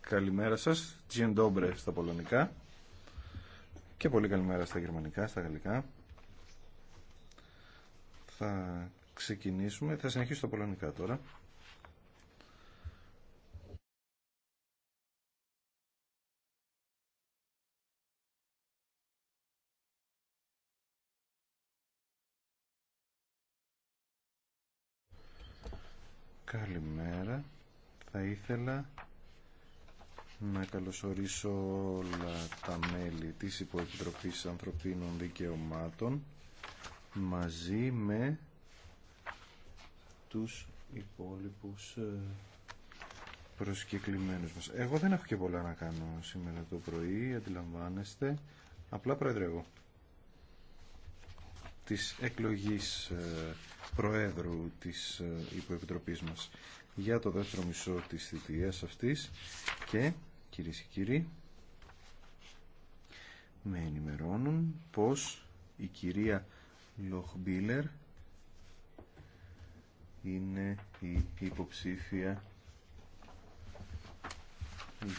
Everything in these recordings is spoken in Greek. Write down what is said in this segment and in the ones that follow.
Καλημέρα σας. Τζιν Ντόμπρε στα πολωνικά. Και πολύ καλημέρα στα γερμανικά, στα γαλλικά. Θα ξεκινήσουμε. Θα συνεχίσω στα πολωνικά τώρα. Καλημέρα. Θα ήθελα να καλωσορίσω όλα τα μέλη της Υποεπιτροπής Ανθρωπίνων Δικαιωμάτων μαζί με τους υπόλοιπους ε, προσκεκλημένους μας. Εγώ δεν έχω και πολλά να κάνω σήμερα το πρωί, αντιλαμβάνεστε. Απλά προεδρεύω της εκλογής ε, Προέδρου της ε, Υποεπιτροπής μας για το δεύτερο μισό της θητείας αυτής και κυρίες και κύριοι με ενημερώνουν πως η κυρία Λοχμπίλερ είναι η υποψήφια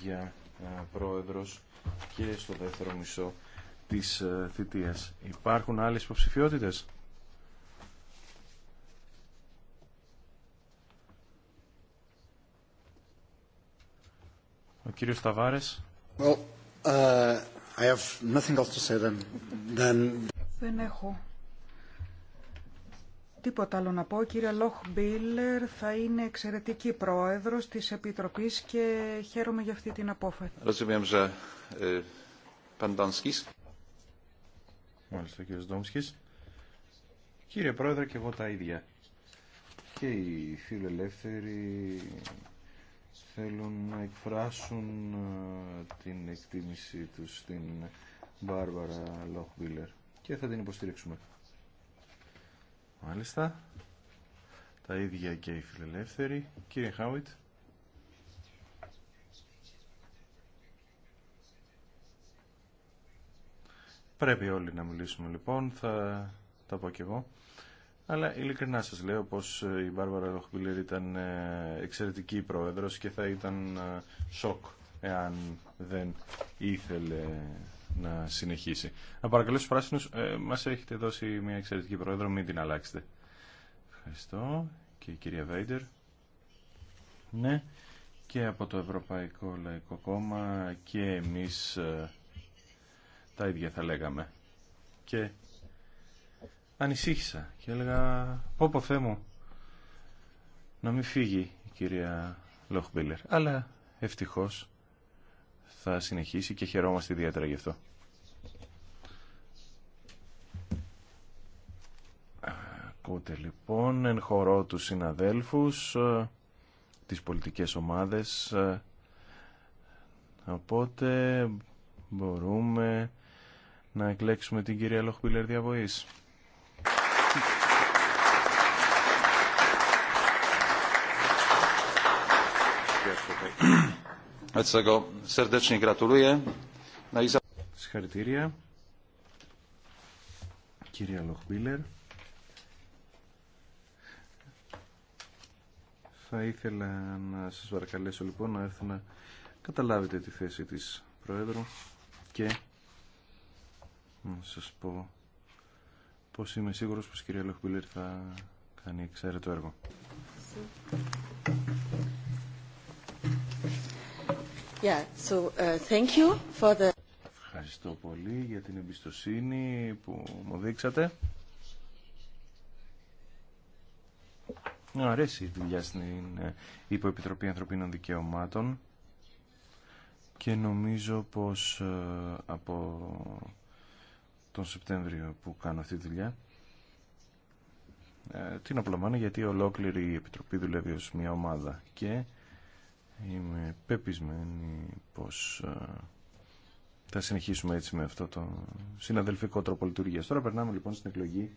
για ε, πρόεδρος και στο δεύτερο μισό της ε, θητείας. Υπάρχουν άλλες υποψηφιότητε. Ο κύριος Ταβάρες. Well, uh, I have nothing else to say Then... Δεν έχω τίποτα άλλο να πω. Ο κυρία Λόχ Μπίλερ θα είναι εξαιρετική πρόεδρος της Επιτροπής και χαίρομαι για αυτή την απόφαση. Ε, Μάλιστα, κύριε Δόμσκης. Κύριε Πρόεδρε, και εγώ τα ίδια. Και οι φιλελεύθεροι θέλουν να εκφράσουν ε, την εκτίμησή τους στην Μπάρβαρα Λόχμπίλερ και θα την υποστηρίξουμε. Μάλιστα. Τα ίδια και οι φιλελεύθεροι. Κύριε Χάουιτ. Πρέπει όλοι να μιλήσουμε λοιπόν, θα τα πω κι εγώ. Αλλά ειλικρινά σας λέω πως ε, η Μπάρβαρα Λοχμπίλερ ήταν ε, εξαιρετική πρόεδρος και θα ήταν ε, σοκ εάν δεν ήθελε να συνεχίσει. Να παρακαλώ στους πράσινους, ε, μας έχετε δώσει μια εξαιρετική πρόεδρο, μην την αλλάξετε. Ευχαριστώ και η κυρία Βέιντερ. Ναι, και από το Ευρωπαϊκό Λαϊκό Κόμμα και εμείς τα ίδια θα λέγαμε. Και ανησύχησα και έλεγα πω πω Θεέ μου να μην φύγει η κυρία Λοχμπίλερ. Αλλά ευτυχώς θα συνεχίσει και χαιρόμαστε ιδιαίτερα γι' αυτό. Ακούτε λοιπόν εν χορό τους συναδέλφους, τις πολιτικές ομάδες, οπότε μπορούμε να εκλέξουμε την κυρία Λοχπίλερ διαβοής. Συγχαρητήρια, κυρία Λοχμπίλερ. Θα ήθελα να σας παρακαλέσω λοιπόν να έρθω να καταλάβετε τη θέση της Προέδρου και να σας πω πως είμαι σίγουρος πως η κυρία Λοχμπίλερ θα κάνει εξαίρετο έργο. Uh, Ευχαριστώ πολύ για την εμπιστοσύνη που μου δείξατε. Μου αρέσει η δουλειά στην ε, Υποεπιτροπή Ανθρωπίνων Δικαιωμάτων και νομίζω πως ε, από τον Σεπτέμβριο που κάνω αυτή τη δουλειά. Ε, την απολαμβάνω γιατί ολόκληρη η Επιτροπή δουλεύει ως μια ομάδα και είμαι πεπισμένη πως ε, θα συνεχίσουμε έτσι με αυτό το συναδελφικό τρόπο λειτουργία. Τώρα περνάμε λοιπόν στην εκλογή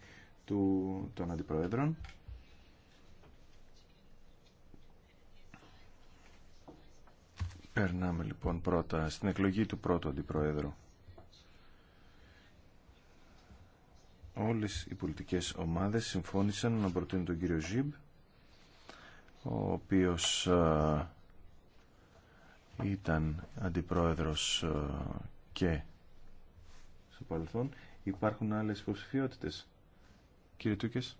του, των αντιπροέδρων. Περνάμε λοιπόν πρώτα στην εκλογή του πρώτου αντιπροέδρου. όλες οι πολιτικές ομάδες συμφώνησαν να προτείνουν τον κύριο Ζιμπ ο οποίος ε, ήταν αντιπρόεδρος ε, και στο παρελθόν υπάρχουν άλλες υποψηφιότητε. κύριε Τούκες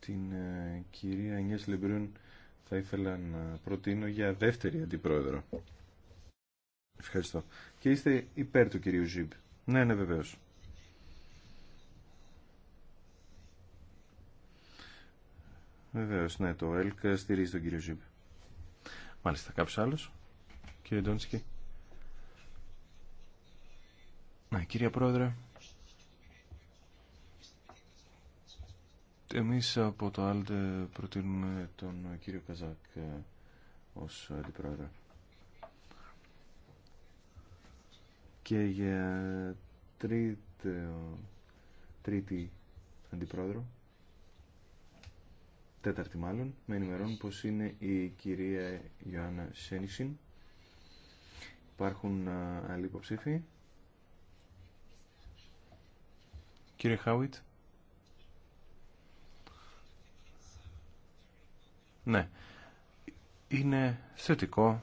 την ε, κυρία Ενιές Λεμπρούν θα ήθελα να προτείνω για δεύτερη αντιπρόεδρο. Ευχαριστώ. Και είστε υπέρ του κυρίου Ζιμπ. Ναι, ναι, βεβαίως. Βεβαίω, ναι, το ΕΛΚ στηρίζει τον κύριο Ζιμπ. Μάλιστα, κάποιο άλλο. Κύριε Ντόνσκι. Ναι, κύριε Πρόεδρε, Εμείς από το ΑΛΤΕ προτείνουμε τον κύριο Καζάκ ε, ως αντιπρόεδρο. Και για τρίτη, τρίτη αντιπρόεδρο, τέταρτη μάλλον, με ενημερώνουν πως είναι η κυρία Ιωάννα Σένισιν. Υπάρχουν ε, άλλοι υποψήφοι. Κύριε Χάουιτ. Ναι, είναι θετικό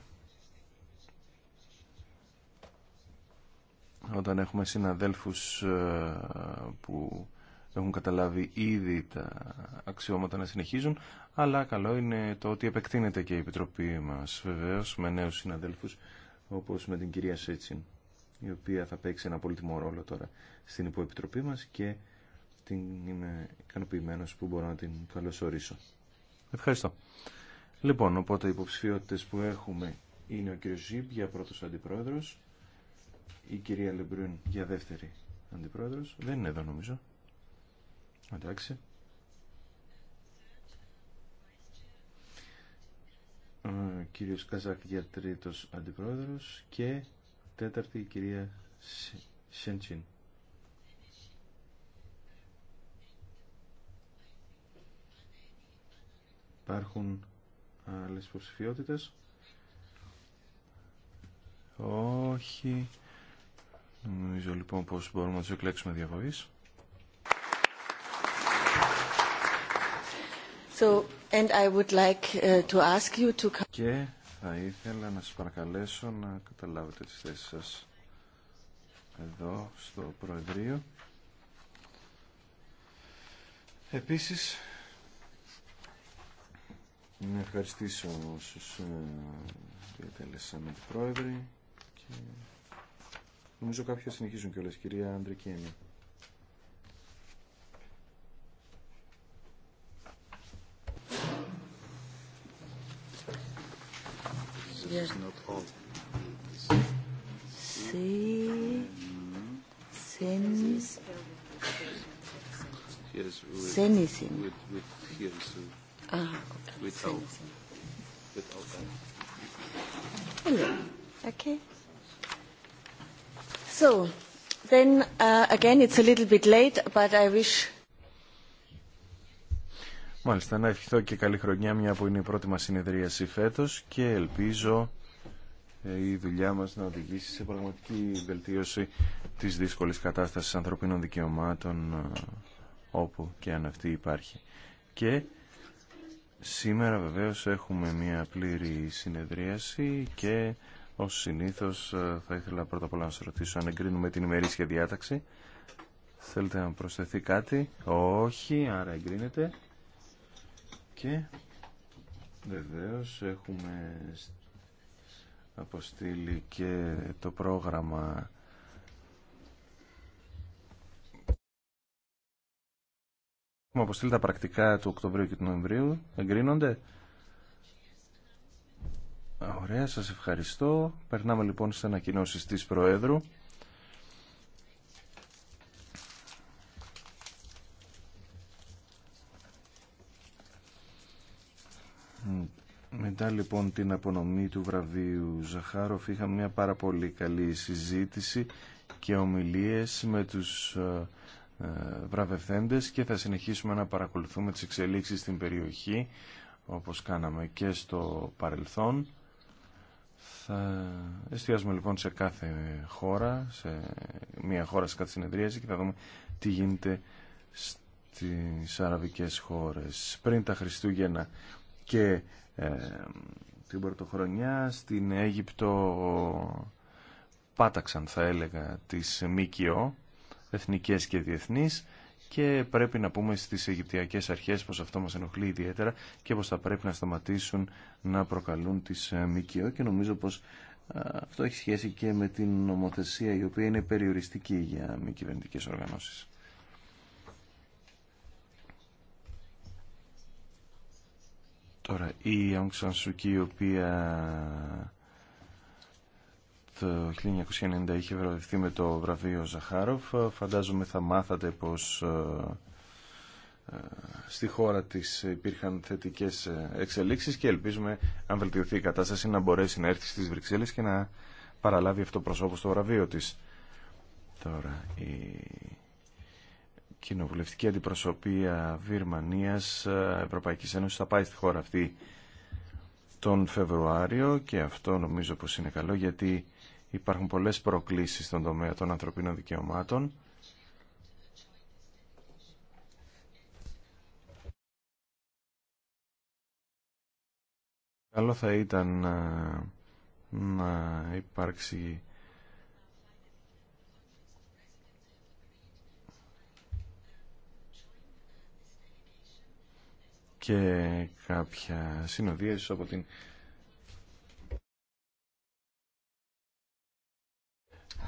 όταν έχουμε συναδέλφους ε, που έχουν καταλάβει ήδη τα αξιώματα να συνεχίζουν, αλλά καλό είναι το ότι επεκτείνεται και η Επιτροπή μας βεβαίως με νέους συναδέλφους όπως με την κυρία Σέτσιν η οποία θα παίξει ένα πολύτιμο ρόλο τώρα στην υποεπιτροπή μας και την είμαι ικανοποιημένος που μπορώ να την καλωσορίσω. Ευχαριστώ. Λοιπόν, οπότε οι υποψηφιότητε που έχουμε είναι ο κ. Ζήμπ για πρώτο αντιπρόεδρο, η κυρία Λεμπρούν για δεύτερη αντιπρόεδρο. Δεν είναι εδώ νομίζω. Εντάξει. Ο κύριος Καζάκ για τρίτος αντιπρόεδρος και τέταρτη η κυρία Σεντσίν. Υπάρχουν άλλες υποψηφιότητε. Όχι. Νομίζω λοιπόν πως μπορούμε να τους εκλέξουμε διαβοής. and I would like uh, to ask you to... Και θα ήθελα να σας παρακαλέσω να καταλάβετε τις θέσεις σας εδώ στο Προεδρείο. Επίσης, να ευχαριστήσω όσους ε, διατέλεσαν την πρόεδρη και νομίζω κάποιοι θα συνεχίσουν κιόλας, κυρία Αντρικένη. Yes. Ah, okay. So, then uh, again it's a little bit late, but I wish. Μάλιστα, να ευχηθώ και καλή χρονιά μια που είναι η πρώτη μας συνεδρίαση φέτος και ελπίζω ε, η δουλειά μας να οδηγήσει σε πραγματική βελτίωση της δύσκολης κατάστασης ανθρωπίνων δικαιωμάτων ε, όπου και αν αυτή υπάρχει. Και Σήμερα βεβαίως έχουμε μια πλήρη συνεδρίαση και ως συνήθως ε, θα ήθελα πρώτα απ' όλα να σας ρωτήσω αν εγκρίνουμε την ημερήσια διάταξη. Θέλετε να προσθεθεί κάτι. Όχι, άρα εγκρίνεται. Και βεβαίως έχουμε αποστείλει και το πρόγραμμα Έχουμε αποστείλει τα πρακτικά του Οκτωβρίου και του Νοεμβρίου. Εγκρίνονται. Ωραία, σας ευχαριστώ. Περνάμε λοιπόν στις ανακοινώσεις της Προέδρου. Μετά λοιπόν την απονομή του βραβείου Ζαχάροφ είχαμε μια πάρα πολύ καλή συζήτηση και ομιλίες με τους ε, ε, βραβευθέντες και θα συνεχίσουμε να παρακολουθούμε τις εξελίξεις στην περιοχή όπως κάναμε και στο παρελθόν. Θα εστιάζουμε λοιπόν σε κάθε χώρα, σε μία χώρα σε κάθε συνεδρίαση και θα δούμε τι γίνεται στις αραβικές χώρες. Πριν τα Χριστούγεννα και ε, την Πρωτοχρονιά στην Αίγυπτο πάταξαν θα έλεγα τις ΜΚΟ εθνικές και διεθνείς και πρέπει να πούμε στις Αιγυπτιακές αρχές πως αυτό μας ενοχλεί ιδιαίτερα και πως θα πρέπει να σταματήσουν να προκαλούν τις ε, ΜΚΟ και νομίζω πως ε, αυτό έχει σχέση και με την νομοθεσία η οποία είναι περιοριστική για μη κυβερνητικέ οργανώσεις. Τώρα, η Aung η οποία το 1990 είχε βραβευτεί με το βραβείο Ζαχάροφ. Φαντάζομαι θα μάθατε πως ε, ε, στη χώρα της υπήρχαν θετικές ε, εξελίξεις και ελπίζουμε αν βελτιωθεί η κατάσταση να μπορέσει να έρθει στις Βρυξέλλες και να παραλάβει αυτό προσώπο στο βραβείο της. Τώρα η κοινοβουλευτική αντιπροσωπεία Βυρμανίας Ευρωπαϊκής Ένωσης θα πάει στη χώρα αυτή τον Φεβρουάριο και αυτό νομίζω πως είναι καλό γιατί Υπάρχουν πολλές προκλήσεις στον τομέα των ανθρωπίνων δικαιωμάτων. Καλό θα ήταν ε, να, υπάρξει και κάποια συνοδεία από την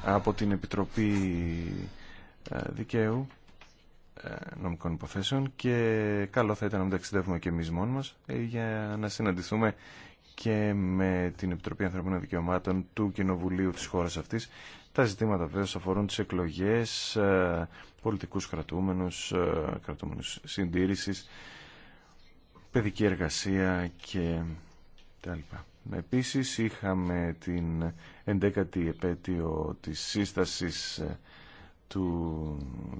από την Επιτροπή ε, Δικαίου ε, Νομικών Υποθέσεων και καλό θα ήταν να ταξιδεύουμε και εμείς μόνοι μας ε, για να συναντηθούμε και με την Επιτροπή Ανθρωπίνων Δικαιωμάτων του Κοινοβουλίου της χώρας αυτής. Τα ζητήματα βέβαια αφορούν τις εκλογές, πολιτικούς κρατούμενους, κρατούμενους συντήρησης, παιδική εργασία και τα λοιπά. Επίσης είχαμε την 11η επέτειο της σύστασης ε, του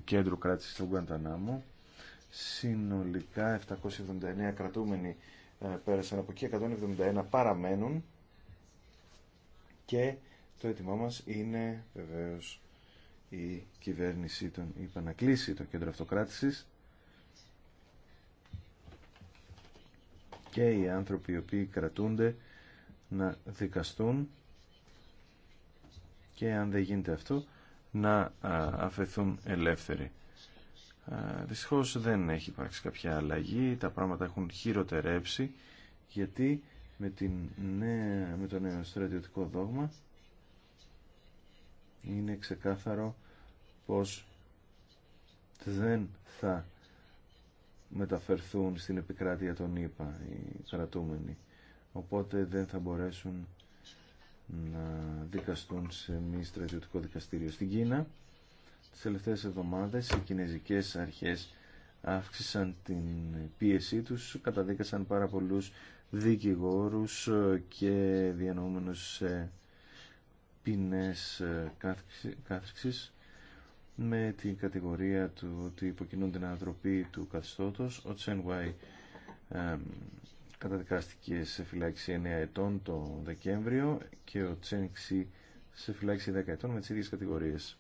Κέντρου Κράτησης του Γκαντανάμου. Συνολικά 779 κρατούμενοι ε, πέρασαν από εκεί, 171 παραμένουν και το έτοιμά μας είναι βεβαίως η κυβέρνηση των, η επανακλήση το κέντρο αυτοκράτησης και οι άνθρωποι οι οποίοι κρατούνται να δικαστούν και αν δεν γίνεται αυτό να αφαιθούν ελεύθεροι. Δυστυχώς δεν έχει υπάρξει κάποια αλλαγή, τα πράγματα έχουν χειροτερέψει γιατί με, την με το νέο στρατιωτικό δόγμα είναι ξεκάθαρο πως δεν θα μεταφερθούν στην επικράτεια των ΗΠΑ οι κρατούμενοι οπότε δεν θα μπορέσουν να δικαστούν σε μη στρατιωτικό δικαστήριο στην Κίνα. Τις τελευταίες εβδομάδες οι κινέζικες αρχές αύξησαν την πίεσή τους, καταδίκασαν πάρα πολλούς δικηγόρους και διανοούμενους σε ποινές ε, με την κατηγορία του ότι υποκινούν την ανατροπή του καθεστώτος Ο Τσεν καταδικάστηκε σε φυλάξη 9 ετών το Δεκέμβριο και ο Τσένξι σε φυλάξη 10 ετών με τις ίδιες κατηγορίες.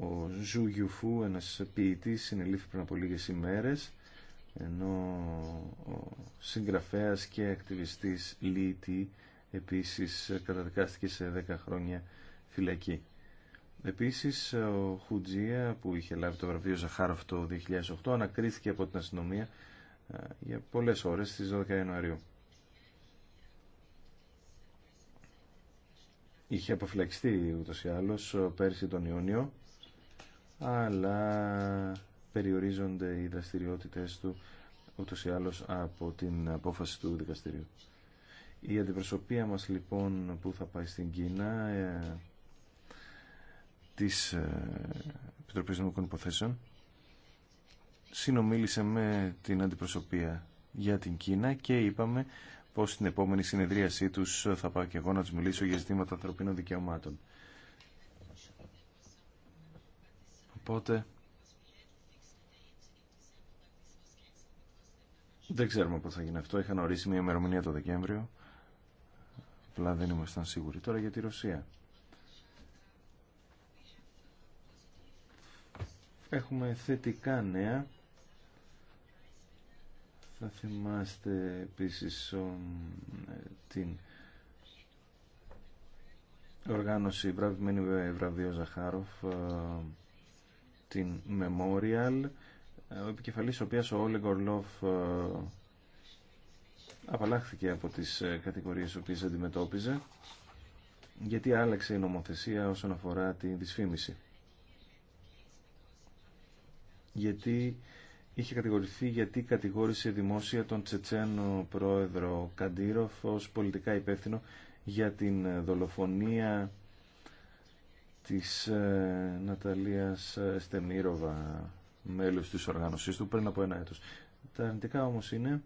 Ο Ζου Γιουφού, ένας ποιητής, συνελήφθη πριν από λίγες ημέρες, ενώ ο συγγραφέας και ακτιβιστής Λίτη επίσης καταδικάστηκε σε 10 χρόνια φυλακή. Επίσης, ο Χουτζία, που είχε λάβει το βραβείο Ζαχάροφ το 2008, ανακρίθηκε από την αστυνομία ε, για πολλές ώρες στις 12 Ιανουαρίου. Είχε αποφυλακιστεί ούτως ή άλλως ε, πέρσι τον Ιούνιο, αλλά περιορίζονται οι δραστηριότητες του ούτως ή άλλως από την απόφαση του δικαστηρίου. Η αντιπροσωπεία μας λοιπόν που θα πάει στην Κίνα ε, της ε, Επιτροπής Νομικών Υποθέσεων συνομίλησε με την αντιπροσωπεία για την Κίνα και είπαμε πως στην επόμενη συνεδρίασή τους θα πάω και εγώ να τους μιλήσω για ζητήματα ανθρωπίνων δικαιωμάτων. Οπότε... Δεν ξέρουμε πώς θα γίνει αυτό. Είχαν ορίσει μια ημερομηνία το Δεκέμβριο. Απλά δεν ήμασταν σίγουροι. Τώρα για τη Ρωσία. Έχουμε θετικά νέα θα θυμάστε επίσης ε, την οργάνωση βραβημένη βραβείο Ζαχάροφ ε, την Memorial ε, ο επικεφαλής ο οποίας ο Όλε Γκορλόφ απαλλάχθηκε από τις κατηγορίες που οποίες αντιμετώπιζε γιατί άλλαξε η νομοθεσία όσον αφορά τη δυσφήμιση γιατί είχε κατηγορηθεί γιατί κατηγόρησε δημόσια τον Τσετσένο πρόεδρο Καντήροφ ως πολιτικά υπεύθυνο για την δολοφονία της ε, Ναταλίας ε, Στεμίροβα, μέλους της οργάνωσής του, πριν από ένα έτος. Τα αρνητικά όμως είναι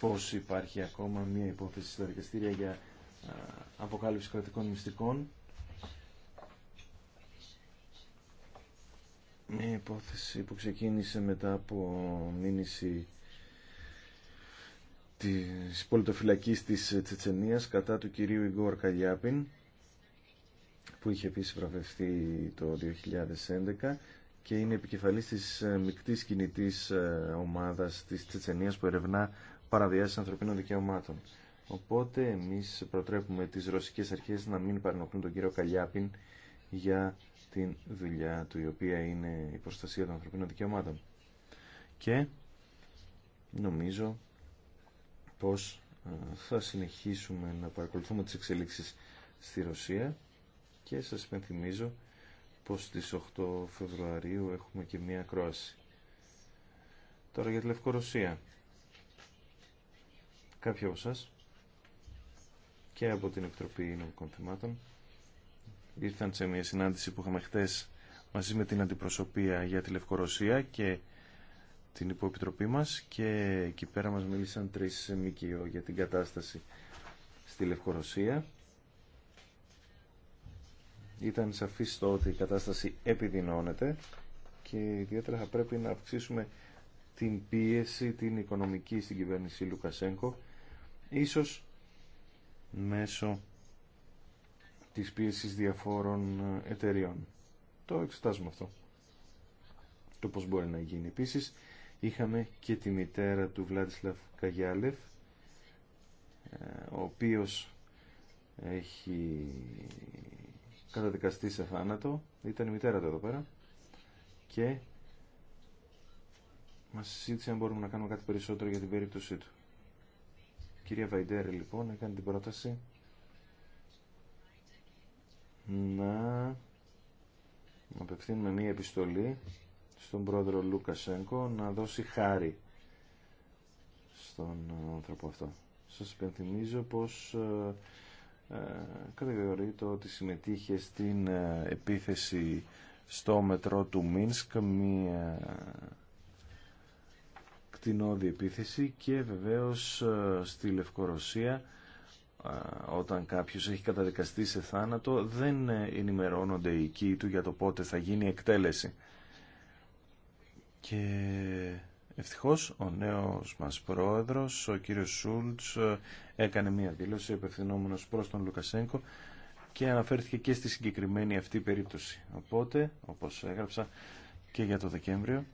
πως υπάρχει ακόμα μία υπόθεση στα δικαστήρια για ε, αποκάλυψη κρατικών μυστικών μια υπόθεση που ξεκίνησε μετά από μήνυση της πολιτοφυλακής της Τσετσενίας κατά του κυρίου Ιγκόρ Καλιάπιν, που είχε επίσης βραβευτεί το 2011 και είναι επικεφαλής της μικτής κινητής ε, ομάδας της Τσετσενίας που ερευνά παραβιάσεις ανθρωπίνων δικαιωμάτων. Οπότε εμείς προτρέπουμε τις ρωσικές αρχές να μην παρενοχλούν τον κύριο Καλιάπιν για στην δουλειά του, η οποία είναι η προστασία των ανθρωπίνων δικαιωμάτων. Και νομίζω πως ε, θα συνεχίσουμε να παρακολουθούμε τις εξελίξεις στη Ρωσία και σας υπενθυμίζω πως στις 8 Φεβρουαρίου έχουμε και μία ακρόαση. Τώρα για τη Λευκορωσία. Κάποιοι από εσάς και από την Επιτροπή Νομικών Θεμάτων ήρθαν σε μια συνάντηση που είχαμε χθε μαζί με την αντιπροσωπεία για τη Λευκορωσία και την υποεπιτροπή μας και εκεί πέρα μας μίλησαν τρεις ΜΚΟ για την κατάσταση στη Λευκορωσία. Ήταν σαφή το ότι η κατάσταση επιδεινώνεται και ιδιαίτερα θα πρέπει να αυξήσουμε την πίεση, την οικονομική στην κυβέρνηση Λουκασέγκο ίσως μέσω της πίεσης διαφόρων ε, εταιριών. Το εξετάζουμε αυτό. Το πώς μπορεί να γίνει. Επίσης, είχαμε και τη μητέρα του Βλάντισλαβ Καγιάλεφ, ε, ο οποίος έχει καταδικαστεί σε θάνατο. Ήταν η μητέρα του εδώ πέρα. Και μας συζήτησε αν μπορούμε να κάνουμε κάτι περισσότερο για την περίπτωσή του. Η κυρία Βαϊντέρη λοιπόν έκανε την πρόταση να απευθύνουμε μία επιστολή στον πρόεδρο Λούκασέγκο να δώσει χάρη στον άνθρωπο αυτό. Σας υπενθυμίζω πως ε, ε κατηγορεί το ότι συμμετείχε στην ε, επίθεση στο μετρό του Μίνσκ μία κτηνώδη επίθεση και βεβαίως ε, στη Λευκορωσία ε, όταν κάποιος έχει καταδικαστεί σε θάνατο δεν ε, ενημερώνονται οι οικοί του για το πότε θα γίνει εκτέλεση. Και ευτυχώς ο νέος μας πρόεδρος, ο κύριος Σούλτς, ε, έκανε μία δήλωση επευθυνόμενος προς τον Λουκασέγκο και αναφέρθηκε και στη συγκεκριμένη αυτή περίπτωση. Οπότε, όπως έγραψα και για το Δεκέμβριο,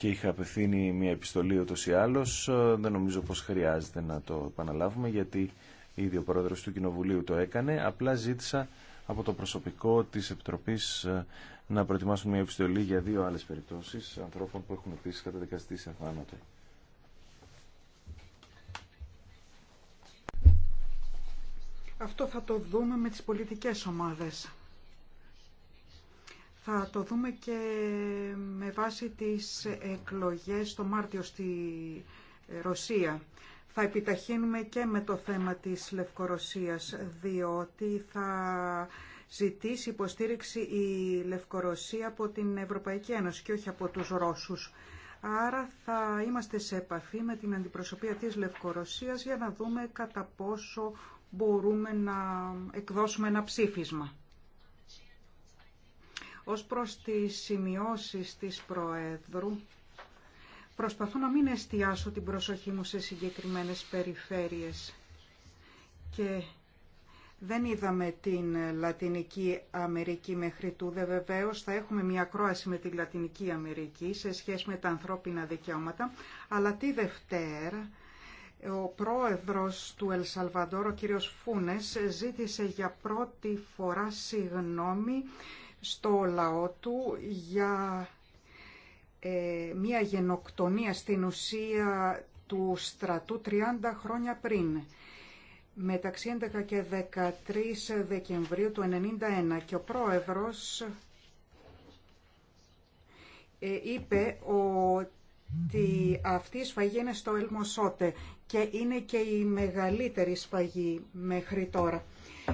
και είχα απευθύνει μια επιστολή ούτω ή άλλω. Ε, δεν νομίζω πως χρειάζεται να το επαναλάβουμε γιατί ήδη ο πρόεδρος του Κοινοβουλίου το έκανε. Απλά ζήτησα από το προσωπικό τη Επιτροπής ε, να προετοιμάσουν μια επιστολή για δύο άλλες περιπτώσεις ανθρώπων που έχουν επίσης καταδικαστεί σε θάνατο. Αυτό θα το δούμε με τις πολιτικές ομάδες. Θα το δούμε και με βάση τις εκλογές το Μάρτιο στη Ρωσία. Θα επιταχύνουμε και με το θέμα της Λευκορωσίας, διότι θα ζητήσει υποστήριξη η Λευκορωσία από την Ευρωπαϊκή Ένωση και όχι από τους Ρώσους. Άρα θα είμαστε σε επαφή με την αντιπροσωπεία της Λευκορωσίας για να δούμε κατά πόσο μπορούμε να εκδώσουμε ένα ψήφισμα. Ως προς τις σημειώσεις της Προέδρου, προσπαθώ να μην εστιάσω την προσοχή μου σε συγκεκριμένες περιφέρειες και δεν είδαμε την Λατινική Αμερική μέχρι τούδε. Βεβαίως θα έχουμε μια κρόαση με την Λατινική Αμερική σε σχέση με τα ανθρώπινα δικαιώματα. Αλλά τη Δευτέρα ο πρόεδρος του Έλσαλβαντόρο, ο κύριος Φούνες, ζήτησε για πρώτη φορά συγνώμη στο λαό του για ε, μια γενοκτονία στην ουσία του στρατού 30 χρόνια πριν. Μεταξύ 11 και 13 Δεκεμβρίου του 1991 και ο πρόεδρος ε, είπε ότι αυτή η σφαγή είναι στο Ελμοσότε και είναι και η μεγαλύτερη σφαγή μέχρι τώρα.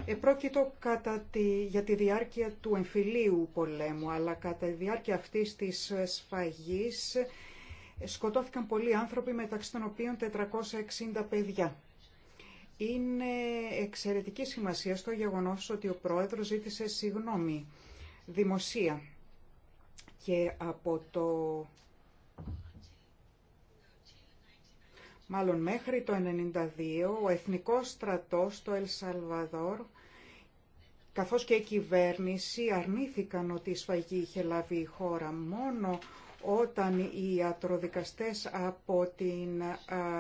Επρόκειτο κατά τη, για τη διάρκεια του εμφυλίου πολέμου, αλλά κατά τη διάρκεια αυτής της σφαγής σκοτώθηκαν πολλοί άνθρωποι, μεταξύ των οποίων 460 παιδιά. Είναι εξαιρετική σημασία στο γεγονός ότι ο πρόεδρος ζήτησε συγγνώμη δημοσία και από το μάλλον μέχρι το 1992, ο Εθνικός Στρατός στο Ελσαλβαδόρ, καθώς και η κυβέρνηση αρνήθηκαν ότι η σφαγή είχε λάβει η χώρα μόνο όταν οι ατροδικαστές από την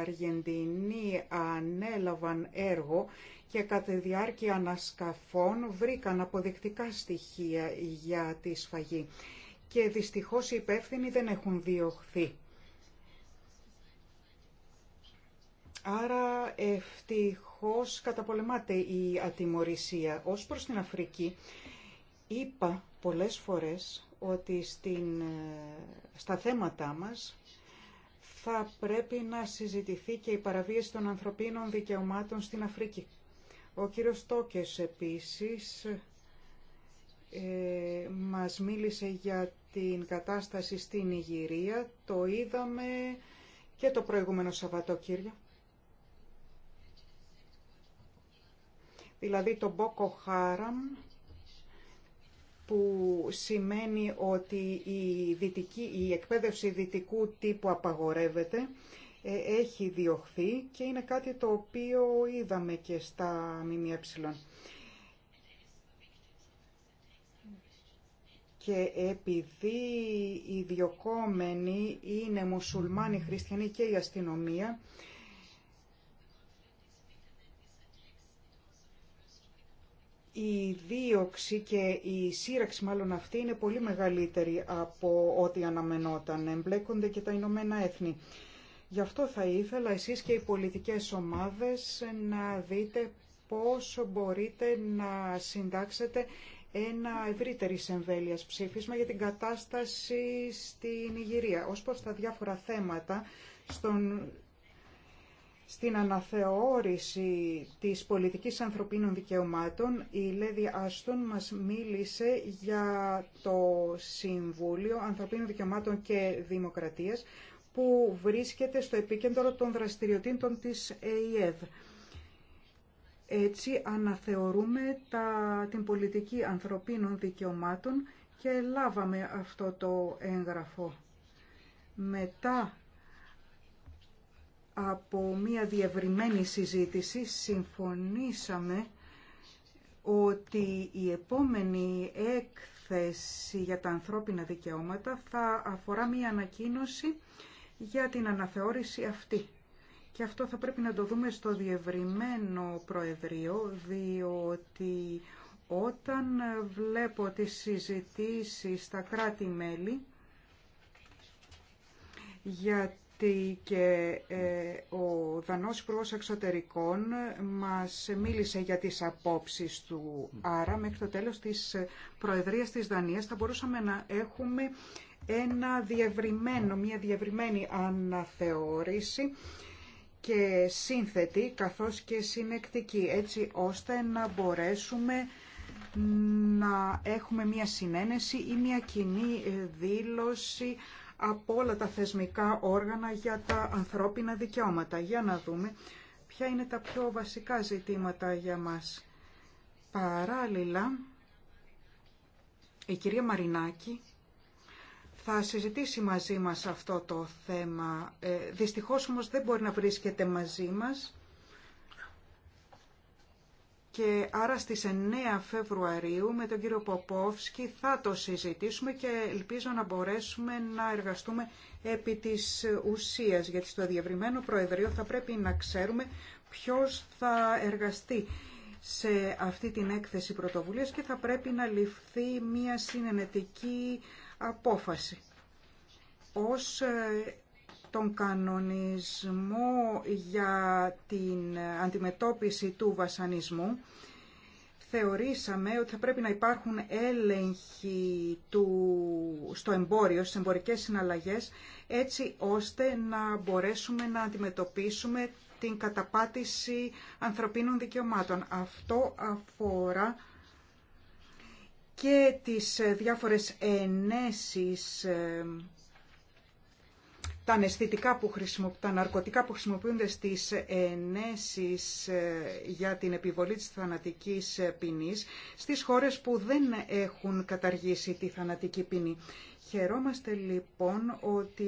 Αργεντινή ανέλαβαν έργο και κατά τη διάρκεια ανασκαφών βρήκαν αποδεικτικά στοιχεία για τη σφαγή. Και δυστυχώς οι υπεύθυνοι δεν έχουν διωχθεί. Άρα ευτυχώς καταπολεμάται η ατιμορρησία. Ως προς την Αφρική, είπα πολλές φορές ότι στην, ε, στα θέματα μας θα πρέπει να συζητηθεί και η παραβίαση των ανθρωπίνων δικαιωμάτων στην Αφρική. Ο κύριος Τόκες επίσης ε, μας μίλησε για την κατάσταση στην Ιγυρία. Το είδαμε και το προηγούμενο Σαββατοκύριακο. δηλαδή το Boko Χάραμ που σημαίνει ότι η, δυτική, η εκπαίδευση δυτικού τύπου απαγορεύεται, ε, έχει διωχθεί και είναι κάτι το οποίο είδαμε και στα ΜΜΕ. Και επειδή οι διωκόμενοι είναι μουσουλμάνοι χριστιανοί και η αστυνομία, η δίωξη και η σύραξη μάλλον αυτή είναι πολύ μεγαλύτερη από ό,τι αναμενόταν. Εμπλέκονται και τα Ηνωμένα Έθνη. Γι' αυτό θα ήθελα εσείς και οι πολιτικές ομάδες να δείτε πόσο μπορείτε να συντάξετε ένα ευρύτερη εμβέλειας ψήφισμα για την κατάσταση στην Ιγυρία ως προς τα διάφορα θέματα στον, στην αναθεώρηση της πολιτικής ανθρωπίνων δικαιωμάτων, η Λέδη Άστον μας μίλησε για το Συμβούλιο Ανθρωπίνων Δικαιωμάτων και Δημοκρατίας, που βρίσκεται στο επίκεντρο των δραστηριοτήτων της ΕΙΕΔ. Έτσι αναθεωρούμε τα, την πολιτική ανθρωπίνων δικαιωμάτων και λάβαμε αυτό το έγγραφο. Μετά από μια διευρυμένη συζήτηση συμφωνήσαμε ότι η επόμενη έκθεση για τα ανθρώπινα δικαιώματα θα αφορά μια ανακοίνωση για την αναθεώρηση αυτή. Και αυτό θα πρέπει να το δούμε στο διευρυμένο Προεδρείο, διότι όταν βλέπω τις συζητήσεις στα κράτη-μέλη για ότι και ε, ο Δανός Υπουργός Εξωτερικών μας μίλησε για τις απόψεις του. Άρα μέχρι το τέλος της Προεδρίας της Δανίας θα μπορούσαμε να έχουμε ένα διευρυμένο, μια διευρυμένη αναθεώρηση και σύνθετη καθώς και συνεκτική έτσι ώστε να μπορέσουμε να έχουμε μια συνένεση ή μια κοινή δήλωση από όλα τα θεσμικά όργανα για τα ανθρώπινα δικαιώματα. Για να δούμε ποια είναι τα πιο βασικά ζητήματα για μας. Παράλληλα, η κυρία Μαρινάκη θα συζητήσει μαζί μας αυτό το θέμα. Ε, δυστυχώς όμως δεν μπορεί να βρίσκεται μαζί μας και άρα στις 9 Φεβρουαρίου με τον κύριο Ποπόφσκι θα το συζητήσουμε και ελπίζω να μπορέσουμε να εργαστούμε επί της ουσίας, γιατί στο διευρυμένο Προεδρείο θα πρέπει να ξέρουμε ποιος θα εργαστεί σε αυτή την έκθεση πρωτοβουλίας και θα πρέπει να ληφθεί μια συνενετική απόφαση. Ως ε, τον κανονισμό για την αντιμετώπιση του βασανισμού θεωρήσαμε ότι θα πρέπει να υπάρχουν έλεγχοι του, στο εμπόριο, στις εμπορικές συναλλαγές, έτσι ώστε να μπορέσουμε να αντιμετωπίσουμε την καταπάτηση ανθρωπίνων δικαιωμάτων. Αυτό αφορά και τις ε, διάφορες ενέσεις ε, τα αναισθητικά που χρησιμοποιούνται, τα ναρκωτικά που χρησιμοποιούνται στις ενέσεις ε, για την επιβολή της θανατικής ε, ποινής στις χώρες που δεν έχουν καταργήσει τη θανατική ποινή. Χαιρόμαστε λοιπόν ότι,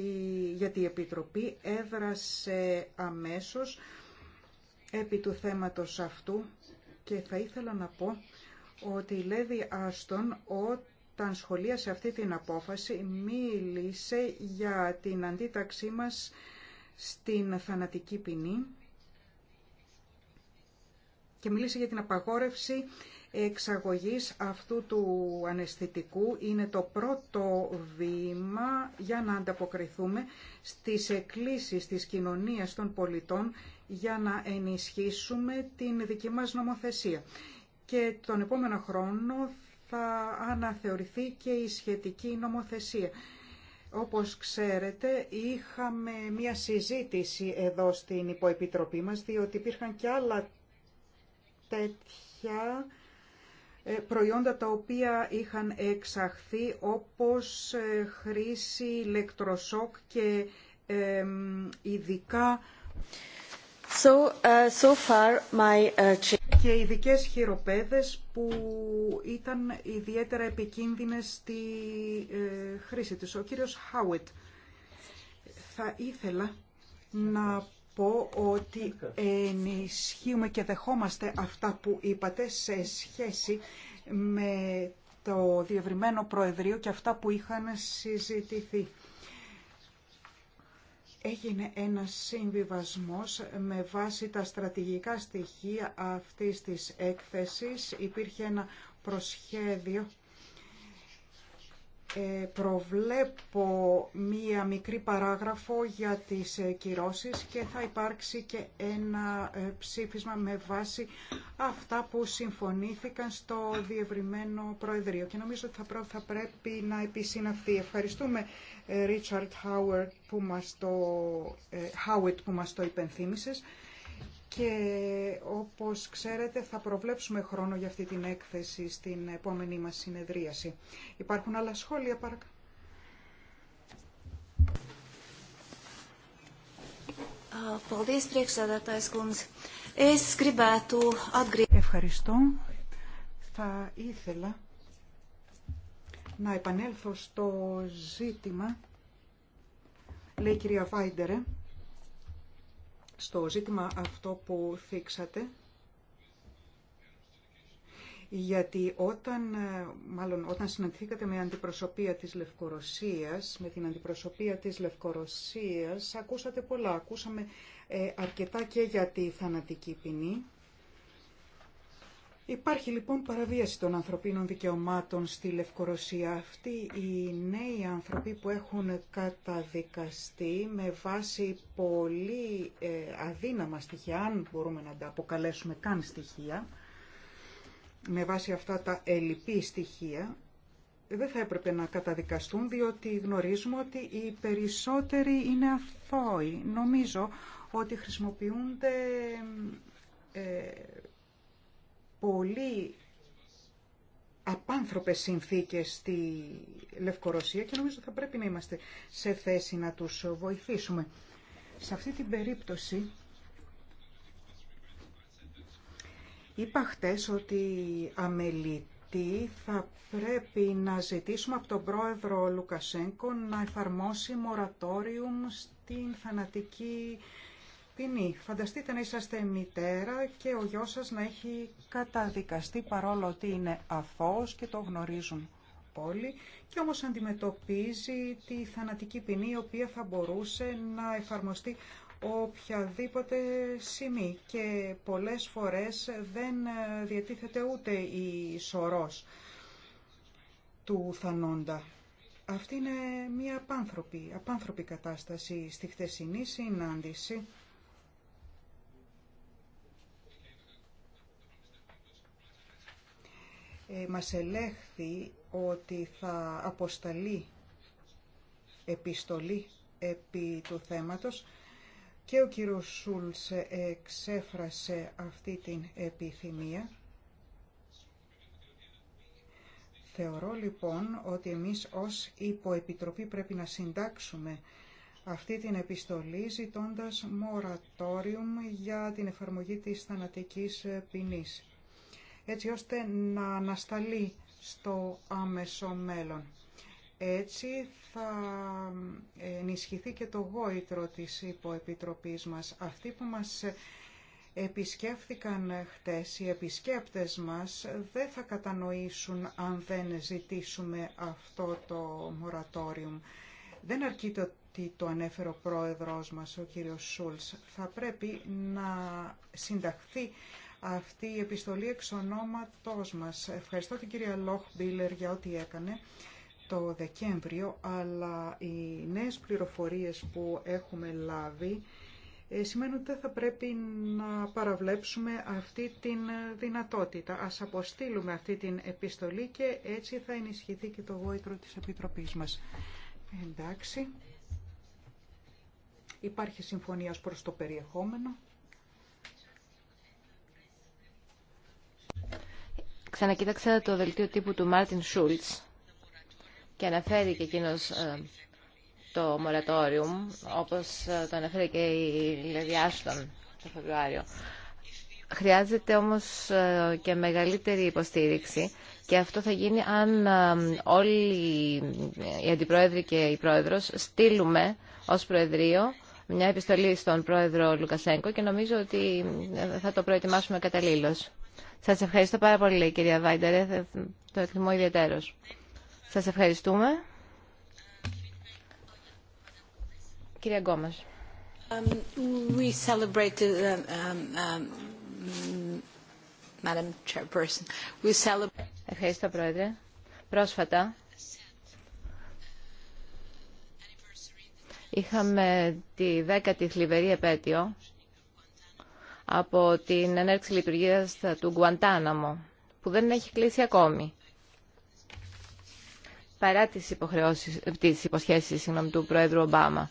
γιατί η Επιτροπή έδρασε αμέσως επί του θέματος αυτού και θα ήθελα να πω ότι λέει Άστον ότι όταν σχολίασε αυτή την απόφαση μίλησε για την αντίταξή μας στην θανατική ποινή και μίλησε για την απαγόρευση εξαγωγής αυτού του αναισθητικού. Είναι το πρώτο βήμα για να ανταποκριθούμε στις εκκλήσεις της κοινωνίας των πολιτών για να ενισχύσουμε την δική μας νομοθεσία. Και τον επόμενο χρόνο θα αναθεωρηθεί και η σχετική νομοθεσία. Όπως ξέρετε, είχαμε μία συζήτηση εδώ στην υποεπιτροπή μας, διότι υπήρχαν και άλλα τέτοια ε, προϊόντα τα οποία είχαν εξαχθεί, όπως ε, χρήση ηλεκτροσόκ και ειδικά... So, uh, uh, και ειδικέ χειροπέδες που ήταν ιδιαίτερα επικίνδυνες στη ε, χρήση τους. Ο κύριος Χάουιτ θα ήθελα να πω ότι ενισχύουμε και δεχόμαστε αυτά που είπατε σε σχέση με το διευρυμένο Προεδρείο και αυτά που είχαν συζητηθεί έγινε ένα συμβιβασμός με βάση τα στρατηγικά στοιχεία αυτής της έκθεσης. Υπήρχε ένα προσχέδιο ε, προβλέπω μία μικρή παράγραφο για τις ε, κυρώσεις και θα υπάρξει και ένα ε, ψήφισμα με βάση αυτά που συμφωνήθηκαν στο διευρυμένο Προεδρείο και νομίζω ότι θα πρέπει να επισυναυθεί. Ευχαριστούμε Ρίτσαρτ Χάουερτ που μας το υπενθύμησες και όπως ξέρετε θα προβλέψουμε χρόνο για αυτή την έκθεση στην επόμενή μας συνεδρίαση. Υπάρχουν άλλα σχόλια παρακαλώ. Ε, Ευχαριστώ. Θα ήθελα να επανέλθω στο ζήτημα, λέει η κυρία Βάιντερε, στο ζήτημα αυτό που θίξατε, γιατί όταν, ε, μάλλον, όταν συναντηθήκατε με αντιπροσωπεία της Λευκορωσίας, με την αντιπροσωπεία της Λευκορωσίας, ακούσατε πολλά. Ακούσαμε ε, αρκετά και για τη θανατική ποινή, Υπάρχει λοιπόν παραβίαση των ανθρωπίνων δικαιωμάτων στη Λευκορωσία. Αυτοί οι νέοι άνθρωποι που έχουν καταδικαστεί με βάση πολύ ε, αδύναμα στοιχεία, αν μπορούμε να τα αποκαλέσουμε καν στοιχεία, με βάση αυτά τα ελλειπή στοιχεία, δεν θα έπρεπε να καταδικαστούν διότι γνωρίζουμε ότι οι περισσότεροι είναι αθώοι. Νομίζω ότι χρησιμοποιούνται... Ε, πολύ απάνθρωπες συνθήκες στη Λευκορωσία και νομίζω θα πρέπει να είμαστε σε θέση να τους βοηθήσουμε. Σε αυτή την περίπτωση είπα χτες ότι αμελητή θα πρέπει να ζητήσουμε από τον πρόεδρο Λουκασέγκο να εφαρμόσει μορατόριουμ στην θανατική Φανταστείτε να είσαστε μητέρα και ο γιος σας να έχει καταδικαστεί παρόλο ότι είναι αθώος και το γνωρίζουν όλοι και όμως αντιμετωπίζει τη θανατική ποινή η οποία θα μπορούσε να εφαρμοστεί οποιαδήποτε σημεί και πολλές φορές δεν διατίθεται ούτε η σωρός του θανόντα. Αυτή είναι μια απάνθρωπη, απάνθρωπη κατάσταση στη χτεσινή συνάντηση. ε, μας ελέγχθη ότι θα αποσταλεί επιστολή επί του θέματος και ο κύριος Σούλς εξέφρασε αυτή την επιθυμία. Θεωρώ λοιπόν ότι εμείς ως υποεπιτροπή πρέπει να συντάξουμε αυτή την επιστολή ζητώντας μορατόριουμ για την εφαρμογή της θανατικής ποινής έτσι ώστε να ανασταλεί στο άμεσο μέλλον. Έτσι θα ενισχυθεί και το γόητρο της υποεπιτροπής μας. Αυτοί που μας επισκέφθηκαν χτες, οι επισκέπτες μας δεν θα κατανοήσουν αν δεν ζητήσουμε αυτό το μορατόριο. Δεν αρκεί το ότι το ανέφερε ο πρόεδρος μας, ο κύριος Σούλς. Θα πρέπει να συνταχθεί αυτή η επιστολή εξ ονόματός μας. Ευχαριστώ την κυρία Λόχ Μπίλερ για ό,τι έκανε το Δεκέμβριο, αλλά οι νέες πληροφορίες που έχουμε λάβει ε, σημαίνουν ότι θα πρέπει να παραβλέψουμε αυτή την δυνατότητα. Ας αποστείλουμε αυτή την επιστολή και έτσι θα ενισχυθεί και το γόητρο της Επιτροπής μας. Εντάξει. Υπάρχει συμφωνία προς το περιεχόμενο. Ξανακοίταξα το δελτίο τύπου του Μάρτιν Σούλτς και αναφέρει και εκείνος ε, το μορατόριουμ, όπως ε, το αναφέρει και η Λεδιάστον το Φεβρουάριο. Χρειάζεται όμως ε, και μεγαλύτερη υποστήριξη και αυτό θα γίνει αν όλοι οι αντιπρόεδροι και οι πρόεδρος στείλουμε ως Προεδρείο μια επιστολή στον πρόεδρο Λουκασέγκο και νομίζω ότι θα το προετοιμάσουμε καταλήλως. Σα ευχαριστώ πάρα πολύ κυρία Βάιντερε, ε, το εκτιμώ ιδιαίτερω. Σα ευχαριστούμε. Κυρία Γκόμας. Um, uh, um, um, ευχαριστώ Πρόεδρε. Πρόσφατα είχαμε τη δέκατη θλιβερή επέτειο από την ενέργεια λειτουργίας του Γκουαντάναμο, που δεν έχει κλείσει ακόμη. Παρά τις, υποχρεώσεις, υποσχέσεις του Πρόεδρου Ομπάμα.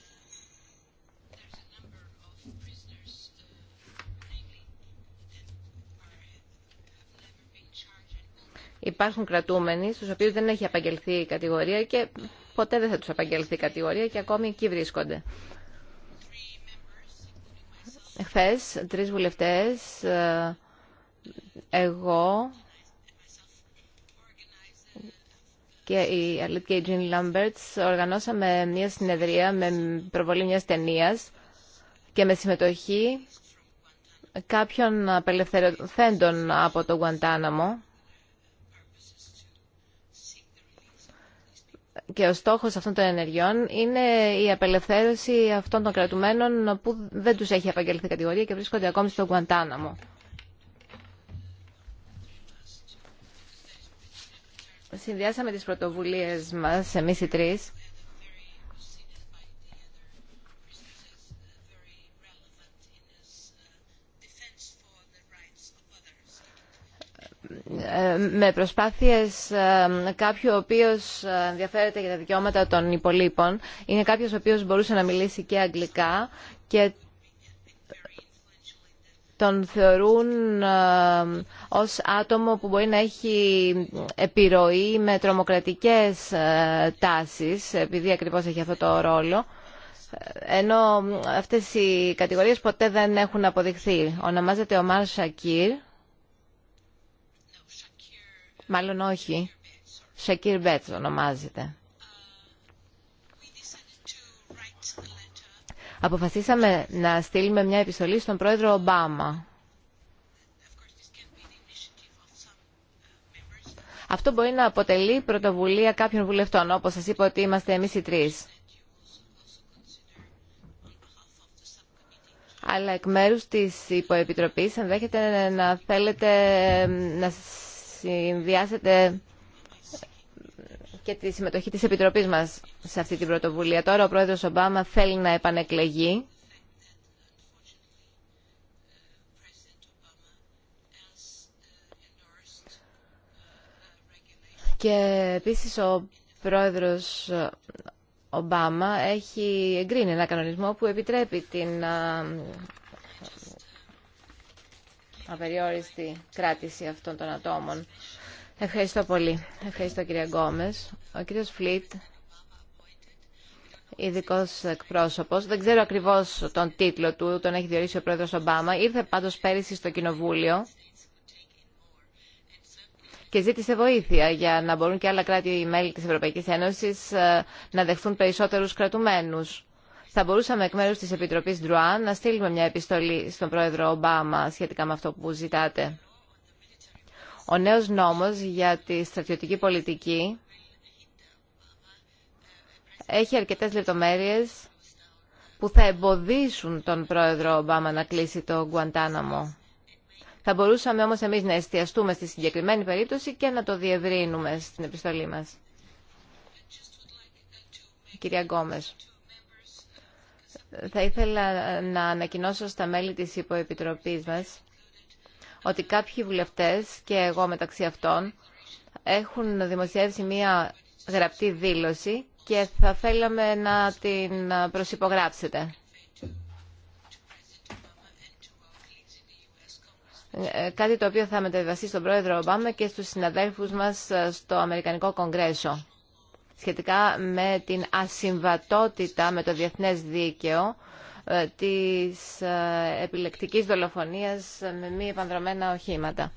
υπάρχουν κρατούμενοι στους οποίους δεν έχει απαγγελθεί η κατηγορία και ποτέ δεν θα τους απαγγελθεί η κατηγορία και ακόμη εκεί βρίσκονται. Χθε τρεις βουλευτές, ε, εγώ και η Αλίτ και η Τζιν Λάμπερτς οργανώσαμε μια συνεδρία με προβολή μιας ταινίας και με συμμετοχή κάποιων απελευθερωθέντων από το Γουαντάναμο και ο στόχος αυτών των ενεργειών είναι η απελευθέρωση αυτών των κρατουμένων που δεν τους έχει απαγγελθεί κατηγορία και βρίσκονται ακόμη στο Γκουαντάναμο. Συνδυάσαμε τις πρωτοβουλίες μας, εμείς οι τρεις, με προσπάθειες ε, κάποιου ο οποίος ε, ενδιαφέρεται για τα δικαιώματα των υπολείπων. Είναι κάποιος ο οποίος μπορούσε να μιλήσει και αγγλικά και τον θεωρούν ε, ως άτομο που μπορεί να έχει επιρροή με τρομοκρατικές τάσεις επειδή ακριβώς έχει αυτό το ρόλο ενώ αυτές οι κατηγορίες ποτέ δεν έχουν αποδειχθεί. Ονομάζεται ο Μάρ Σακύρ Μάλλον όχι. Σακίρ Μπέτς ονομάζεται. Αποφασίσαμε να στείλουμε μια επιστολή στον πρόεδρο Ομπάμα. Αυτό μπορεί να αποτελεί πρωτοβουλία κάποιων βουλευτών, όπως σας είπα ότι είμαστε εμείς οι τρεις. Αλλά εκ μέρους της υποεπιτροπής ενδέχεται να θέλετε να συνδυάσετε και τη συμμετοχή της Επιτροπής μας σε αυτή την πρωτοβουλία. Τώρα ο Πρόεδρος Ομπάμα θέλει να επανεκλεγεί. Και επίσης ο Πρόεδρος Ομπάμα έχει εγκρίνει ένα κανονισμό που επιτρέπει την απεριόριστη κράτηση αυτών των ατόμων. Ευχαριστώ πολύ. Ευχαριστώ κυρία Γκόμες. Ο κύριος Φλίτ, ειδικό εκπρόσωπος, δεν ξέρω ακριβώς τον τίτλο του, τον έχει διορίσει ο πρόεδρος Ομπάμα, ήρθε πάντως πέρυσι στο Κοινοβούλιο και ζήτησε βοήθεια για να μπορούν και άλλα κράτη-μέλη της Ευρωπαϊκής Ένωσης ε, να δεχθούν περισσότερους κρατουμένους θα μπορούσαμε εκ μέρους της Επιτροπής Ντρουάν να στείλουμε μια επιστολή στον Πρόεδρο Ομπάμα σχετικά με αυτό που ζητάτε. Ο νέος νόμος για τη στρατιωτική πολιτική έχει αρκετές λεπτομέρειες που θα εμποδίσουν τον πρόεδρο Ομπάμα να κλείσει το Γκουαντάναμο. Θα μπορούσαμε όμως εμείς να εστιαστούμε στη συγκεκριμένη περίπτωση και να το διευρύνουμε στην επιστολή μας. Κυρία Γκόμες. Θα ήθελα να ανακοινώσω στα μέλη της υποεπιτροπής μας ότι κάποιοι βουλευτές και εγώ μεταξύ αυτών έχουν δημοσιεύσει μία γραπτή δήλωση και θα θέλαμε να την προσυπογράψετε. Ε, κάτι το οποίο θα μεταβιβαστεί στον πρόεδρο Ομπάμα και στους συναδέλφους μας στο Αμερικανικό Κογκρέσο σχετικά με την ασυμβατότητα με το διεθνές δίκαιο ε, της ε, επιλεκτικής δολοφονίας με μη επανδρομένα οχήματα.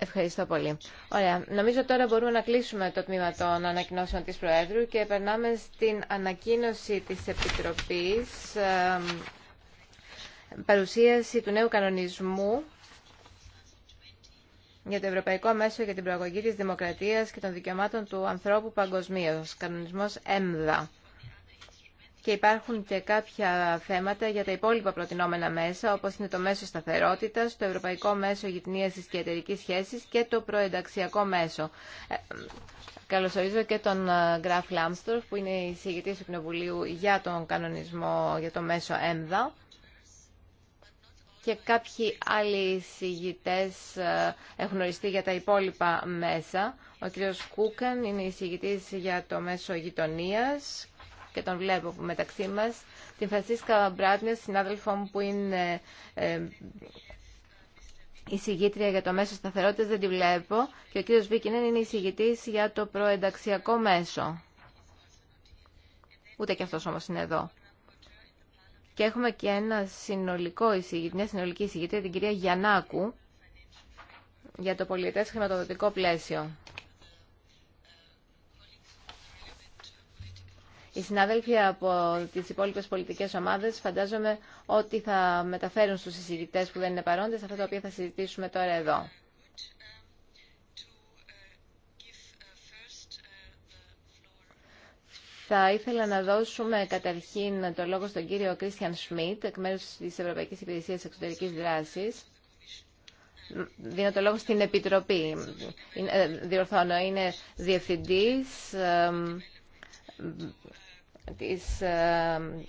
Ευχαριστώ πολύ. Ωραία. Νομίζω τώρα μπορούμε να κλείσουμε το τμήμα των ανακοινώσεων της Προέδρου και περνάμε στην ανακοίνωση της Επιτροπής ε, παρουσίαση του νέου κανονισμού για το Ευρωπαϊκό Μέσο για την Προαγωγή της Δημοκρατίας και των Δικαιωμάτων του Ανθρώπου Παγκοσμίω, κανονισμός ΕΜΔΑ. Και υπάρχουν και κάποια θέματα για τα υπόλοιπα προτινόμενα μέσα, όπως είναι το Μέσο Σταθερότητας, το Ευρωπαϊκό Μέσο Γυπνίασης και Εταιρικής Σχέσης και το Προενταξιακό Μέσο. Ε, καλωσορίζω και τον ε, Γκραφ Λάμστορφ, που είναι η συγητής του Κοινοβουλίου για τον κανονισμό για το μέσο ΕΜΔΑ και κάποιοι άλλοι εισηγητές ε, έχουν οριστεί για τα υπόλοιπα μέσα. Ο κύριος Κούκαν είναι εισηγητής για το μέσο γειτονία και τον βλέπω μεταξύ μας. Την Φρανσίσκα Μπράτνε, συνάδελφό μου που είναι ε, εισηγήτρια για το μέσο σταθερότητας, δεν τη βλέπω. Και ο κύριος Βίκινεν είναι εισηγητής για το προενταξιακό μέσο. Ούτε κι αυτός όμως είναι εδώ. Και έχουμε και ένα συνολικό εισηγητή, μια συνολική εισηγητή, την κυρία Γιαννάκου, για το πολιτές χρηματοδοτικό πλαίσιο. Οι συνάδελφοι από τις υπόλοιπες πολιτικές ομάδες φαντάζομαι ότι θα μεταφέρουν στους εισηγητές που δεν είναι παρόντες αυτά τα οποία θα συζητήσουμε τώρα εδώ. Θα ήθελα να δώσουμε καταρχήν το λόγο στον κύριο Κρίστιαν Σμιτ, εκ μέρους της Ευρωπαϊκής Υπηρεσίας Εξωτερικής Δράσης. Δίνω το λόγο στην Επιτροπή. Ε, διορθώνω, είναι διευθυντής της,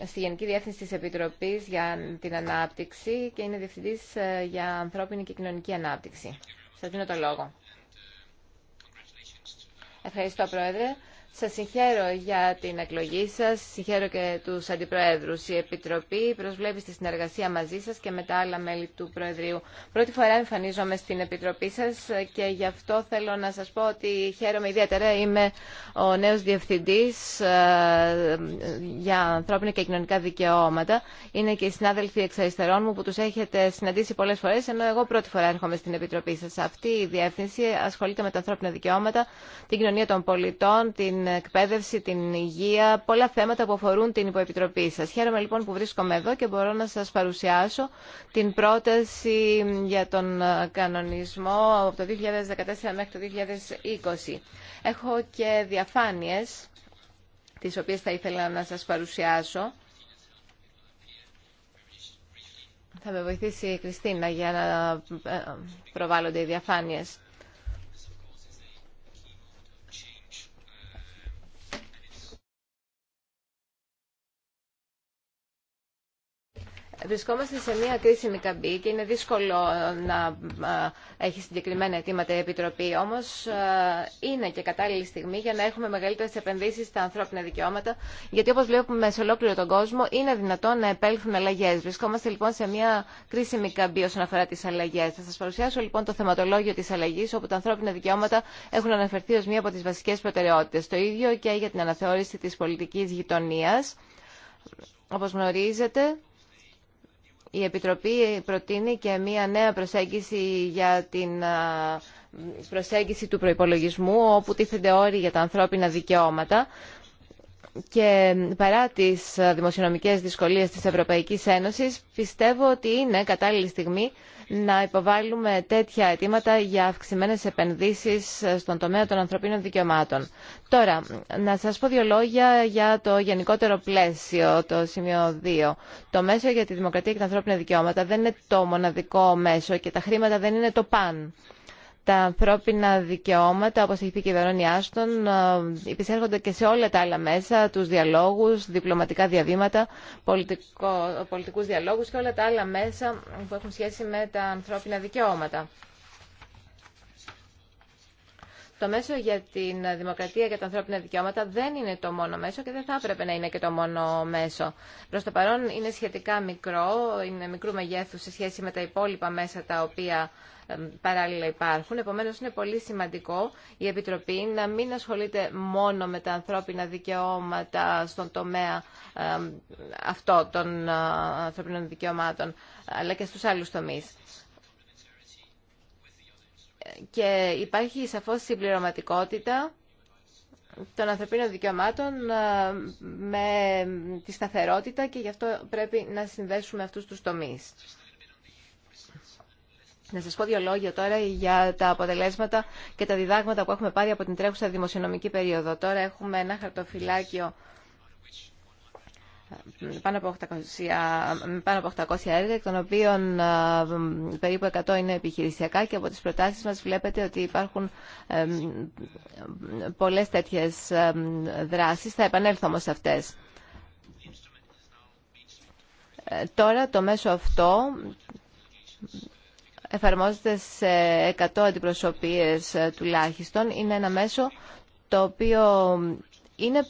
στη Γενική Διεύθυνση της Επιτροπής για την Ανάπτυξη και είναι διευθυντής ε, για ανθρώπινη και κοινωνική ανάπτυξη. Σας δίνω το λόγο. Ευχαριστώ, Πρόεδρε. Σας συγχαίρω για την εκλογή σας, συγχαίρω και τους αντιπροέδρους. Η Επιτροπή προσβλέπει στη συνεργασία μαζί σας και με τα άλλα μέλη του Προεδρείου. Πρώτη φορά εμφανίζομαι στην Επιτροπή σας και γι' αυτό θέλω να σας πω ότι χαίρομαι ιδιαίτερα. Είμαι ο νέος Διευθυντής ε, για ανθρώπινα και κοινωνικά δικαιώματα. Είναι και οι συνάδελφοι εξ αριστερών μου που τους έχετε συναντήσει πολλές φορές, ενώ εγώ πρώτη φορά έρχομαι στην Επιτροπή σα. Αυτή η διεύθυνση ασχολείται με τα ανθρώπινα δικαιώματα, την κοινωνία των πολιτών, την την εκπαίδευση, την υγεία, πολλά θέματα που αφορούν την υποεπιτροπή σα. Χαίρομαι λοιπόν που βρίσκομαι εδώ και μπορώ να σα παρουσιάσω την πρόταση για τον κανονισμό από το 2014 μέχρι το 2020. Έχω και διαφάνειε, τι οποίε θα ήθελα να σα παρουσιάσω. Θα με βοηθήσει η Κριστίνα για να ε, προβάλλονται οι διαφάνειες. Βρισκόμαστε σε μια κρίσιμη καμπή και είναι δύσκολο ε, να ε, έχει συγκεκριμένα αιτήματα η Επιτροπή. Όμω ε, είναι και κατάλληλη στιγμή για να έχουμε μεγαλύτερε επενδύσει στα ανθρώπινα δικαιώματα, γιατί όπω βλέπουμε σε ολόκληρο τον κόσμο είναι δυνατόν να επέλθουν αλλαγέ. Βρισκόμαστε λοιπόν σε μια κρίσιμη καμπή όσον αφορά τι αλλαγέ. Θα σα παρουσιάσω λοιπόν το θεματολόγιο τη αλλαγή, όπου τα ανθρώπινα δικαιώματα έχουν αναφερθεί ω μία από τι βασικέ προτεραιότητε. Το ίδιο και για την αναθεώρηση τη πολιτική γειτονία. Όπως γνωρίζετε, η Επιτροπή προτείνει και μία νέα προσέγγιση για την προσέγγιση του προϋπολογισμού όπου τίθενται όροι για τα ανθρώπινα δικαιώματα και παρά τις ε, δημοσιονομικές δυσκολίες της Ευρωπαϊκής Ένωσης πιστεύω ότι είναι κατάλληλη στιγμή να υποβάλουμε τέτοια αιτήματα για αυξημένες επενδύσεις ε, στον τομέα των ανθρωπίνων δικαιωμάτων. Τώρα, να σας πω δύο λόγια για το γενικότερο πλαίσιο, το σημείο 2. Το μέσο για τη δημοκρατία και τα ανθρώπινα δικαιώματα δεν είναι το μοναδικό μέσο και τα χρήματα δεν είναι το παν τα ανθρώπινα δικαιώματα, όπως έχει πει και η Βερόνι Άστον, υπησέρχονται ε, και σε όλα τα άλλα μέσα, τους διαλόγους, διπλωματικά διαβήματα, πολιτικό, πολιτικούς διαλόγους και όλα τα άλλα μέσα που έχουν σχέση με τα ανθρώπινα δικαιώματα. Το μέσο για την δημοκρατία και τα ανθρώπινα δικαιώματα δεν είναι το μόνο μέσο και δεν θα έπρεπε να είναι και το μόνο μέσο. Προς το παρόν είναι σχετικά μικρό, είναι μικρού μεγέθους σε σχέση με τα υπόλοιπα μέσα τα οποία παράλληλα υπάρχουν. Επομένως είναι πολύ σημαντικό η Επιτροπή να μην ασχολείται μόνο με τα ανθρώπινα δικαιώματα στον τομέα αυτό των ε, ανθρωπίνων δικαιωμάτων, αλλά και στους άλλους τομείς και υπάρχει σαφώς συμπληρωματικότητα των ανθρωπίνων δικαιωμάτων ε, με τη σταθερότητα και γι' αυτό πρέπει να συνδέσουμε αυτούς τους τομείς. Να σας πω δύο λόγια τώρα για τα αποτελέσματα και τα διδάγματα που έχουμε πάρει από την τρέχουσα δημοσιονομική περίοδο. Τώρα έχουμε ένα χαρτοφυλάκιο πάνω από 800, πάνω από 800 έργα, εκ των οποίων ε, περίπου 100 είναι επιχειρησιακά και από τις προτάσεις μας βλέπετε ότι υπάρχουν πολλές τέτοιες δράσεις. Θα επανέλθω όμως σε αυτές. Ε, τώρα το μέσο αυτό εφαρμόζεται σε 100 αντιπροσωπείες ε, τουλάχιστον. Είναι ένα μέσο το οποίο είναι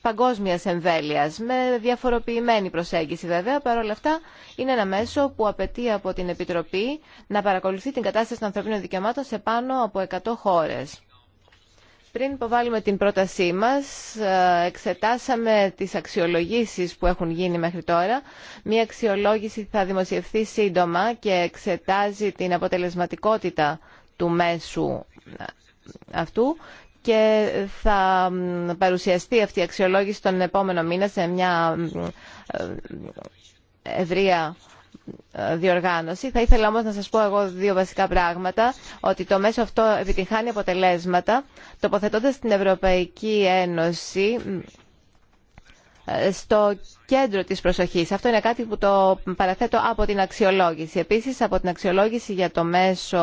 παγκόσμιας εμβέλειας με διαφοροποιημένη προσέγγιση βέβαια παρόλα αυτά είναι ένα μέσο που απαιτεί από την Επιτροπή να παρακολουθεί την κατάσταση των ανθρωπίνων δικαιωμάτων σε πάνω από 100 χώρες. Πριν υποβάλουμε την πρότασή μας, ε, εξετάσαμε τις αξιολογήσεις που έχουν γίνει μέχρι τώρα. Μία αξιολόγηση θα δημοσιευθεί σύντομα και εξετάζει την αποτελεσματικότητα του μέσου ε, αυτού και θα παρουσιαστεί αυτή η αξιολόγηση τον επόμενο μήνα σε μια ε, ευρεία ε, διοργάνωση. Θα ήθελα όμως να σας πω εγώ δύο βασικά πράγματα, ότι το μέσο αυτό επιτυχάνει αποτελέσματα, τοποθετώντας την Ευρωπαϊκή Ένωση στο κέντρο της προσοχής. Αυτό είναι κάτι που το παραθέτω από την αξιολόγηση. Επίσης, από την αξιολόγηση για το μέσο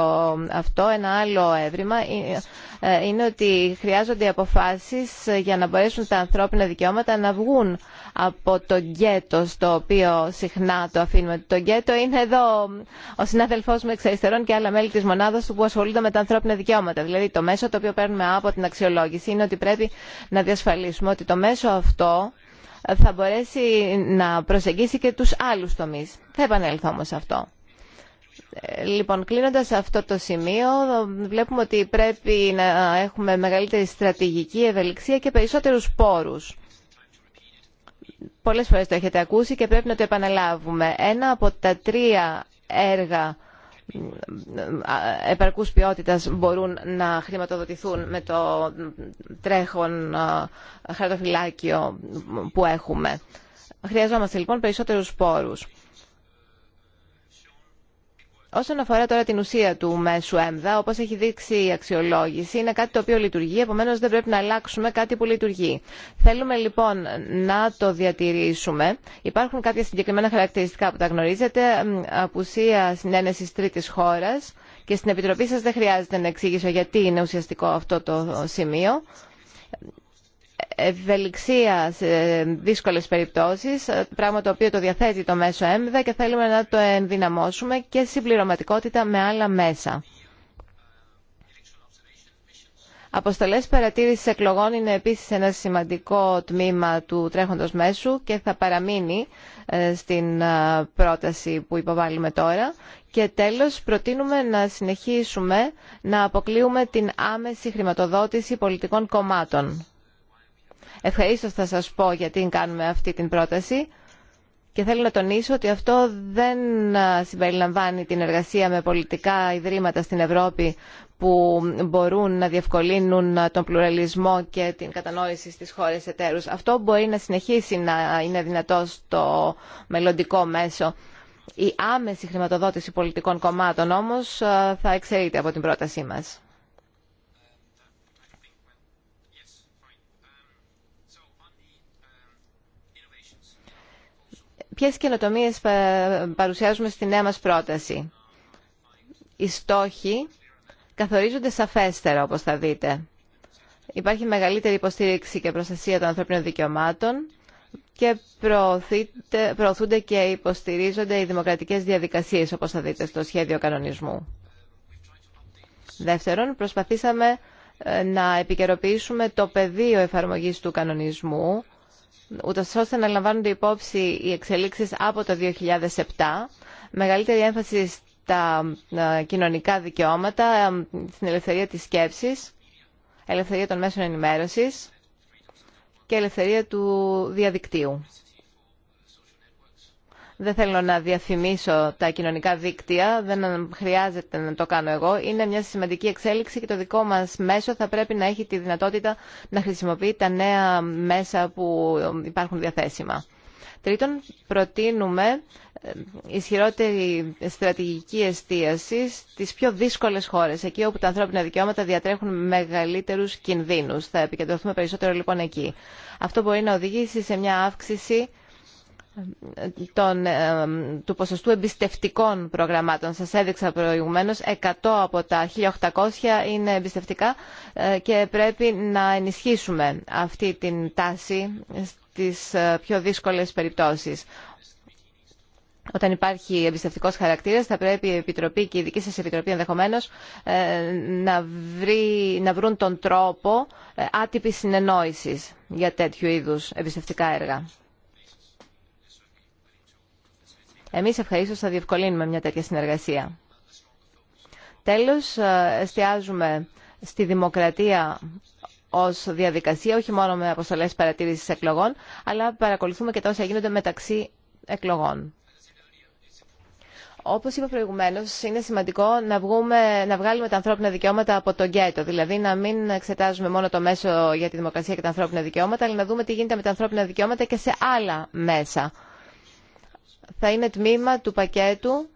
αυτό, ένα άλλο έβριμα ε, ε, είναι ότι χρειάζονται αποφάσεις για να μπορέσουν τα ανθρώπινα δικαιώματα να βγουν από το γκέτο στο οποίο συχνά το αφήνουμε. Το γκέτο είναι εδώ ο συνάδελφός μου εξ αριστερών και άλλα μέλη της μονάδας του που ασχολούνται με τα ανθρώπινα δικαιώματα. Δηλαδή το μέσο το οποίο παίρνουμε από την αξιολόγηση είναι ότι πρέπει να διασφαλίσουμε ότι το μέσο αυτό θα μπορέσει να προσεγγίσει και τους άλλους τομείς. Θα επανέλθω όμως αυτό. Ε, λοιπόν, κλείνοντας αυτό το σημείο, βλέπουμε ότι πρέπει να έχουμε μεγαλύτερη στρατηγική ευελιξία και περισσότερους πόρους. Πολλές φορές το έχετε ακούσει και πρέπει να το επαναλάβουμε. Ένα από τα τρία έργα επαρκούς ποιότητας μπορούν να χρηματοδοτηθούν με το τρέχον ε, χαρτοφυλάκιο που έχουμε. Χρειαζόμαστε λοιπόν περισσότερους πόρους. Όσον αφορά τώρα την ουσία του μέσου ΕΜΔΑ, όπω έχει δείξει η αξιολόγηση, είναι κάτι το οποίο λειτουργεί, επομένω δεν πρέπει να αλλάξουμε κάτι που λειτουργεί. Θέλουμε λοιπόν να το διατηρήσουμε. Υπάρχουν κάποια συγκεκριμένα χαρακτηριστικά που τα γνωρίζετε, απουσία συνένεση τρίτη χώρα και στην Επιτροπή σα δεν χρειάζεται να εξήγησω γιατί είναι ουσιαστικό αυτό το σημείο ευελιξία σε δύσκολες περιπτώσεις, πράγμα το οποίο το διαθέτει το μέσο ΕΜΔΑ και θέλουμε να το ενδυναμώσουμε και συμπληρωματικότητα με άλλα μέσα. Αποστολές παρατήρησης εκλογών είναι επίσης ένα σημαντικό τμήμα του τρέχοντος μέσου και θα παραμείνει ε, στην ε, πρόταση που υποβάλλουμε τώρα. Και τέλος, προτείνουμε να συνεχίσουμε να αποκλείουμε την άμεση χρηματοδότηση πολιτικών κομμάτων. Ευχαρίστως θα σας πω γιατί κάνουμε αυτή την πρόταση και θέλω να τονίσω ότι αυτό δεν συμπεριλαμβάνει την εργασία με πολιτικά ιδρύματα στην Ευρώπη που μπορούν να διευκολύνουν τον πλουραλισμό και την κατανόηση στις χώρες εταίρους. Αυτό μπορεί να συνεχίσει να είναι δυνατό στο μελλοντικό μέσο. Η άμεση χρηματοδότηση πολιτικών κομμάτων όμως θα εξαιρείται από την πρότασή μας. Ποιες καινοτομίες ε, παρουσιάζουμε στη νέα μας πρόταση. Οι στόχοι καθορίζονται σαφέστερα, όπως θα δείτε. Υπάρχει μεγαλύτερη υποστήριξη και προστασία των ανθρωπίνων δικαιωμάτων και προωθούνται και υποστηρίζονται οι δημοκρατικές διαδικασίες, όπως θα δείτε στο σχέδιο κανονισμού. Δεύτερον, προσπαθήσαμε ε, να επικαιροποιήσουμε το πεδίο εφαρμογής του κανονισμού, ούτω ώστε να λαμβάνονται υπόψη οι εξελίξεις από το 2007, μεγαλύτερη έμφαση στα ε, κοινωνικά δικαιώματα, ε, στην ελευθερία της σκέψης, ελευθερία των μέσων ενημέρωσης και ελευθερία του διαδικτύου. Δεν θέλω να διαφημίσω τα κοινωνικά δίκτυα, δεν χρειάζεται να το κάνω εγώ. Είναι μια σημαντική εξέλιξη και το δικό μας μέσο θα πρέπει να έχει τη δυνατότητα να χρησιμοποιεί τα νέα μέσα που υπάρχουν διαθέσιμα. Τρίτον, προτείνουμε ε, ισχυρότερη στρατηγική εστίαση στις πιο δύσκολες χώρες, εκεί όπου τα ανθρώπινα δικαιώματα διατρέχουν μεγαλύτερους κινδύνους. Θα επικεντρωθούμε περισσότερο λοιπόν εκεί. Αυτό μπορεί να οδηγήσει σε μια αύξηση των, ε, του ποσοστού εμπιστευτικών προγραμμάτων. Σας έδειξα προηγουμένως, 100 από τα 1.800 είναι εμπιστευτικά ε, και πρέπει να ενισχύσουμε αυτή την τάση στις ε, πιο δύσκολες περιπτώσεις. Όταν υπάρχει εμπιστευτικός χαρακτήρας θα πρέπει η Επιτροπή και η δική σας Επιτροπή ενδεχομένως να, βρει, να βρουν τον τρόπο άτυπης συνεννόησης για τέτοιου είδους εμπιστευτικά έργα. Εμείς ευχαρίστω θα διευκολύνουμε μια τέτοια συνεργασία. Τέλος, ε, εστιάζουμε στη δημοκρατία ως διαδικασία, όχι μόνο με αποστολές παρατήρησης εκλογών, αλλά παρακολουθούμε και τα όσα γίνονται μεταξύ εκλογών. Όπως είπα προηγουμένως, είναι σημαντικό να, βγούμε, να βγάλουμε τα ανθρώπινα δικαιώματα από τον γκέτο. Δηλαδή να μην εξετάζουμε μόνο το μέσο για τη δημοκρασία και τα ανθρώπινα δικαιώματα, αλλά να δούμε τι γίνεται με τα ανθρώπινα δικαιώματα και σε άλλα μέσα θα είναι τμήμα του πακέτου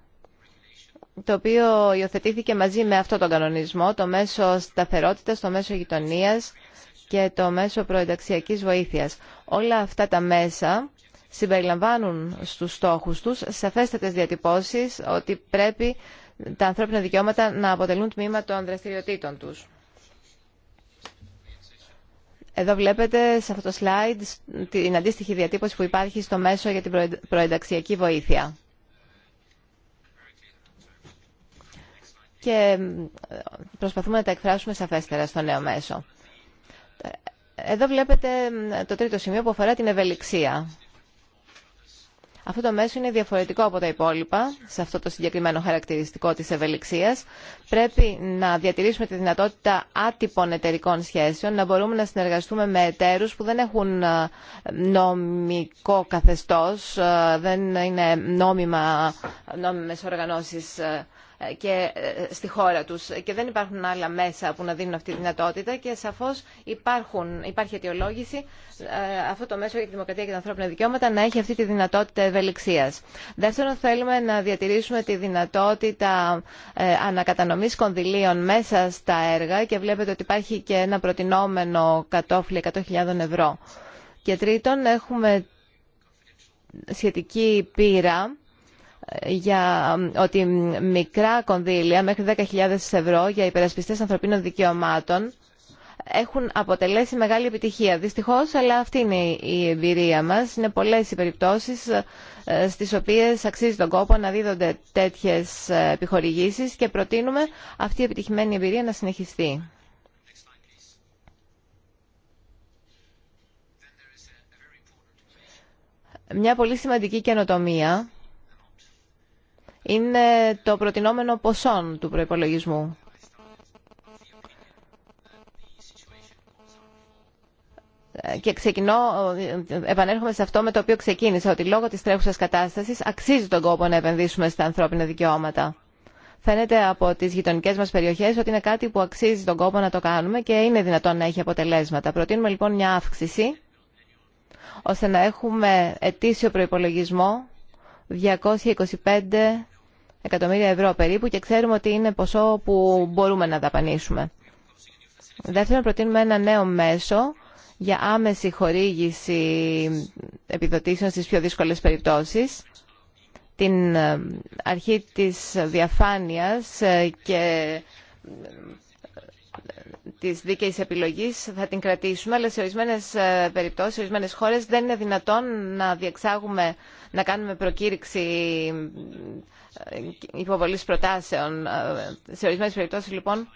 το οποίο υιοθετήθηκε μαζί με αυτό τον κανονισμό, το μέσο σταθερότητας, το μέσο γειτονίας και το μέσο προενταξιακής βοήθειας. Όλα αυτά τα μέσα συμπεριλαμβάνουν στους στόχους τους σαφέστατες διατυπώσεις ότι πρέπει τα ανθρώπινα δικαιώματα να αποτελούν τμήμα των δραστηριοτήτων τους. Εδώ βλέπετε σε αυτό το slide την αντίστοιχη διατύπωση που υπάρχει στο μέσο για την προενταξιακή βοήθεια. Και προσπαθούμε να τα εκφράσουμε σαφέστερα στο νέο μέσο. Ε, εδώ βλέπετε το τρίτο σημείο που αφορά την ευελιξία. Αυτό το μέσο είναι διαφορετικό από τα υπόλοιπα, σε αυτό το συγκεκριμένο χαρακτηριστικό της ευελιξίας. Πρέπει να διατηρήσουμε τη δυνατότητα άτυπων εταιρικών σχέσεων, να μπορούμε να συνεργαστούμε με εταίρους που δεν έχουν ε, νομικό καθεστώς, ε, δεν είναι νόμιμα, νόμιμες οργανώσεις ε, ε, και ε, στη χώρα τους και δεν υπάρχουν άλλα μέσα που να δίνουν αυτή τη δυνατότητα και σαφώς υπάρχουν, υπάρχει αιτιολόγηση ε, αυτό το μέσο για τη δημοκρατία και τα ανθρώπινα δικαιώματα να έχει αυτή τη δυνατότητα ευελιξίας. Δεύτερον, θέλουμε να διατηρήσουμε τη δυνατότητα ανακατανομής κονδυλίων μέσα στα έργα και βλέπετε ότι υπάρχει και ένα προτινόμενο κατόφλι 100.000 ευρώ. Και τρίτον, έχουμε σχετική πείρα για ότι μικρά κονδύλια μέχρι 10.000 ευρώ για υπερασπιστές ανθρωπίνων δικαιωμάτων έχουν αποτελέσει μεγάλη επιτυχία. Δυστυχώς, αλλά αυτή είναι η εμπειρία μας. Είναι πολλές οι περιπτώσεις ε, στις οποίες αξίζει τον κόπο να δίδονται τέτοιες ε, επιχορηγήσεις και προτείνουμε αυτή η επιτυχημένη εμπειρία να συνεχιστεί. Μια πολύ σημαντική καινοτομία είναι το προτινόμενο ποσό του προϋπολογισμού. Και ξεκινώ, επανέρχομαι σε αυτό με το οποίο ξεκίνησα, ότι λόγω της τρέχουσας κατάστασης αξίζει τον κόπο να επενδύσουμε στα ανθρώπινα δικαιώματα. Φαίνεται από τις γειτονικές μας περιοχές ότι είναι κάτι που αξίζει τον κόπο να το κάνουμε και είναι δυνατόν να έχει αποτελέσματα. Προτείνουμε λοιπόν μια αύξηση, ώστε να έχουμε ετήσιο προϋπολογισμό 225 εκατομμύρια ευρώ περίπου και ξέρουμε ότι είναι ποσό που μπορούμε να δαπανίσουμε. Δεύτερον, προτείνουμε ένα νέο μέσο για άμεση χορήγηση επιδοτήσεων στις πιο δύσκολες περιπτώσεις την ε, αρχή της διαφάνειας ε, και της δίκαιης επιλογής θα την κρατήσουμε, αλλά σε ορισμένε ε, περιπτώσεις, σε ορισμένες χώρες δεν είναι δυνατόν να διεξάγουμε, να κάνουμε προκήρυξη ε, υποβολής προτάσεων. Ε, σε ορισμένε περιπτώσεις λοιπόν,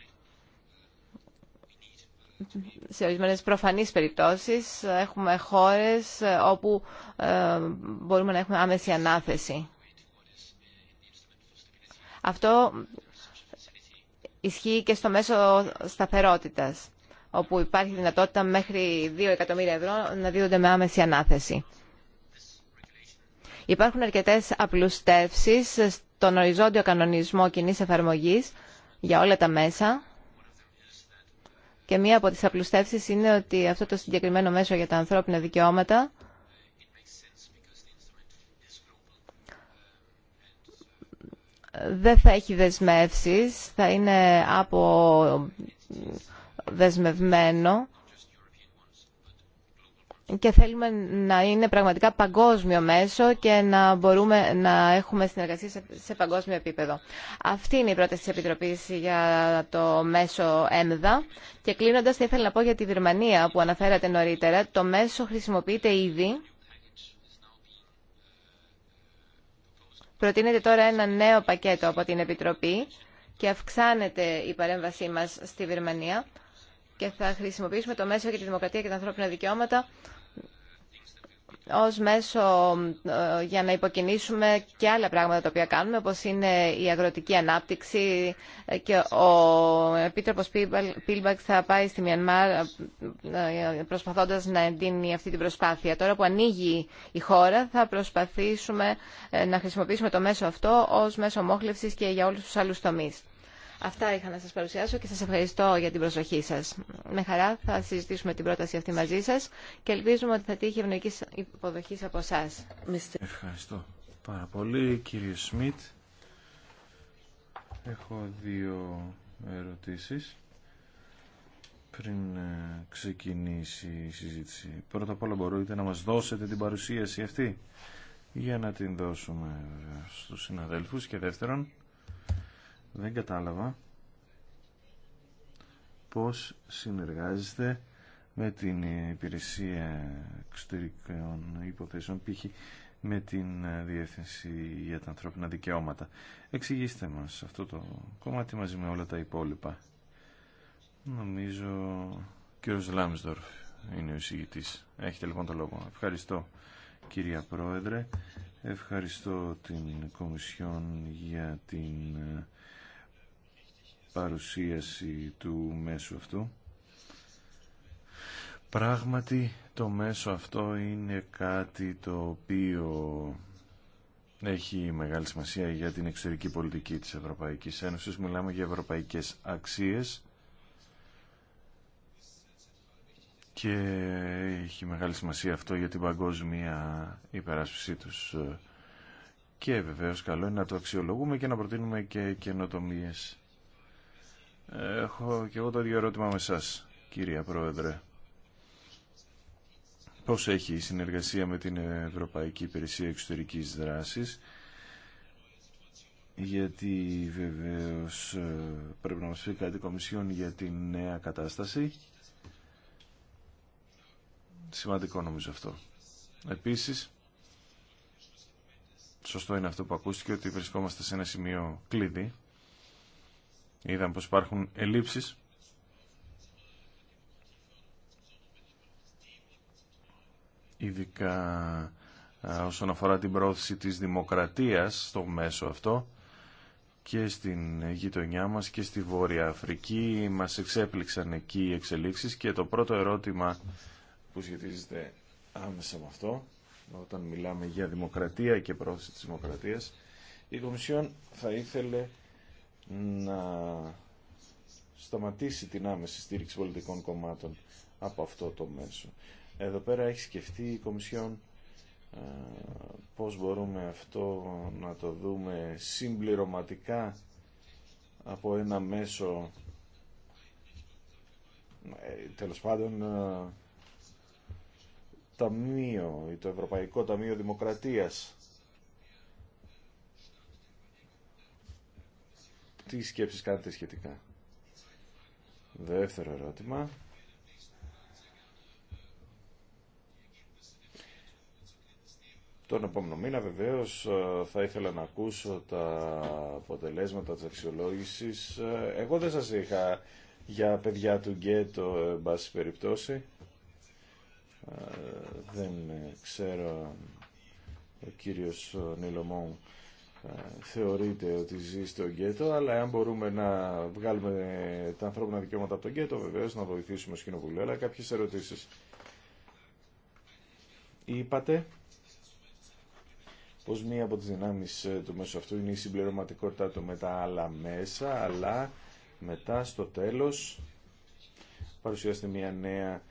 σε ορισμένες προφανείς περιπτώσεις έχουμε χώρες όπου μπορούμε να έχουμε άμεση ανάθεση. Αυτό ισχύει και στο μέσο σταθερότητα, όπου υπάρχει δυνατότητα μέχρι 2 εκατομμύρια ευρώ να δίδονται με άμεση ανάθεση. Υπάρχουν αρκετές απλουστεύσεις στον οριζόντιο κανονισμό κοινή εφαρμογή για όλα τα μέσα και μία από τις απλουστεύσεις είναι ότι αυτό το συγκεκριμένο μέσο για τα ανθρώπινα δικαιώματα δεν θα έχει δεσμεύσεις, θα είναι από δεσμευμένο και θέλουμε να είναι πραγματικά παγκόσμιο μέσο και να μπορούμε να έχουμε συνεργασία σε, παγκόσμιο επίπεδο. Αυτή είναι η πρόταση της Επιτροπής για το μέσο ΕΜΔΑ. Και κλείνοντας, θα ήθελα να πω για τη Βερμανία που αναφέρατε νωρίτερα. Το μέσο χρησιμοποιείται ήδη Προτείνεται τώρα ένα νέο πακέτο από την Επιτροπή και αυξάνεται η παρέμβασή μας στη Βερμανία και θα χρησιμοποιήσουμε το μέσο για τη δημοκρατία και τα ανθρώπινα δικαιώματα ως μέσο ε, για να υποκινήσουμε και άλλα πράγματα τα οποία κάνουμε, όπως είναι η αγροτική ανάπτυξη ε, και ο Επίτροπος Πίλμπαξ θα πάει στη Μιανμάρ ε, προσπαθώντας να εντείνει αυτή την προσπάθεια. Τώρα που ανοίγει η χώρα θα προσπαθήσουμε να χρησιμοποιήσουμε το μέσο αυτό ως μέσο μόχλευσης και για όλους τους άλλους τομείς. Αυτά είχα να σας παρουσιάσω και σας ευχαριστώ για την προσοχή σας. Με χαρά θα συζητήσουμε την πρόταση αυτή μαζί σας και ελπίζουμε ότι θα τύχει ευνοϊκή υποδοχή από εσά. Ευχαριστώ πάρα πολύ κύριε Σμιτ. Έχω δύο ερωτήσεις πριν ε, ξεκινήσει η συζήτηση. Πρώτα απ' όλα μπορείτε να μας δώσετε την παρουσίαση αυτή για να την δώσουμε στους συναδέλφους και δεύτερον δεν κατάλαβα πώς συνεργάζεστε με την υπηρεσία εξωτερικών υποθέσεων, π.χ. με την Διεύθυνση για τα Ανθρώπινα Δικαιώματα. Εξηγήστε μας αυτό το κομμάτι μαζί με όλα τα υπόλοιπα. Νομίζω κ. Λάμσδορφ είναι ο εισηγητής. Έχετε λοιπόν το λόγο. Ευχαριστώ κυρία Πρόεδρε. Ευχαριστώ την Κομισιόν για την παρουσίαση του μέσου αυτού. Πράγματι το μέσο αυτό είναι κάτι το οποίο έχει μεγάλη σημασία για την εξωτερική πολιτική της Ευρωπαϊκής Ένωσης. Μιλάμε για ευρωπαϊκές αξίες και έχει μεγάλη σημασία αυτό για την παγκόσμια υπεράσπιση τους. Και βεβαίως καλό είναι να το αξιολογούμε και να προτείνουμε και καινοτομίες Έχω και εγώ το ίδιο ερώτημα με εσά, κυρία Πρόεδρε. Πώς έχει η συνεργασία με την Ευρωπαϊκή Υπηρεσία Εξωτερικής Δράσης, γιατί βεβαίως ε, πρέπει να μας πει κάτι κομισιόν για τη νέα κατάσταση. Σημαντικό νομίζω αυτό. Επίσης, σωστό είναι αυτό που ακούστηκε, ότι βρισκόμαστε σε ένα σημείο κλειδί Είδαμε πως υπάρχουν ελλείψεις. Ειδικά όσον αφορά την πρόθεση της δημοκρατίας στο μέσο αυτό και στην γειτονιά μας και στη Βόρεια Αφρική. Μας εξέπληξαν εκεί οι εξελίξεις και το πρώτο ερώτημα που σχετίζεται άμεσα με αυτό, όταν μιλάμε για δημοκρατία και πρόθεση της δημοκρατίας, η Κομισιόν θα ήθελε να σταματήσει την άμεση στήριξη πολιτικών κομμάτων από αυτό το μέσο. Εδώ πέρα έχει σκεφτεί η Κομισιόν ε, πώς μπορούμε αυτό να το δούμε συμπληρωματικά από ένα μέσο ε, τέλος πάντων ε, ταμείο το Ευρωπαϊκό Ταμείο Δημοκρατίας τι σκέψεις κάνετε σχετικά. Δεύτερο ερώτημα. Τον επόμενο μήνα βεβαίως ε, θα ήθελα να ακούσω τα αποτελέσματα της αξιολόγησης. Ε, εγώ δεν σας είχα για παιδιά του γκέτο, εν πάση περιπτώσει. Ε, δεν ξέρω ο κύριος Νίλο θεωρείται ότι ζει στο γκέτο, αλλά αν μπορούμε να βγάλουμε τα ανθρώπινα δικαιώματα από το γκέτο, Βεβαίω να βοηθήσουμε ω κοινοβουλίο. Αλλά κάποιες ερωτήσει Είπατε πως μία από τις δυνάμεις ε, του μέσου αυτού είναι η συμπληρωματικότητά του με τα άλλα μέσα, αλλά μετά στο τέλος παρουσιάζεται μία νέα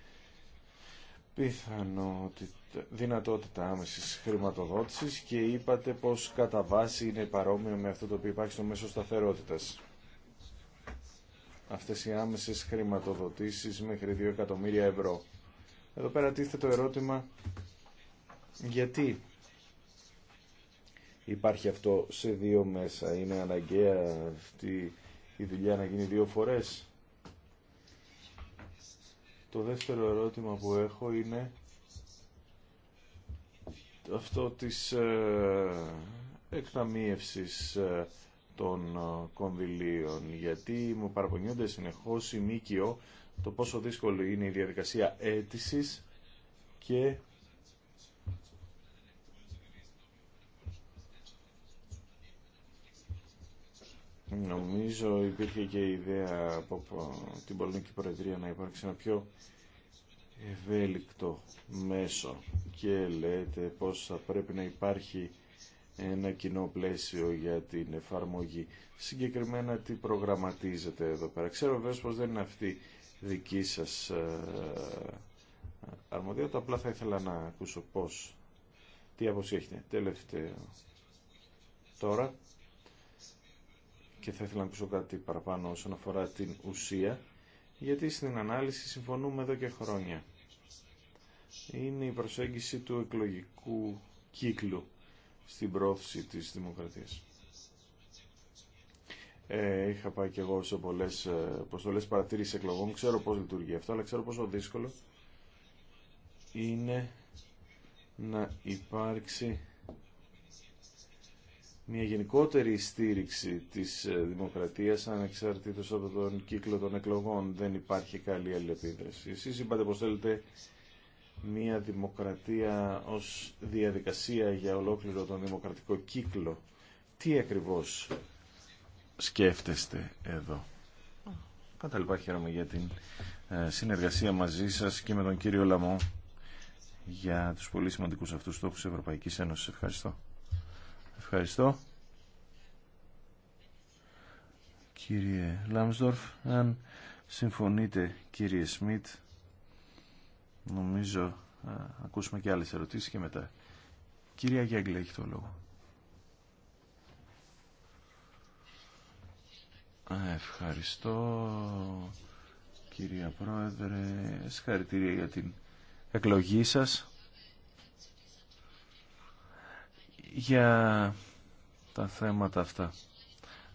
πιθανότητα δυνατότητα άμεσης χρηματοδότησης και είπατε πως κατά βάση είναι παρόμοιο με αυτό το οποίο υπάρχει στο μέσο σταθερότητας. Αυτές οι άμεσες χρηματοδοτήσεις μέχρι 2 εκατομμύρια ευρώ. Εδώ πέρα τίθεται το ερώτημα γιατί υπάρχει αυτό σε δύο μέσα. Είναι αναγκαία αυτή η δουλειά να γίνει δύο φορές. Το δεύτερο ερώτημα που έχω είναι αυτό της ε, ε των ε, κονδυλίων γιατί μου παραπονιούνται συνεχώς η ΜΚΟ το πόσο δύσκολο είναι η διαδικασία αίτησης και νομίζω υπήρχε και η ιδέα από την Πολωνική Προεδρία να υπάρξει ένα πιο ευέλικτο μέσο και λέτε πως θα πρέπει να υπάρχει ένα κοινό πλαίσιο για την εφαρμογή. Συγκεκριμένα τι προγραμματίζετε εδώ πέρα. Ξέρω βέβαια πως δεν είναι αυτή δική σας ε, αρμοδιότητα, απλά θα ήθελα να ακούσω πώς, τι άποψη έχετε. Τελευταίο τώρα και θα ήθελα να ακούσω κάτι παραπάνω όσον αφορά την ουσία γιατί στην ανάλυση συμφωνούμε εδώ και χρόνια. Είναι η προσέγγιση του εκλογικού κύκλου στην πρόθεση της δημοκρατίας. Ε, είχα πάει και εγώ σε πολλές ε, προστολές παρατήρησης εκλογών. Ξέρω πώς λειτουργεί αυτό, αλλά ξέρω πόσο δύσκολο είναι να υπάρξει μια γενικότερη στήριξη της ε, δημοκρατίας ανεξαρτήτως από τον κύκλο των εκλογών. Δεν υπάρχει καλή αλληλεπίδραση. Εσείς είπατε πως θέλετε μια δημοκρατία ως διαδικασία για ολόκληρο τον δημοκρατικό κύκλο. Τι ακριβώς σκέφτεστε εδώ. Κατά λοιπά χαίρομαι για την ε, συνεργασία μαζί σας και με τον κύριο Λαμό για τους πολύ σημαντικούς αυτούς στόχους της Ευρωπαϊκής Ένωσης. Ευχαριστώ. Ευχαριστώ. Κύριε Λάμσδορφ, αν συμφωνείτε κύριε Σμιτ, νομίζω α, ακούσουμε και άλλες ερωτήσεις και μετά. Κυρία για έχει το λόγο. Ευχαριστώ κυρία Πρόεδρε, συγχαρητήρια για την εκλογή σας. για τα θέματα αυτά.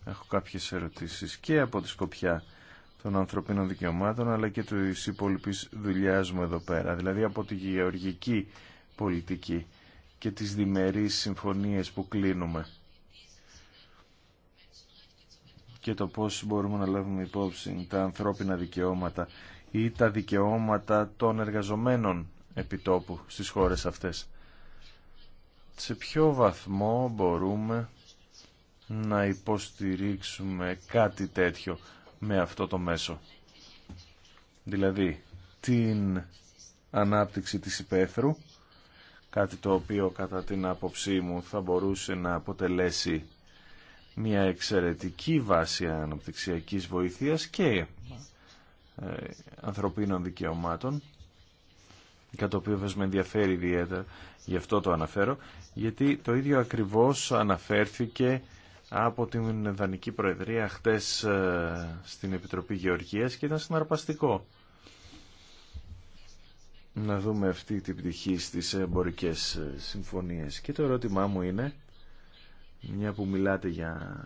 Έχω κάποιες ερωτήσεις και από τη σκοπιά των ανθρωπίνων δικαιωμάτων αλλά και του υπόλοιπη δουλειά μου εδώ πέρα, δηλαδή από τη γεωργική πολιτική και τις διμερείς συμφωνίες που κλείνουμε και το πώς μπορούμε να λάβουμε υπόψη τα ανθρώπινα δικαιώματα ή τα δικαιώματα των εργαζομένων επιτόπου στις χώρες αυτές σε ποιο βαθμό μπορούμε να υποστηρίξουμε κάτι τέτοιο με αυτό το μέσο. Δηλαδή, την ανάπτυξη της υπαίθρου, κάτι το οποίο κατά την άποψή μου θα μπορούσε να αποτελέσει μια εξαιρετική βάση αναπτυξιακής βοήθειας και ε, ανθρωπίνων δικαιωμάτων, κατά το οποίο με ενδιαφέρει ιδιαίτερα, γι' αυτό το αναφέρω, γιατί το ίδιο ακριβώς αναφέρθηκε από την Δανική Προεδρία χτες ε, στην Επιτροπή Γεωργίας και ήταν συναρπαστικό να δούμε αυτή την πτυχή στις εμπορικές ε, συμφωνίες. Και το ερώτημά μου είναι, μια που μιλάτε για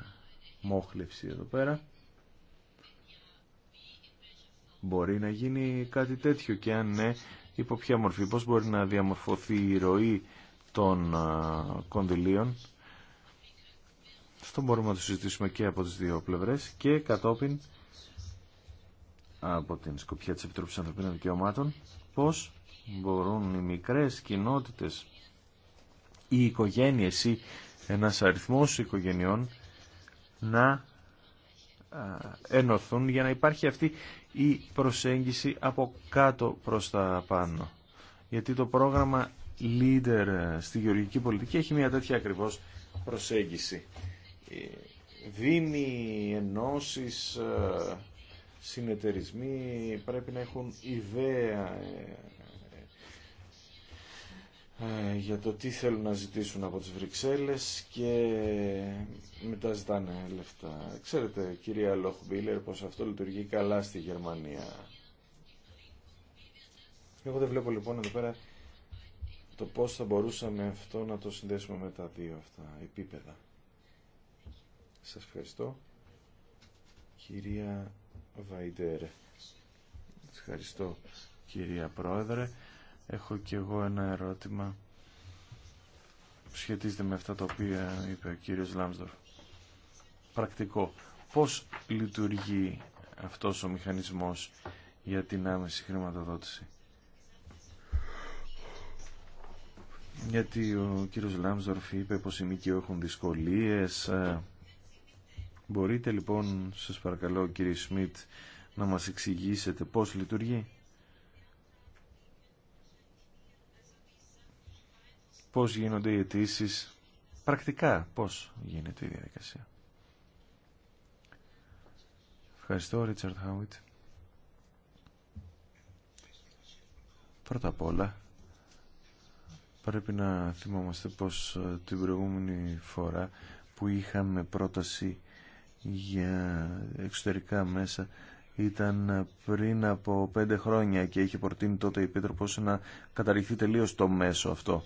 μόχλευση εδώ πέρα, μπορεί να γίνει κάτι τέτοιο και αν ναι, υπό ποια μορφή, πώς μπορεί να διαμορφωθεί η ροή των κονδυλίων. Αυτό μπορούμε να το συζητήσουμε και από τις δύο πλευρές και κατόπιν από την Σκοπιά της Επιτροπής Ανθρωπίνων Δικαιωμάτων πώς μπορούν οι μικρές κοινότητες η οικογένειες ή ένας αριθμός οικογενειών να ενωθούν για να υπάρχει αυτή η προσέγγιση από κάτω προς τα πάνω. Γιατί το πρόγραμμα leader ε, στη γεωργική πολιτική έχει μια τέτοια ακριβώς προσέγγιση. Ε, Δήμοι, ενώσεις, ε, συνεταιρισμοί πρέπει να έχουν ιδέα για το τι θέλουν να ζητήσουν από τις Βρυξέλλες και μετά ζητάνε λεφτά. Ξέρετε κυρία Λοχμπίλερ πως αυτό λειτουργεί καλά στη Γερμανία. Εγώ δεν βλέπω λοιπόν εδώ πέρα το πώς θα μπορούσαμε αυτό να το συνδέσουμε με τα δύο αυτά επίπεδα. Σας ευχαριστώ. Κυρία Βαϊντέρε. Ευχαριστώ κυρία Πρόεδρε. Έχω και εγώ ένα ερώτημα που σχετίζεται με αυτά τα οποία είπε ο κύριος Λάμσδορ. Πρακτικό. Πώς λειτουργεί αυτός ο μηχανισμός για την άμεση χρηματοδότηση. γιατί ο κύριος Λάμζορφ είπε πως οι ΜΚΟ έχουν δυσκολίες. Ε, μπορείτε λοιπόν, σας παρακαλώ κύριε Σμιτ, να μας εξηγήσετε πώς λειτουργεί. Πώς γίνονται οι αιτήσει, πρακτικά πώς γίνεται η διαδικασία. Ευχαριστώ, Ρίτσαρτ Χάουιτ. Πρώτα απ' όλα, Πρέπει να θυμόμαστε πως ε, την προηγούμενη φορά που είχαμε πρόταση για εξωτερικά μέσα ήταν ε, πριν από πέντε χρόνια και είχε προτείνει τότε η Επίτροπος να καταργηθεί τελείως το μέσο αυτό.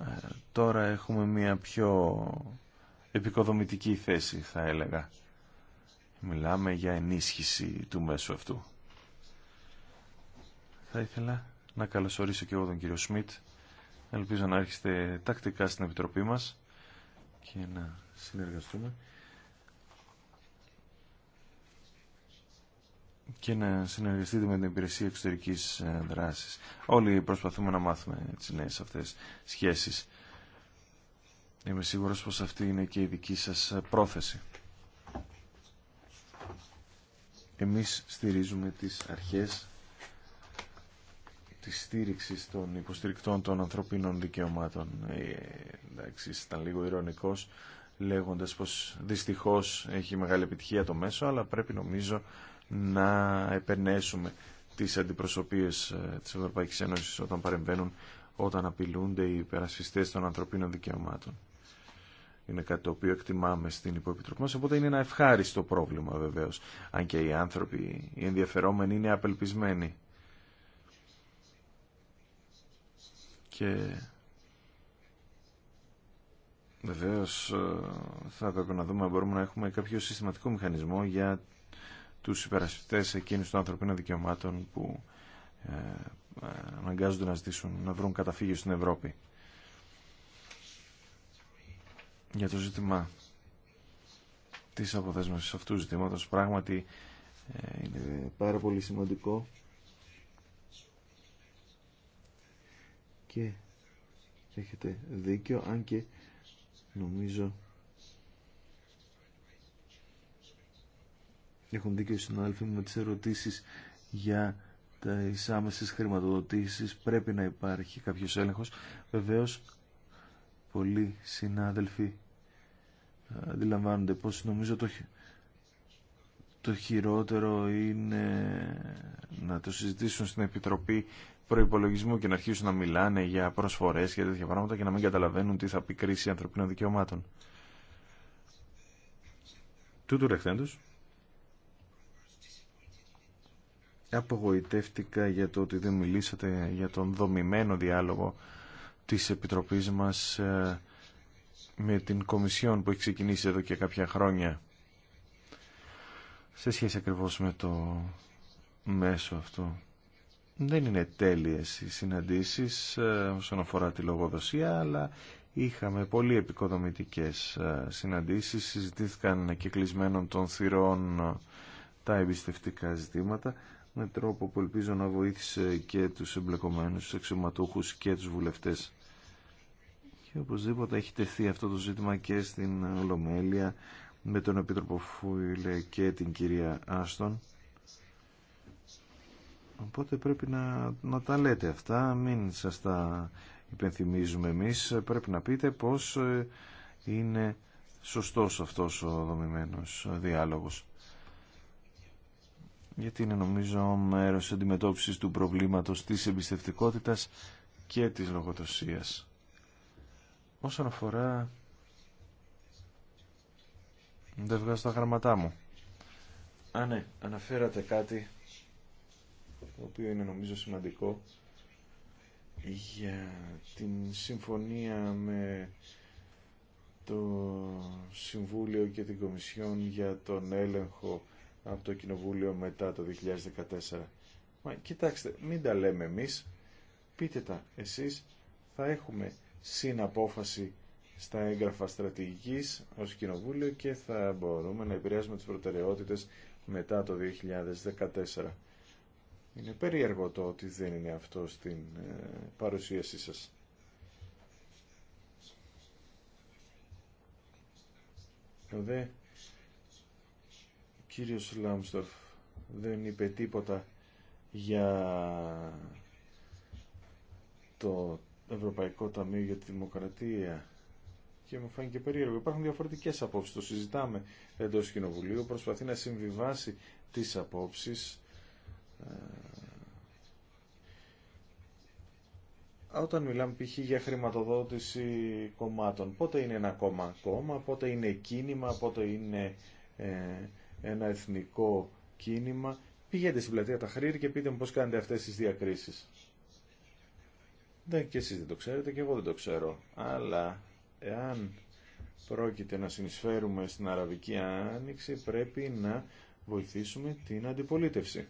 Ε, τώρα έχουμε μια πιο επικοδομητική θέση θα έλεγα. Μιλάμε για ενίσχυση του μέσου αυτού. Θα ήθελα να καλωσορίσω και εγώ τον κύριο Σμιτ Ελπίζω να έρχεστε τακτικά στην Επιτροπή μας και να συνεργαστούμε και να συνεργαστείτε με την υπηρεσία εξωτερικής ε, δράσης. Όλοι προσπαθούμε να μάθουμε τις νέες αυτές σχέσεις. Είμαι σίγουρος πως αυτή είναι και η δική σας ε, πρόθεση. Εμείς στηρίζουμε τις αρχές της στήριξης των υποστηρικτών των ανθρωπίνων δικαιωμάτων. Ε, εντάξει, ήταν λίγο ηρωνικός λέγοντας πως δυστυχώς έχει μεγάλη επιτυχία το μέσο, αλλά πρέπει νομίζω να επενέσουμε τις αντιπροσωπείες ε, της Ευρωπαϊκής Ένωσης όταν παρεμβαίνουν, όταν απειλούνται οι υπερασφιστές των ανθρωπίνων δικαιωμάτων. Είναι κάτι το οποίο εκτιμάμε στην υποεπιτροπή μας, οπότε είναι ένα ευχάριστο πρόβλημα βεβαίως, αν και οι άνθρωποι, οι ενδιαφερόμενοι είναι απελπισμένοι. και Βεβαίω ε, θα έπρεπε να δούμε αν μπορούμε να έχουμε κάποιο συστηματικό μηχανισμό για τους υπερασπιστές εκείνους των ανθρωπίνων δικαιωμάτων που ε, αναγκάζονται να ζητήσουν να βρουν καταφύγιο στην Ευρώπη. Για το ζήτημα της αποδέσμευσης αυτού του ζητήματος πράγματι ε, είναι πάρα πολύ σημαντικό και έχετε δίκιο αν και νομίζω έχουν δίκιο οι συνάδελφοι με τις ερωτήσεις για τα άμεσες χρηματοδοτήσεις πρέπει να υπάρχει κάποιος έλεγχος βεβαίως πολλοί συνάδελφοι ε, αντιλαμβάνονται πως νομίζω το, το χειρότερο είναι να το συζητήσουν στην Επιτροπή προϋπολογισμού και να αρχίσουν να μιλάνε για προσφορές και τέτοια πράγματα και να μην καταλαβαίνουν τι θα πει κρίση ανθρωπίνων δικαιωμάτων. Τούτου ρεχθέντο. Απογοητεύτηκα για το ότι δεν μιλήσατε για τον δομημένο διάλογο της Επιτροπής μας ε, με την Κομισιόν που έχει ξεκινήσει εδώ και κάποια χρόνια σε σχέση ακριβώς με το μέσο αυτό δεν είναι τέλειες οι συναντήσεις ε, όσον αφορά τη λογοδοσία, αλλά είχαμε πολύ επικοδομητικές ε, συναντήσεις, συζητήθηκαν και κλεισμένων των θυρών ε, τα εμπιστευτικά ζητήματα, με τρόπο που ελπίζω να βοήθησε και τους εμπλεκομένους, τους εξωματούχους και τους βουλευτές. Και οπωσδήποτε έχει τεθεί αυτό το ζήτημα και στην Ολομέλεια με τον Επίτροπο Φούιλε και την κυρία Άστον Οπότε πρέπει να, να τα λέτε αυτά, μην σας τα υπενθυμίζουμε εμείς. Πρέπει να πείτε πως ε, είναι σωστός αυτός ο δομημένος διάλογος. Γιατί είναι νομίζω μέρος αντιμετώπισης του προβλήματος της εμπιστευτικότητας και της λογοδοσίας. Όσον αφορά... Δεν βγάζω τα γραμματά μου. Α, ναι, αναφέρατε κάτι το οποίο είναι νομίζω σημαντικό για την συμφωνία με το Συμβούλιο και την Κομισιόν για τον έλεγχο από το Κοινοβούλιο μετά το 2014. Μα κοιτάξτε, μην τα λέμε εμείς, πείτε τα εσείς, θα έχουμε συναπόφαση στα έγγραφα στρατηγικής ως Κοινοβούλιο και θα μπορούμε να επηρεάσουμε τις προτεραιότητες μετά το 2014. Είναι περίεργο το ότι δεν είναι αυτό στην ε, παρουσίασή σας. Ο ε, δε κύριος Λάμστορφ δεν είπε τίποτα για το Ευρωπαϊκό Ταμείο για τη Δημοκρατία και μου φάνηκε περίεργο. Υπάρχουν διαφορετικές απόψεις, το συζητάμε εντός Κοινοβουλίου, προσπαθεί να συμβιβάσει τις απόψεις ε, όταν μιλάμε π.χ. για χρηματοδότηση κομμάτων, πότε είναι ένα κόμμα κόμμα, πότε είναι κίνημα, πότε είναι ε, ένα εθνικό κίνημα. Πηγαίνετε στην πλατεία τα χρήρη και πείτε μου πώς κάνετε αυτές τις διακρίσεις. Δεν και εσείς δεν το ξέρετε και εγώ δεν το ξέρω. Αλλά εάν πρόκειται να συνεισφέρουμε στην Αραβική Άνοιξη πρέπει να βοηθήσουμε την αντιπολίτευση.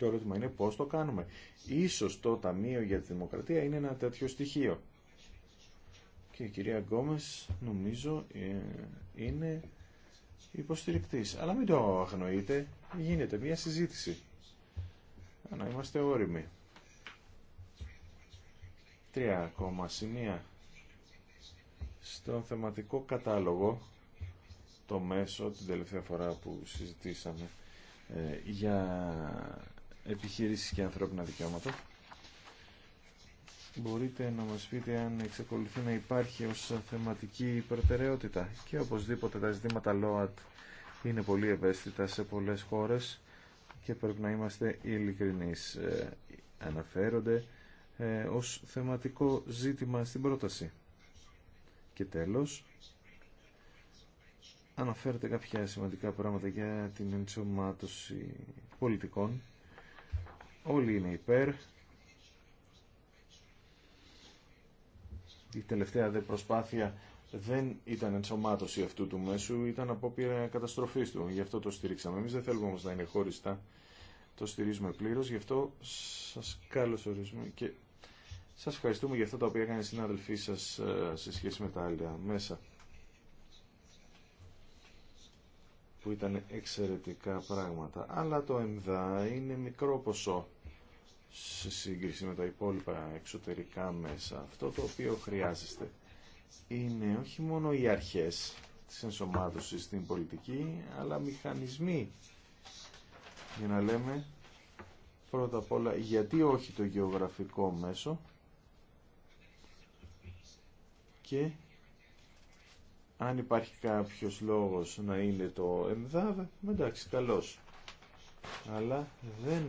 Το ερώτημα είναι πώς το κάνουμε. Ίσως το Ταμείο για τη Δημοκρατία είναι ένα τέτοιο στοιχείο. Και η κυρία Γκόμες νομίζω ε, είναι υποστηρικτής. Αλλά μην το αγνοείτε, γίνεται μια συζήτηση. Να είμαστε όριμοι. Τρία ακόμα σημεία. Στον θεματικό κατάλογο, το μέσο, την τελευταία φορά που συζητήσαμε, ε, για επιχειρήσεις και ανθρώπινα δικαιώματα. Μπορείτε να μας πείτε αν εξακολουθεί να υπάρχει ως θεματική προτεραιότητα και οπωσδήποτε τα ζητήματα ΛΟΑΤ είναι πολύ ευαίσθητα σε πολλές χώρες και πρέπει να είμαστε ειλικρινείς. Ε, αναφέρονται ε, ως θεματικό ζήτημα στην πρόταση. Και τέλος, αναφέρεται κάποια σημαντικά πράγματα για την ενσωμάτωση πολιτικών Όλοι είναι υπέρ. Η τελευταία δε προσπάθεια δεν ήταν ενσωμάτωση αυτού του μέσου, ήταν απόπειρα καταστροφής του. Γι' αυτό το στηρίξαμε. Εμείς δεν θέλουμε όμω να είναι χωριστά. Το στηρίζουμε πλήρω. γι' αυτό σα καλωσορίζουμε και σας ευχαριστούμε για αυτό το οποίο έκανε οι συνάδελφοί σα ε, σε σχέση με τα άλλα μέσα. που ήταν εξαιρετικά πράγματα. Αλλά το ΕΜΔΑ είναι μικρό ποσό σε σύγκριση με τα υπόλοιπα εξωτερικά μέσα. Αυτό το οποίο χρειάζεστε είναι όχι μόνο οι αρχές της ενσωμάτωσης στην πολιτική, αλλά μηχανισμοί για να λέμε πρώτα απ' όλα γιατί όχι το γεωγραφικό μέσο και αν υπάρχει κάποιος λόγος να είναι το ΕΜΔΑΒ, εντάξει, καλώς. Αλλά δεν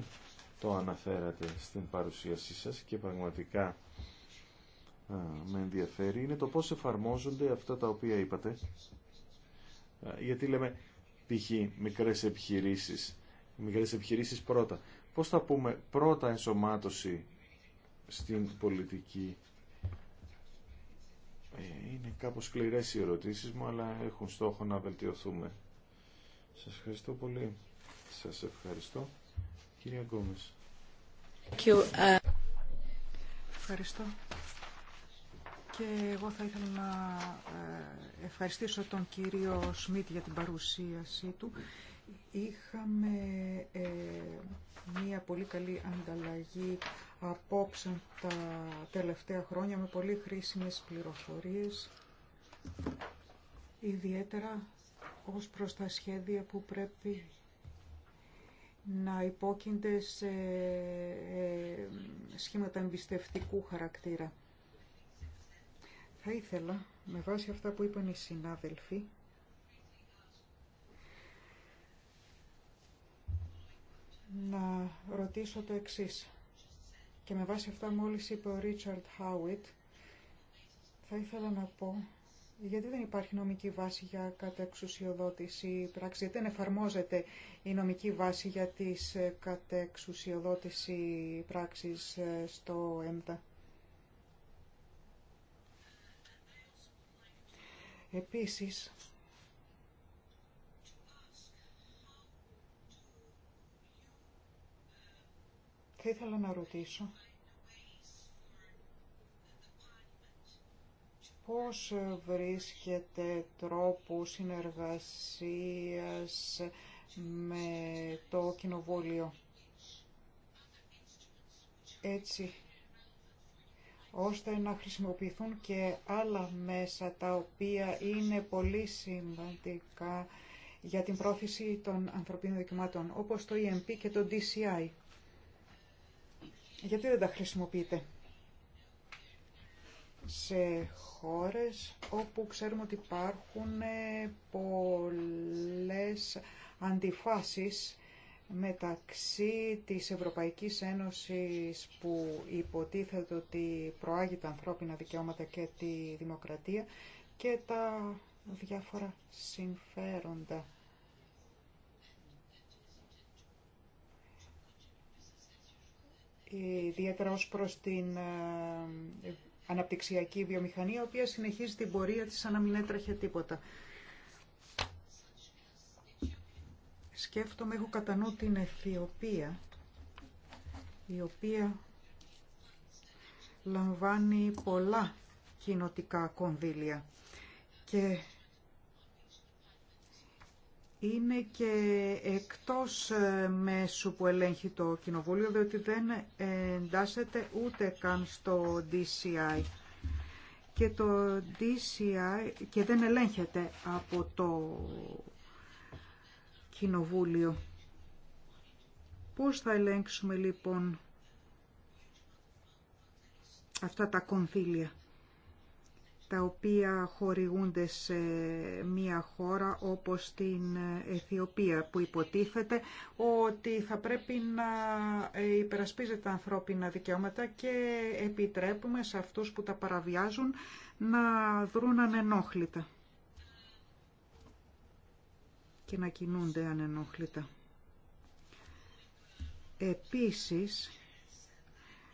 το αναφέρατε στην παρουσίασή σας και πραγματικά α, με ενδιαφέρει είναι το πώς εφαρμόζονται αυτά τα οποία είπατε. γιατί λέμε π.χ. μικρές επιχειρήσεις, μικρές επιχειρήσεις πρώτα. Πώς θα πούμε πρώτα ενσωμάτωση στην πολιτική ε, είναι κάπως σκληρές οι ερωτήσεις μου, αλλά έχουν στόχο να βελτιωθούμε. Σας ευχαριστώ πολύ. Σας ευχαριστώ. Κυρία Γκόμες. Ε, ευχαριστώ. Και εγώ θα ήθελα να ε, ευχαριστήσω τον κύριο Σμιτ για την παρουσίασή του Είχαμε ε, μία πολύ καλή ανταλλαγή απόψε τα τελευταία χρόνια με πολύ χρήσιμες πληροφορίες, ιδιαίτερα ως προς τα σχέδια που πρέπει να υπόκεινται σε ε, σχήματα εμπιστευτικού χαρακτήρα. Θα ήθελα, με βάση αυτά που είπαν οι συνάδελφοι, να ρωτήσω το εξής. Και με βάση αυτά μόλις είπε ο Ρίτσαρντ Χάουιτ, θα ήθελα να πω γιατί δεν υπάρχει νομική βάση για κατεξουσιοδότηση πράξη, γιατί δεν εφαρμόζεται η νομική βάση για τις ε, κατεξουσιοδότηση πράξης ε, στο ΕΜΤΑ. Επίσης, Θα ήθελα να ρωτήσω πώς βρίσκεται τρόπο συνεργασίας με το κοινοβούλιο. Έτσι, ώστε να χρησιμοποιηθούν και άλλα μέσα τα οποία είναι πολύ σημαντικά για την πρόθεση των ανθρωπίνων δικαιωμάτων, όπως το EMP και το DCI γιατί δεν τα χρησιμοποιείτε σε χώρες όπου ξέρουμε ότι υπάρχουν ε, πολλές αντιφάσεις μεταξύ της Ευρωπαϊκής Ένωσης που υποτίθεται ότι προάγει τα ανθρώπινα δικαιώματα και τη δημοκρατία και τα διάφορα συμφέροντα ιδιαίτερα ως προς την ε, αναπτυξιακή βιομηχανία, η οποία συνεχίζει την πορεία της σαν να μην έτρεχε τίποτα. Σκέφτομαι, έχω κατά την Αιθιοπία, η οποία λαμβάνει πολλά κοινοτικά κονδύλια και είναι και εκτός ε, μέσου που ελέγχει το Κοινοβούλιο, διότι δεν εντάσσεται ούτε καν στο DCI και, το DCI, και δεν ελέγχεται από το Κοινοβούλιο. Πώς θα ελέγξουμε λοιπόν αυτά τα κονδύλια τα οποία χορηγούνται σε μια χώρα όπως την Αιθιοπία που υποτίθεται ότι θα πρέπει να υπερασπίζεται τα ανθρώπινα δικαιώματα και επιτρέπουμε σε αυτούς που τα παραβιάζουν να δρούν ανενόχλητα και να κινούνται ανενόχλητα. Επίσης,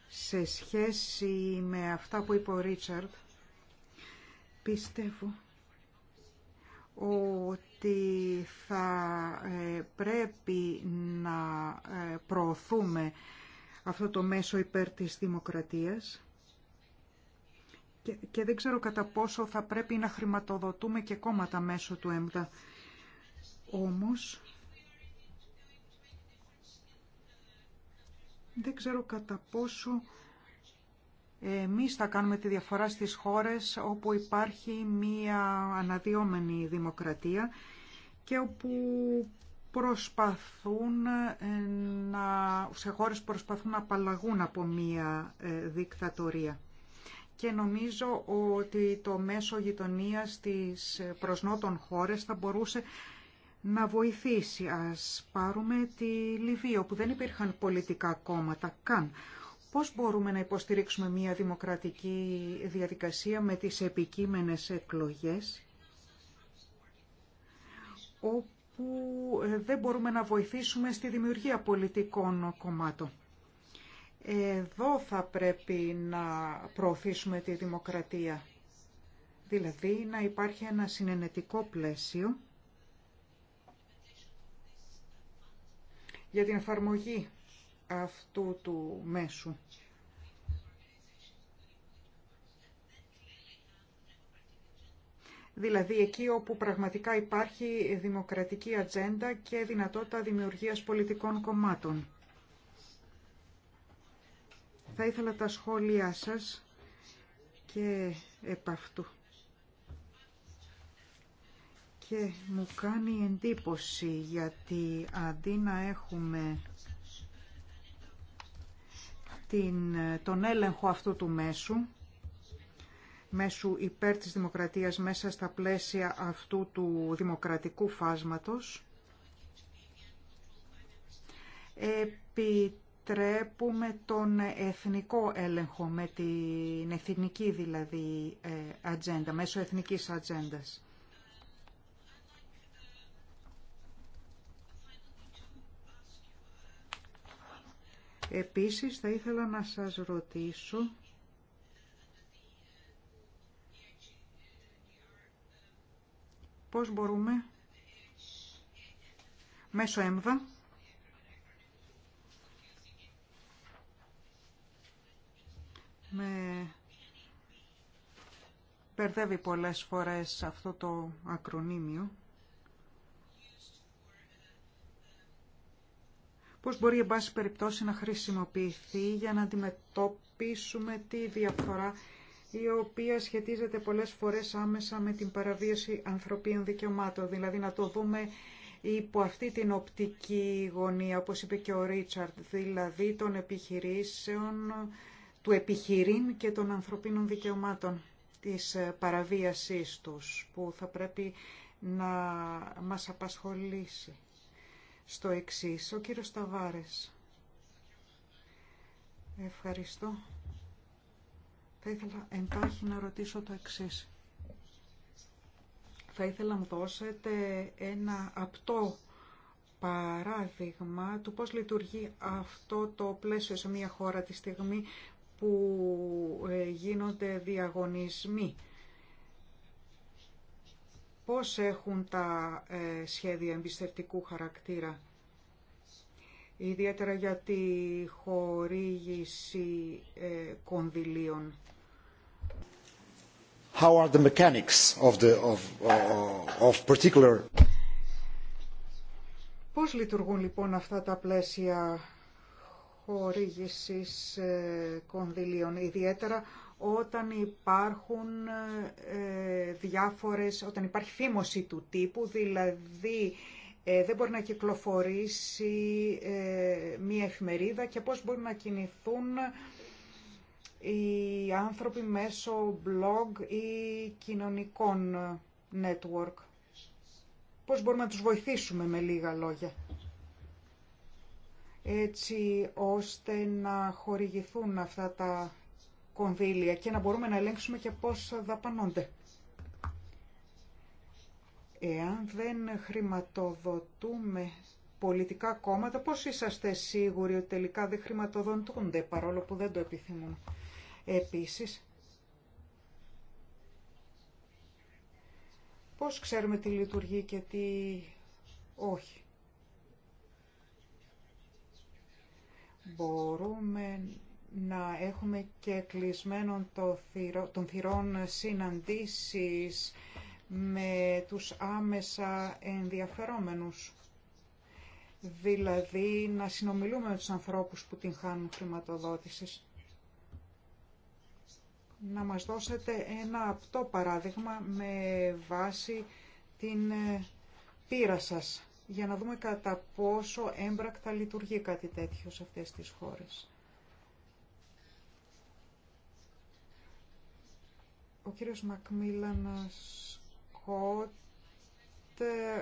σε σχέση με αυτά που είπε ο Ρίτσαρντ, Πιστεύω ότι θα ε, πρέπει να ε, προωθούμε αυτό το μέσο υπέρ της δημοκρατίας και δεν ξέρω κατά πόσο θα πρέπει να χρηματοδοτούμε και κόμματα μέσω του ΕΜΤΑ. Όμως, δεν ξέρω κατά πόσο εμείς θα κάνουμε τη διαφορά στις χώρες όπου υπάρχει μία αναδυόμενη δημοκρατία και όπου προσπαθούν ε, να, σε χώρες προσπαθούν να απαλλαγούν από μία ε, δικτατορία. Και νομίζω ότι το μέσο γειτονία της ε, προσνότων χώρες θα μπορούσε να βοηθήσει. Ας πάρουμε τη Λιβύη, όπου δεν υπήρχαν πολιτικά κόμματα καν. Πώς μπορούμε να υποστηρίξουμε μια δημοκρατική διαδικασία με τις επικείμενες εκλογές όπου ε, δεν μπορούμε να βοηθήσουμε στη δημιουργία πολιτικών κομμάτων. Εδώ θα πρέπει να προωθήσουμε τη δημοκρατία. Δηλαδή να υπάρχει ένα συνενετικό πλαίσιο για την εφαρμογή αυτού του μέσου. δηλαδή εκεί όπου πραγματικά υπάρχει δημοκρατική ατζέντα και δυνατότητα δημιουργίας πολιτικών κομμάτων. Θα ήθελα τα σχόλιά σας και επ' αυτού. Και μου κάνει εντύπωση γιατί αντί να έχουμε την, τον έλεγχο αυτού του μέσου, μέσου υπέρ της δημοκρατίας μέσα στα πλαίσια αυτού του δημοκρατικού φάσματος, επιτρέπουμε τον εθνικό έλεγχο, με την εθνική δηλαδή ε, ατζέντα, μέσω εθνικής ατζέντας. Επίσης θα ήθελα να σας ρωτήσω πώς μπορούμε μέσω έμβα με μπερδεύει πολλές φορές αυτό το ακρονίμιο πώς μπορεί εν πάση περιπτώσει να χρησιμοποιηθεί για να αντιμετωπίσουμε τη διαφορά η οποία σχετίζεται πολλές φορές άμεσα με την παραβίαση ανθρωπίνων δικαιωμάτων. Δηλαδή να το δούμε υπό αυτή την οπτική γωνία, όπως είπε και ο Ρίτσαρτ, δηλαδή των επιχειρήσεων, του επιχειρήν και των ανθρωπίνων δικαιωμάτων της ε, παραβίασής τους, που θα πρέπει να μας απασχολήσει στο εξή. Ο κύριο Σταβάρες. Ευχαριστώ. Θα ήθελα εντάχει να ρωτήσω το εξή. Θα ήθελα να μου δώσετε ένα απτό παράδειγμα του πώς λειτουργεί αυτό το πλαίσιο σε μια χώρα τη στιγμή που ε, γίνονται διαγωνισμοί πώς έχουν τα ε, σχέδια εμπιστευτικού χαρακτήρα. Ιδιαίτερα για τη χορήγηση ε, κονδυλίων. How are the mechanics of the, of, of particular... Πώς λειτουργούν λοιπόν αυτά τα πλαίσια χορήγησης ε, κονδυλίων, ιδιαίτερα όταν υπάρχουν ε, διάφορες, όταν υπάρχει φήμωση του τύπου, δηλαδή ε, δεν μπορεί να κυκλοφορήσει ε, μία εφημερίδα και πώς μπορούν να κινηθούν οι άνθρωποι μέσω blog ή κοινωνικών network. Πώς μπορούμε να τους βοηθήσουμε με λίγα λόγια έτσι ώστε να χορηγηθούν αυτά τα κονδύλια και να μπορούμε να ελέγξουμε και πώς δαπανώνται. Εάν δεν χρηματοδοτούμε πολιτικά κόμματα, πώς είσαστε σίγουροι ότι τελικά δεν χρηματοδοτούνται, παρόλο που δεν το επιθυμούν. Επίσης, πώς ξέρουμε τι λειτουργεί και τι όχι. Μπορούμε να έχουμε και κλεισμένων των θυρών συναντήσεις με τους άμεσα ενδιαφερόμενους. Δηλαδή να συνομιλούμε με τους ανθρώπους που την χάνουν χρηματοδότησης. Να μας δώσετε ένα απτό παράδειγμα με βάση την ε, πείρα σας για να δούμε κατά πόσο έμπρακτα λειτουργεί κάτι τέτοιο σε αυτές τις χώρες. Ο κύριος Μακμίλαν Σκότ,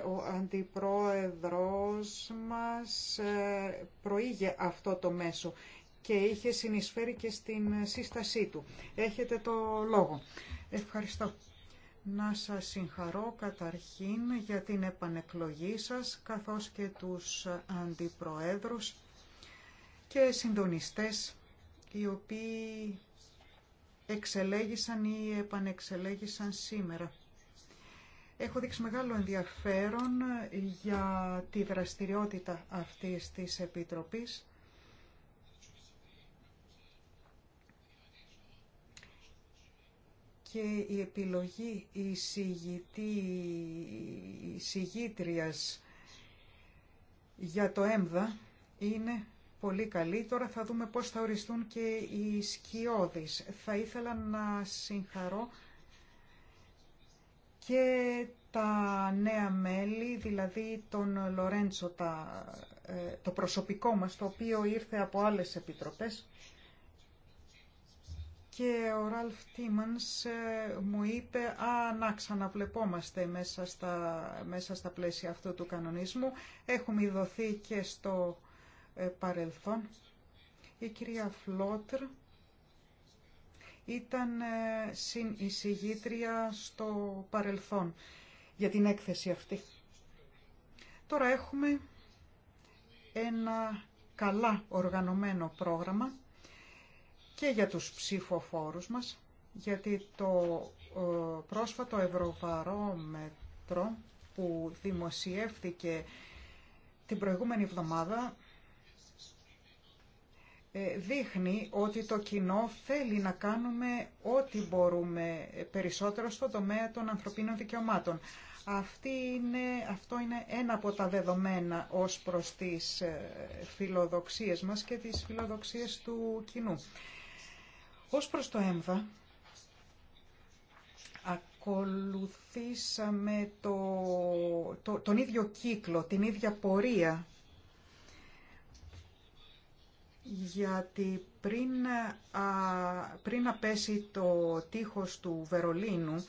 ο αντιπρόεδρος μας, ε, προήγε αυτό το μέσο και είχε συνεισφέρει και στην σύστασή του. Έχετε το λόγο. Ευχαριστώ. Να σας συγχαρώ καταρχήν για την επανεκλογή σας, καθώς και τους αντιπροέδρους και συντονιστές, οι οποίοι εξελέγησαν ή επανεξελέγησαν σήμερα. Έχω δείξει μεγάλο ενδιαφέρον για τη δραστηριότητα αυτής της Επιτροπής. Και η επιλογή η εισηγητρίας για το ΕΜΔΑ είναι πολύ καλή. Τώρα θα δούμε πώς θα οριστούν και οι σκιώδεις. Θα ήθελα να συγχαρώ και τα νέα μέλη, δηλαδή τον Λορέντσο, ε, το προσωπικό μας, το οποίο ήρθε από άλλες επιτροπές. Και ο Ραλφ Τίμανς ε, μου είπε «Α, να ξαναβλεπόμαστε μέσα στα, μέσα στα πλαίσια αυτού του κανονισμού». Έχουμε δοθεί και στο ε, παρελθόν. Η κυρία Φλότρ ήταν ε, συνεισηγήτρια στο παρελθόν για την έκθεση αυτή. Τώρα έχουμε ένα καλά οργανωμένο πρόγραμμα και για τους ψηφοφόρους μας, γιατί το ε, πρόσφατο ευρωβαρόμετρο που δημοσιεύτηκε την προηγούμενη εβδομάδα ε, δείχνει ότι το κοινό θέλει να κάνουμε ό,τι μπορούμε περισσότερο στον τομέα των ανθρωπίνων δικαιωμάτων. Αυτή είναι, αυτό είναι ένα από τα δεδομένα ως προς τις ε, φιλοδοξίες μας και τις φιλοδοξίες του κοινού. Ως προς το έμβα, ακολουθήσαμε τον ίδιο κύκλο, την ίδια πορεία γιατί πριν, α, πριν να πέσει το τείχος του Βερολίνου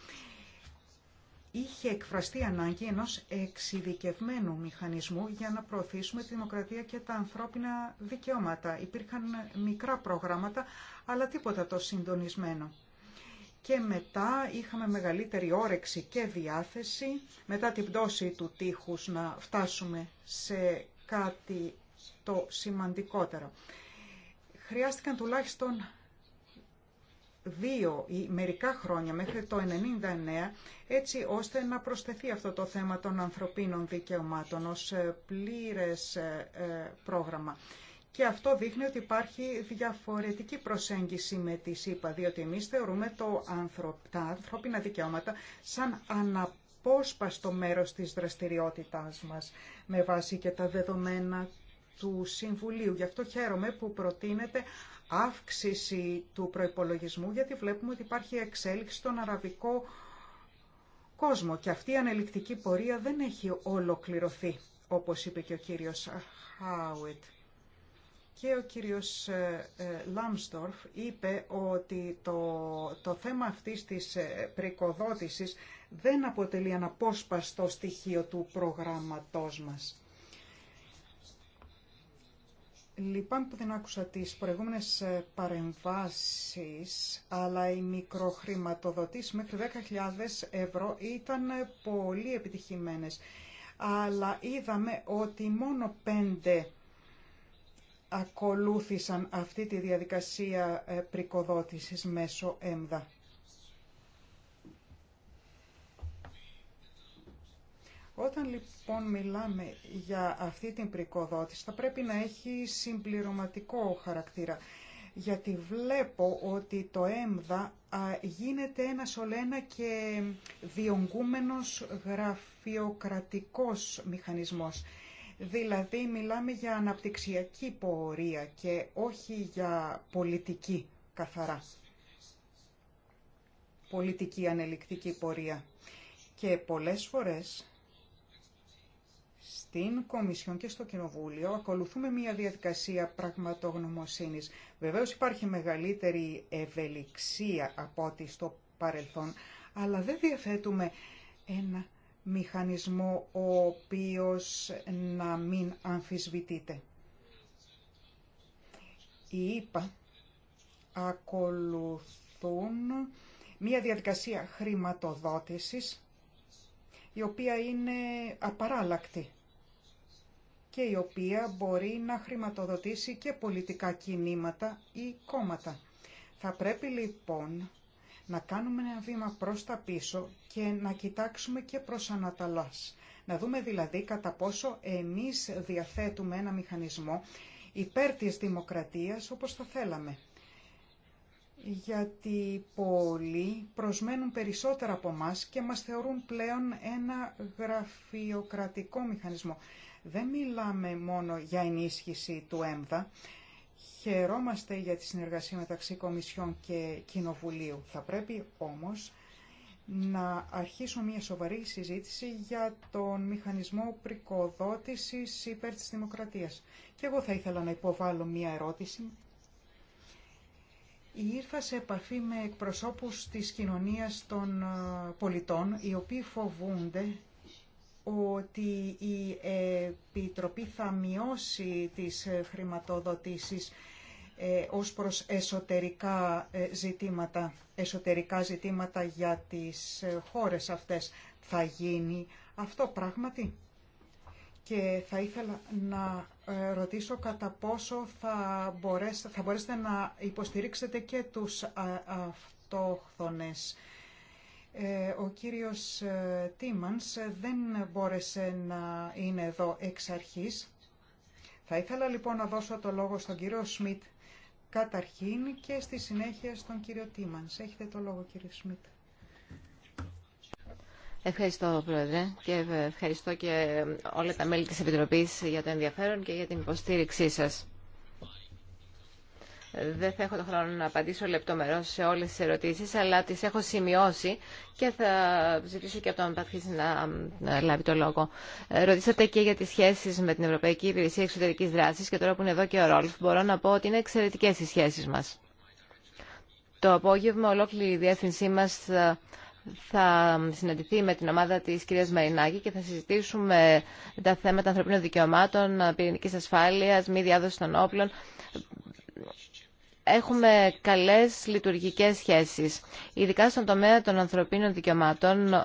είχε εκφραστεί ανάγκη ενός εξειδικευμένου μηχανισμού για να προωθήσουμε τη δημοκρατία και τα ανθρώπινα δικαιώματα. Υπήρχαν μικρά προγράμματα, αλλά τίποτα το συντονισμένο. Και μετά είχαμε μεγαλύτερη όρεξη και διάθεση, μετά την πτώση του τείχους να φτάσουμε σε κάτι το σημαντικότερο χρειάστηκαν τουλάχιστον δύο ή μερικά χρόνια μέχρι το 1999 έτσι ώστε να προσθεθεί αυτό το θέμα των ανθρωπίνων δικαιωμάτων ως ε, πλήρες ε, ε, πρόγραμμα. Και αυτό δείχνει ότι υπάρχει διαφορετική προσέγγιση με τη ΣΥΠΑ, διότι εμείς θεωρούμε το τα ανθρώπινα δικαιώματα σαν αναπόσπαστο μέρος της δραστηριότητάς μας, με βάση και τα δεδομένα του Συμβουλίου. Γι' αυτό χαίρομαι που προτείνεται αύξηση του προϋπολογισμού, γιατί βλέπουμε ότι υπάρχει εξέλιξη στον αραβικό κόσμο και αυτή η ανελικτική πορεία δεν έχει ολοκληρωθεί, όπως είπε και ο κύριος Χάουιτ. Και ο κύριος Λάμστορφ ε, ε, είπε ότι το, το θέμα αυτής της ε, πρικοδότησης δεν αποτελεί αναπόσπαστο στοιχείο του προγράμματός μας. Λυπάμαι που δεν άκουσα τις προηγούμενες ε, παρεμβάσεις, αλλά η μικροχρηματοδοτήση μέχρι 10.000 ευρώ ήταν ε, πολύ επιτυχημένες. Αλλά είδαμε ότι μόνο πέντε ακολούθησαν αυτή τη διαδικασία ε, πρικοδότησης μέσω ΕΜΔΑ. Όταν λοιπόν μιλάμε για αυτή την πρικοδότηση θα πρέπει να έχει συμπληρωματικό χαρακτήρα γιατί βλέπω ότι το έμδα γίνεται ένα ολένα και διονγκούμενος γραφειοκρατικός μηχανισμός. Δηλαδή μιλάμε για αναπτυξιακή πορεία και όχι για πολιτική καθαρά. Πολιτική ανελικτική πορεία. Και πολλές φορές στην Κομισιόν και στο Κοινοβούλιο ακολουθούμε μια διαδικασία πραγματογνωμοσύνης. Βεβαίως υπάρχει μεγαλύτερη ευελιξία από ό,τι στο παρελθόν, αλλά δεν διαθέτουμε ένα μηχανισμό ο οποίος να μην αμφισβητείται. Οι ΙΠΑ ακολουθούν μια διαδικασία χρηματοδότησης η οποία είναι απαράλλακτη και η οποία μπορεί να χρηματοδοτήσει και πολιτικά κινήματα ή κόμματα. Θα πρέπει λοιπόν να κάνουμε ένα βήμα προς τα πίσω και να κοιτάξουμε και προς αναταλάς. Να δούμε δηλαδή κατά πόσο εμείς διαθέτουμε ένα μηχανισμό υπέρ της δημοκρατίας όπως θα θέλαμε. Γιατί πολλοί προσμένουν περισσότερα από μας και μας θεωρούν πλέον ένα γραφειοκρατικό μηχανισμό. Δεν μιλάμε μόνο για ενίσχυση του ΕΜΔΑ. Χαιρόμαστε για τη συνεργασία μεταξύ Κομισιών και Κοινοβουλίου. Θα πρέπει όμως να αρχίσω μια σοβαρή συζήτηση για τον μηχανισμό πρικοδότησης υπέρ της δημοκρατίας. Και εγώ θα ήθελα να υποβάλω μια ερώτηση. Ήρθα σε επαφή με εκπροσώπους της κοινωνίας των ε, πολιτών, οι οποίοι φοβούνται ότι η Επιτροπή θα μειώσει τις χρηματοδοτήσεις ε, ως προς εσωτερικά ε, ζητήματα, εσωτερικά ζητήματα για τις ε, χώρες αυτές. Θα γίνει αυτό πράγματι. Και θα ήθελα να ρωτήσω κατά πόσο θα μπορέσετε, θα μπορέσετε να υποστηρίξετε και τους αυτόχθονες ε, ο κύριος ε, Τίμανς ε, δεν μπόρεσε να είναι εδώ εξ αρχής. Θα ήθελα λοιπόν να δώσω το λόγο στον κύριο Σμιτ καταρχήν και στη συνέχεια στον κύριο Τίμανς. Έχετε το λόγο κύριε Σμιτ. Ευχαριστώ Πρόεδρε και ευχαριστώ και όλα τα μέλη της Επιτροπής για το ενδιαφέρον και για την υποστήριξή σας. Δεν θα έχω το χρόνο να απαντήσω λεπτομερώς σε όλες τις ερωτήσεις, αλλά τις έχω σημειώσει και θα ζητήσω και από τον Πατχής να λάβει το λόγο. Ε, ρωτήσατε και για τις σχέσεις με την Ευρωπαϊκή Υπηρεσία Εξωτερικής Δράσης και τώρα που είναι εδώ και ο Ρόλφ μπορώ να πω ότι είναι εξαιρετικές οι σχέσεις μας. Το απόγευμα ολόκληρη η διεύθυνσή μας ε, θα συναντηθεί με την ομάδα της κυρίας Μαρινάκη και θα συζητήσουμε τα θέματα ανθρωπίνων δικαιωμάτων, πυρηνικής ασφάλειας, μη διάδοση των όπλων έχουμε καλές λειτουργικές σχέσεις, ειδικά στον τομέα των ανθρωπίνων δικαιωμάτων,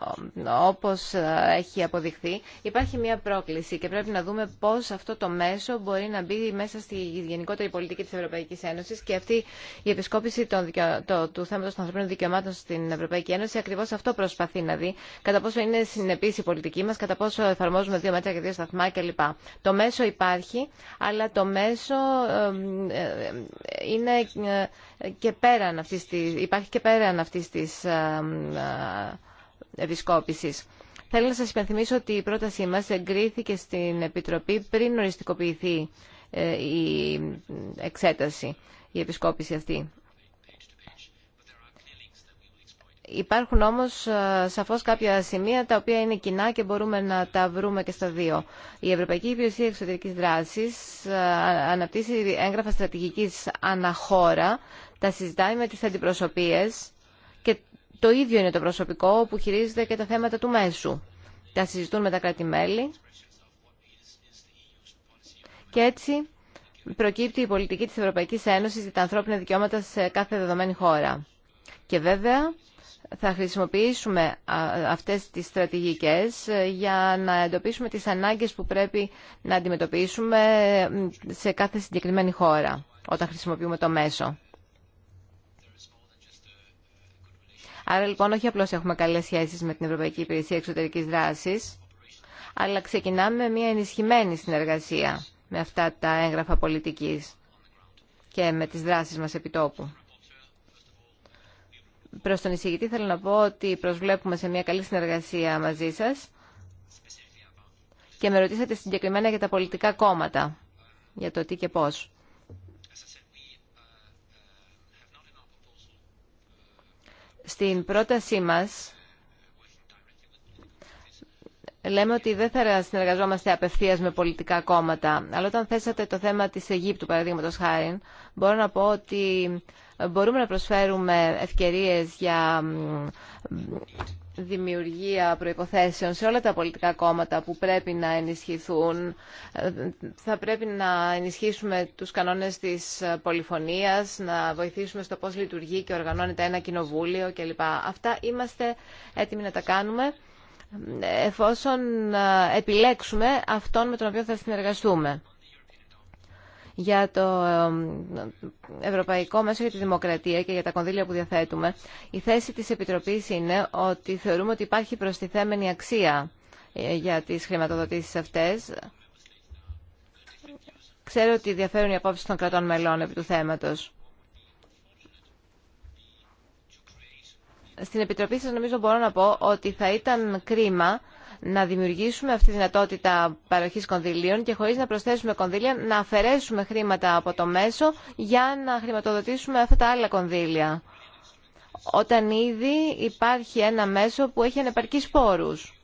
όπως ε, έχει αποδειχθεί, υπάρχει μια πρόκληση και πρέπει να δούμε πώς αυτό το μέσο μπορεί να μπει μέσα στη γενικότερη πολιτική της Ευρωπαϊκής Ένωσης και αυτή η επισκόπηση των δικαιω... του θέματος των ανθρωπίνων δικαιωμάτων στην Ευρωπαϊκή Ένωση ακριβώς αυτό προσπαθεί να δει, κατά πόσο είναι συνεπής η πολιτική μας, κατά πόσο εφαρμόζουμε δύο μέτρα και δύο σταθμά κλπ. Το μέσο υπάρχει, αλλά το μέσο ε, ε, είναι και πέραν αυτής της, υπάρχει και πέραν αυτής της ε, ε, επισκόπησης. Θέλω να σας υπενθυμίσω ότι η πρότασή μας εγκρίθηκε στην Επιτροπή πριν οριστικοποιηθεί ε, η εξέταση, η επισκόπηση αυτή. Υπάρχουν όμως ε, σαφώς κάποια σημεία τα οποία είναι κοινά και μπορούμε να τα βρούμε και στα δύο. Η Ευρωπαϊκή Υπηρεσία Εξωτερικής Δράσης ε, αναπτύσσει έγγραφα στρατηγικής αναχώρα, τα συζητάει με τις αντιπροσωπείες και το ίδιο είναι το προσωπικό που χειρίζεται και τα θέματα του μέσου. Τα συζητούν με τα κράτη-μέλη και έτσι προκύπτει η πολιτική της Ευρωπαϊκής Ένωσης για τα ανθρώπινα δικαιώματα σε κάθε δεδομένη χώρα. Και βέβαια θα χρησιμοποιήσουμε αυτές τις στρατηγικές ε, για να εντοπίσουμε τις ανάγκες που πρέπει να αντιμετωπίσουμε σε κάθε συγκεκριμένη χώρα όταν χρησιμοποιούμε το μέσο. Άρα λοιπόν όχι απλώς έχουμε καλές σχέσεις με την Ευρωπαϊκή Υπηρεσία Εξωτερικής Δράσης, αλλά ξεκινάμε μια ενισχυμένη συνεργασία με αυτά τα έγγραφα πολιτικής και με τις δράσεις μας επιτόπου προς τον εισηγητή θέλω να πω ότι προσβλέπουμε σε μια καλή συνεργασία μαζί σας και με ρωτήσατε συγκεκριμένα για τα πολιτικά κόμματα, για το τι και πώς. Στην πρότασή μας λέμε ότι δεν θα συνεργαζόμαστε απευθείας με πολιτικά κόμματα, αλλά όταν θέσατε το θέμα της Αιγύπτου, παραδείγματος χάρη, μπορώ να πω ότι μπορούμε να προσφέρουμε ευκαιρίες για δημιουργία προϋποθέσεων σε όλα τα πολιτικά κόμματα που πρέπει να ενισχυθούν. Θα πρέπει να ενισχύσουμε τους κανόνες της πολυφωνίας, να βοηθήσουμε στο πώς λειτουργεί και οργανώνεται ένα κοινοβούλιο κλπ. Αυτά είμαστε έτοιμοι να τα κάνουμε εφόσον ε, επιλέξουμε αυτόν με τον οποίο θα συνεργαστούμε για το Ευρωπαϊκό Μέσο για τη Δημοκρατία και για τα κονδύλια που διαθέτουμε, η θέση της Επιτροπής είναι ότι θεωρούμε ότι υπάρχει προστιθέμενη αξία ε, για τις χρηματοδοτήσεις αυτές. Ξέρω ότι διαφέρουν οι απόψεις των κρατών μελών επί του θέματος. Στην Επιτροπή σας νομίζω μπορώ να πω ότι θα ήταν κρίμα να δημιουργήσουμε αυτή τη δυνατότητα παροχή κονδυλίων και χωρί να προσθέσουμε κονδύλια να αφαιρέσουμε χρήματα από το μέσο για να χρηματοδοτήσουμε αυτά τα άλλα κονδύλια. Όταν ήδη υπάρχει ένα μέσο που έχει ανεπαρκεί πόρους.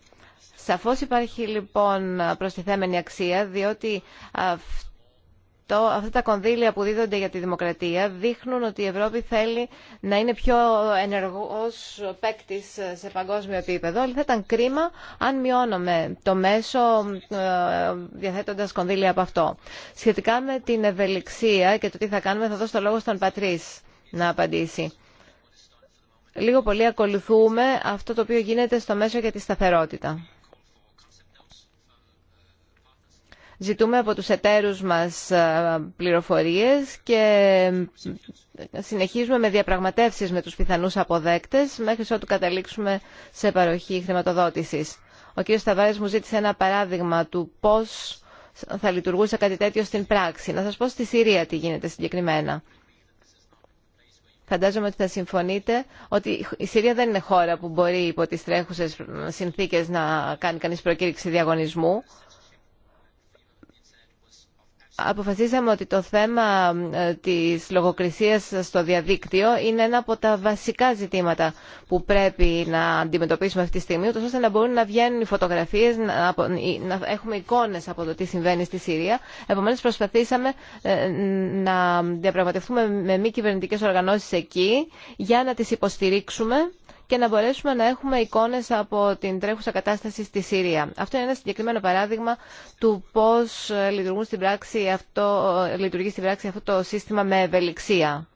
Σαφώς υπάρχει λοιπόν προστιθέμενη αξία διότι αυτά τα κονδύλια που δίδονται για τη δημοκρατία δείχνουν ότι η Ευρώπη θέλει να είναι πιο ενεργός παίκτη σε παγκόσμιο επίπεδο. Αλλά θα ήταν κρίμα αν μειώνουμε το μέσο ε, διαθέτοντας κονδύλια από αυτό. Σχετικά με την ευελιξία και το τι θα κάνουμε θα δώσω το λόγο στον Πατρίς να απαντήσει. Λίγο πολύ ακολουθούμε αυτό το οποίο γίνεται στο μέσο για τη σταθερότητα. Ζητούμε από τους εταίρους μας ε, πληροφορίες και ε, συνεχίζουμε με διαπραγματεύσεις με τους πιθανούς αποδέκτες μέχρι ότου καταλήξουμε σε παροχή χρηματοδότησης. Ο κ. Σταβάρης μου ζήτησε ένα παράδειγμα του πώς θα λειτουργούσε κάτι τέτοιο στην πράξη. Να σας πω στη Συρία τι γίνεται συγκεκριμένα. Φαντάζομαι ότι θα συμφωνείτε ότι η Συρία δεν είναι χώρα που μπορεί υπό τις τρέχουσες συνθήκες να κάνει κανείς προκήρυξη διαγωνισμού αποφασίσαμε ότι το θέμα ε, της λογοκρισίας στο διαδίκτυο είναι ένα από τα βασικά ζητήματα που πρέπει να αντιμετωπίσουμε αυτή τη στιγμή, ώστε να μπορούν να βγαίνουν οι φωτογραφίες, να έχουμε εικόνες από το τι συμβαίνει στη Συρία. Επομένως προσπαθήσαμε ε, να διαπραγματευτούμε με μη κυβερνητικές οργανώσεις εκεί για να τις υποστηρίξουμε και να μπορέσουμε να έχουμε εικόνες από την τρέχουσα κατάσταση στη Συρία. Αυτό είναι ένα συγκεκριμένο παράδειγμα του πώς ε, λειτουργούν στην πράξη αυτό, ε, λειτουργεί στην πράξη αυτό το σύστημα με ευελιξία.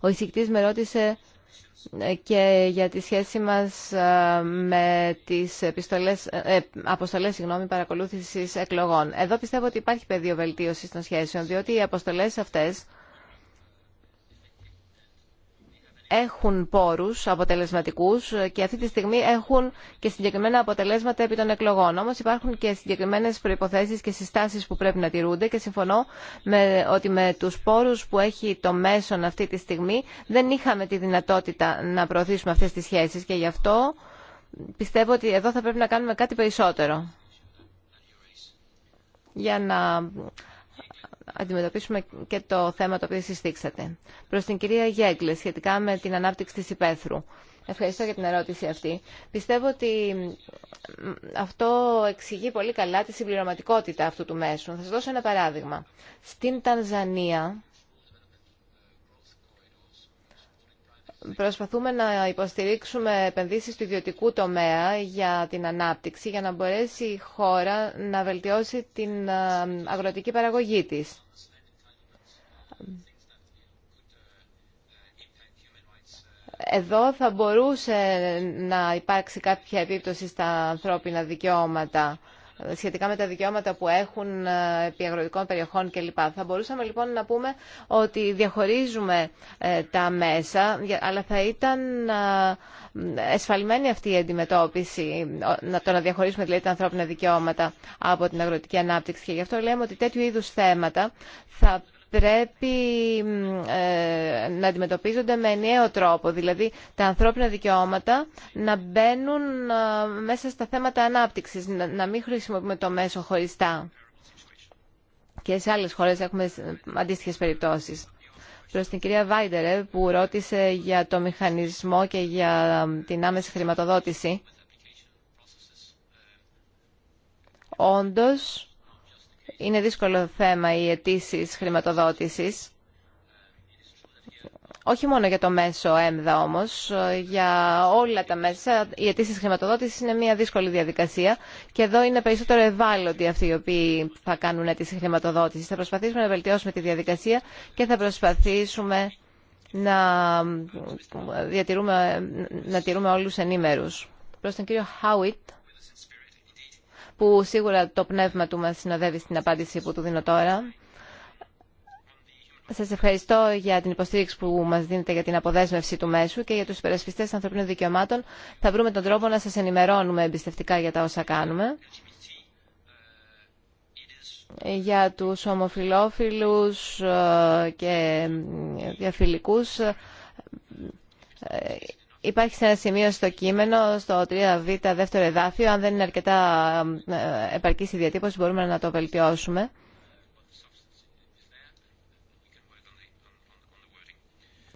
Ο εισηγητής με ρώτησε ε, και για τη σχέση μας με τις επιστολές, αποστολές παρακολούθησης εκλογών. Εδώ πιστεύω ότι υπάρχει πεδίο βελτίωσης των σχέσεων, διότι οι αποστολές αυτές έχουν πόρους αποτελεσματικούς και αυτή τη στιγμή έχουν και συγκεκριμένα αποτελέσματα επί των εκλογών. Όμω υπάρχουν και συγκεκριμένες προϋποθέσεις και συστάσει που πρέπει να τηρούνται και συμφωνώ με, ότι με τους πόρους που έχει το μέσον αυτή τη στιγμή δεν είχαμε τη δυνατότητα να προωθήσουμε αυτές τις σχέσει. και γι' αυτό πιστεύω ότι εδώ θα πρέπει να κάνουμε κάτι περισσότερο για να αντιμετωπίσουμε και το θέμα το οποίο συστήξατε. Προς την κυρία Γέγκλε, σχετικά με την ανάπτυξη της υπαίθρου. Ευχαριστώ για την ερώτηση αυτή. Πιστεύω ότι αυτό εξηγεί πολύ καλά τη συμπληρωματικότητα αυτού του μέσου. Θα σα δώσω ένα παράδειγμα. Στην Τανζανία Προσπαθούμε να υποστηρίξουμε επενδύσεις του ιδιωτικού τομέα για την ανάπτυξη, για να μπορέσει η χώρα να βελτιώσει την ε, αγροτική παραγωγή της. Εδώ θα μπορούσε να υπάρξει κάποια επίπτωση στα ανθρώπινα δικαιώματα σχετικά με τα δικαιώματα που έχουν ε, επί αγροτικών περιοχών κλπ. Θα μπορούσαμε λοιπόν να πούμε ότι διαχωρίζουμε ε, τα μέσα, αλλά θα ήταν ε, εσφαλμένη αυτή η αντιμετώπιση, το να διαχωρίσουμε δηλαδή τα ανθρώπινα δικαιώματα από την αγροτική ανάπτυξη. Και γι' αυτό λέμε ότι τέτοιου είδους θέματα θα πρέπει ε, να αντιμετωπίζονται με ενιαίο τρόπο. Δηλαδή τα ανθρώπινα δικαιώματα να μπαίνουν ε, μέσα στα θέματα ανάπτυξης, να μην χρησιμοποιούμε το μέσο χωριστά. Και σε άλλες χώρες έχουμε ε, αντίστοιχες περιπτώσεις. Προς την κυρία Βάιντερε που ρώτησε για το μηχανισμό και για την άμεση χρηματοδότηση. Όντως, είναι δύσκολο θέμα οι αιτήσει χρηματοδότηση. Όχι μόνο για το μέσο ΕΜΔΑ όμω, για όλα τα μέσα οι αιτήσει χρηματοδότηση είναι μια δύσκολη διαδικασία και εδώ είναι περισσότερο ευάλωτοι αυτοί οι οποίοι θα κάνουν αιτήσει χρηματοδότηση. Θα προσπαθήσουμε να βελτιώσουμε τη διαδικασία και θα προσπαθήσουμε να, διατηρούμε, να τηρούμε όλου ενήμερου. Προ τον κύριο Χάουιτ που σίγουρα το πνεύμα του μας συνοδεύει στην απάντηση που του δίνω τώρα. Σας ευχαριστώ για την υποστήριξη που μας δίνετε για την αποδέσμευση του μέσου και για τους υπερασπιστές ανθρωπίνων δικαιωμάτων. Θα βρούμε τον τρόπο να σας ενημερώνουμε εμπιστευτικά για τα όσα κάνουμε. Για τους ομοφιλόφιλους ε, και διαφιλικούς ε, Υπάρχει σε ένα σημείο στο κείμενο, στο 3β, δεύτερο εδάφιο, αν δεν είναι αρκετά ε, επαρκής η διατύπωση μπορούμε να το βελτιώσουμε.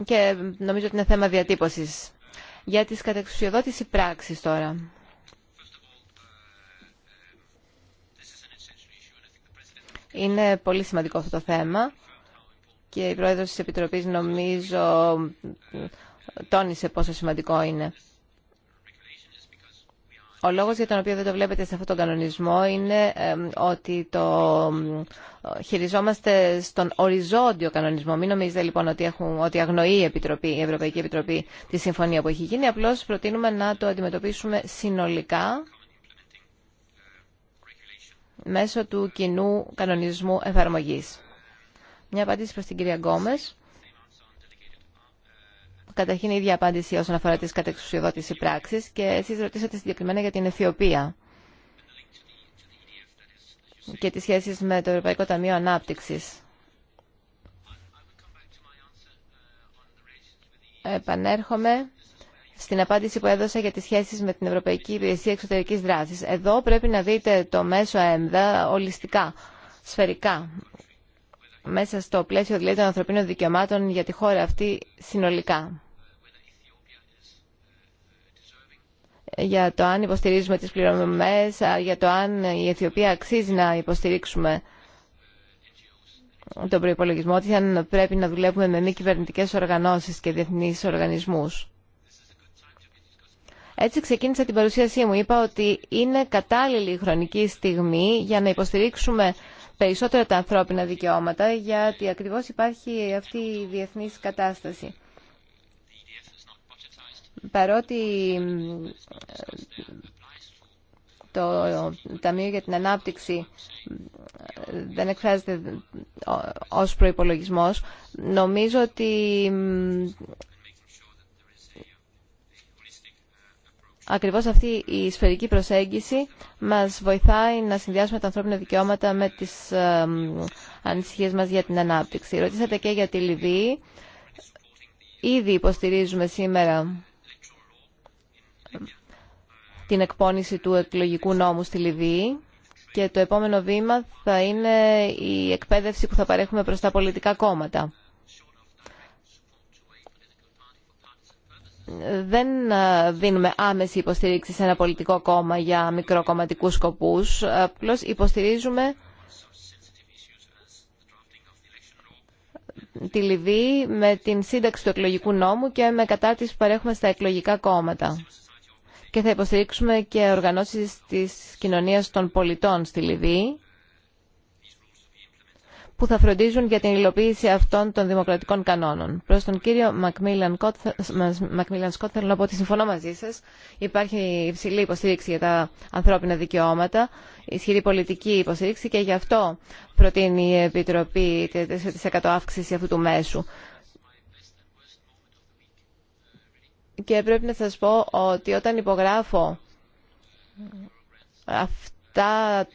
Και νομίζω ότι είναι θέμα διατύπωσης. Για τις κατεξουσιοδότηση πράξης τώρα. Είναι πολύ σημαντικό αυτό το θέμα και η Πρόεδρος της Επιτροπής νομίζω τόνισε πόσο σημαντικό είναι. Ο λόγος για τον οποίο δεν το βλέπετε σε αυτόν τον κανονισμό είναι ότι το χειριζόμαστε στον οριζόντιο κανονισμό. Μην νομίζετε λοιπόν ότι, έχουν, ότι αγνοεί η, Επιτροπή, η Ευρωπαϊκή Επιτροπή τη συμφωνία που έχει γίνει. Απλώς προτείνουμε να το αντιμετωπίσουμε συνολικά μέσω του κοινού κανονισμού εφαρμογής. Μια απάντηση προς την κυρία Γκόμες. Καταρχήν, η ίδια απάντηση όσον αφορά τι κατεξουσιοδότηση πράξη, και εσείς ρωτήσατε συγκεκριμένα για την Αιθιοπία και τι σχέσει με το Ευρωπαϊκό Ταμείο Ανάπτυξη. Επανέρχομαι στην απάντηση που έδωσα για τις σχέσεις με την Ευρωπαϊκή Υπηρεσία Εξωτερικής Δράσης. Εδώ πρέπει να δείτε το μέσο ΕΜΔΑ ολιστικά, σφαιρικά, μέσα στο πλαίσιο δηλαδή των ανθρωπίνων δικαιωμάτων για τη χώρα αυτή συνολικά. για το αν υποστηρίζουμε τις πληρωμές, για το αν η Αιθιοπία αξίζει να υποστηρίξουμε τον προϋπολογισμό ότι αν πρέπει να δουλεύουμε με μη κυβερνητικέ οργανώσεις και διεθνείς οργανισμούς. Έτσι ξεκίνησα την παρουσίασή μου. Είπα ότι είναι κατάλληλη η χρονική στιγμή για να υποστηρίξουμε περισσότερα τα ανθρώπινα δικαιώματα, γιατί ακριβώς υπάρχει αυτή η διεθνής κατάσταση παρότι το Ταμείο για την Ανάπτυξη δεν εκφράζεται ως προϋπολογισμός, νομίζω ότι ακριβώς αυτή η σφαιρική προσέγγιση μας βοηθάει να συνδυάσουμε τα ανθρώπινα δικαιώματα με τις ε, ανησυχίες μας για την ανάπτυξη. Ρωτήσατε και για τη Λιβύη. Ήδη υποστηρίζουμε σήμερα την εκπόνηση του εκλογικού νόμου στη Λιβύη και το επόμενο βήμα θα είναι η εκπαίδευση που θα παρέχουμε προς τα πολιτικά κόμματα. δεν δίνουμε άμεση υποστήριξη σε ένα πολιτικό κόμμα για μικροκομματικούς σκοπούς. Απλώς υποστηρίζουμε τη Λιβύη με την σύνταξη του εκλογικού νόμου και με κατάρτιση που παρέχουμε στα εκλογικά κόμματα και θα υποστηρίξουμε και οργανώσεις της κοινωνίας των πολιτών στη Λιβύη που θα φροντίζουν για την υλοποίηση αυτών των δημοκρατικών κανόνων. Προς τον κύριο Μακμίλαν Σκότ θέλω να πω ότι συμφωνώ μαζί σας. Υπάρχει υψηλή υποστήριξη για τα ανθρώπινα δικαιώματα, ισχυρή πολιτική υποστήριξη και γι' αυτό προτείνει η Επιτροπή 4% αύξηση αυτού του μέσου. Και πρέπει να σας πω ότι όταν υπογράφω αυτά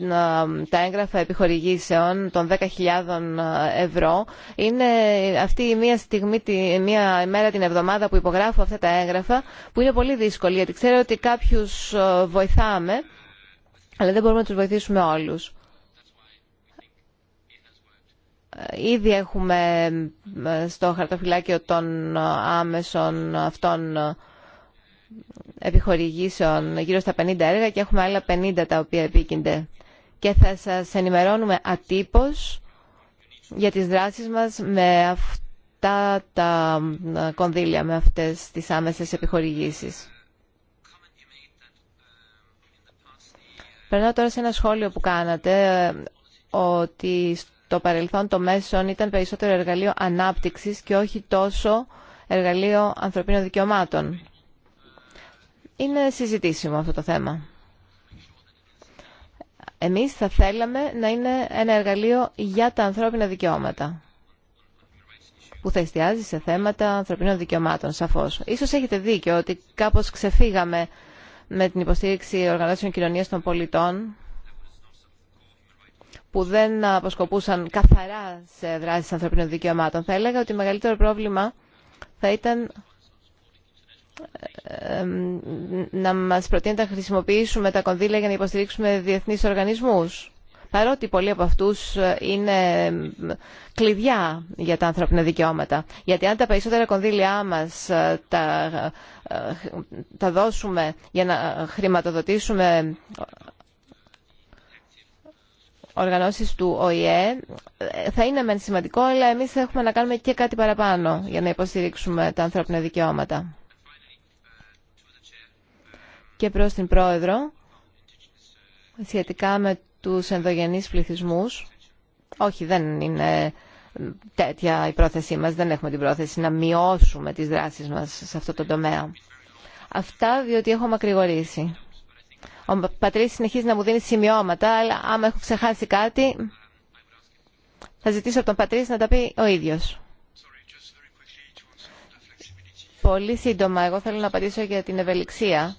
τα έγγραφα επιχορηγήσεων των 10.000 ευρώ, είναι αυτή η μία στιγμή, μία μέρα την εβδομάδα που υπογράφω αυτά τα έγγραφα, που είναι πολύ δύσκολη, γιατί ξέρω ότι κάποιους ε, βοηθάμε, αλλά δεν μπορούμε να τους βοηθήσουμε όλους. Ήδη έχουμε ε, στο χαρτοφυλάκιο των άμεσων αυτών ε, επιχορηγήσεων γύρω στα 50 έργα και έχουμε άλλα 50 τα οποία επίκυνται. Και θα σας ενημερώνουμε ατύπως για τις δράσεις μας με αυτά τα ε, κονδύλια, με αυτές τις άμεσες επιχορηγήσεις. Περνάω τώρα σε ένα σχόλιο που κάνατε ότι το παρελθόν το μέσον ήταν περισσότερο εργαλείο ανάπτυξης και όχι τόσο εργαλείο ανθρωπίνων δικαιωμάτων. Είναι συζητήσιμο αυτό το θέμα. Εμείς θα θέλαμε να είναι ένα εργαλείο για τα ανθρώπινα δικαιώματα που θα εστιάζει σε θέματα ανθρωπίνων δικαιωμάτων, σαφώς. Ίσως έχετε δίκιο ότι κάπως ξεφύγαμε με την υποστήριξη οργανώσεων κοινωνίας των πολιτών που δεν αποσκοπούσαν καθαρά σε δράσεις ανθρωπίνων δικαιωμάτων. Θα έλεγα ότι μεγαλύτερο πρόβλημα θα ήταν ε, ε, να μας προτείνεται να χρησιμοποιήσουμε τα κονδύλια για να υποστηρίξουμε διεθνείς οργανισμούς. Παρότι πολλοί από αυτούς ε, είναι κλειδιά για τα ανθρώπινα δικαιώματα. Γιατί αν τα περισσότερα κονδύλια μας τα, τα δώσουμε για να χρηματοδοτήσουμε οργανώσεις του ΟΗΕ θα είναι μεν σημαντικό, αλλά εμείς έχουμε να κάνουμε και κάτι παραπάνω για να υποστηρίξουμε τα ανθρώπινα δικαιώματα. Και προς την Πρόεδρο, σχετικά με τους ενδογενείς πληθυσμούς, όχι δεν είναι τέτοια η πρόθεσή μας, δεν έχουμε την πρόθεση να μειώσουμε τις δράσεις μας σε αυτό το τομέα. Αυτά διότι έχω μακρηγορήσει. Ο Πατρίς συνεχίζει να μου δίνει σημειώματα, αλλά άμα έχω ξεχάσει κάτι, θα ζητήσω από τον Πατρίς να τα πει ο ίδιος. Πολύ σύντομα, εγώ θέλω να απαντήσω για την ευελιξία.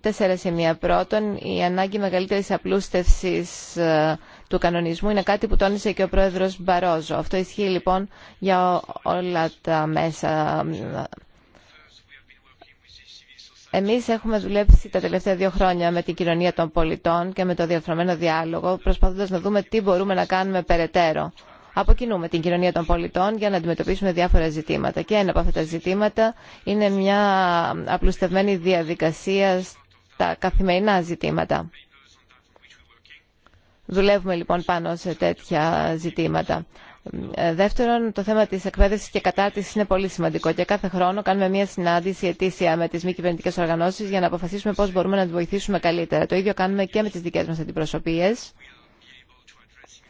Τέσσερα σημεία. Πρώτον, η ανάγκη μεγαλύτερη απλούστευσης ε, του κανονισμού είναι κάτι που τόνισε και ο πρόεδρος Μπαρόζο. Αυτό ισχύει λοιπόν για όλα τα μέσα ε, Εμεί έχουμε δουλέψει τα τελευταία δύο χρόνια με την κοινωνία των πολιτών και με το διαφρομένο διάλογο, προσπαθώντας να δούμε τι μπορούμε να κάνουμε περαιτέρω. Αποκινούμε την κοινωνία των πολιτών για να αντιμετωπίσουμε διάφορα ζητήματα. Και ένα από αυτά τα ζητήματα είναι μια απλουστευμένη διαδικασία στα καθημερινά ζητήματα. Δουλεύουμε λοιπόν πάνω σε τέτοια ζητήματα. Ε, δεύτερον, το θέμα τη εκπαίδευση και κατάρτιση είναι πολύ σημαντικό και κάθε χρόνο κάνουμε μια συνάντηση ετήσια με τι μη κυβερνητικέ οργανώσει για να αποφασίσουμε πώ μπορούμε να τι βοηθήσουμε καλύτερα. Το ίδιο κάνουμε και με τι δικέ μα αντιπροσωπείε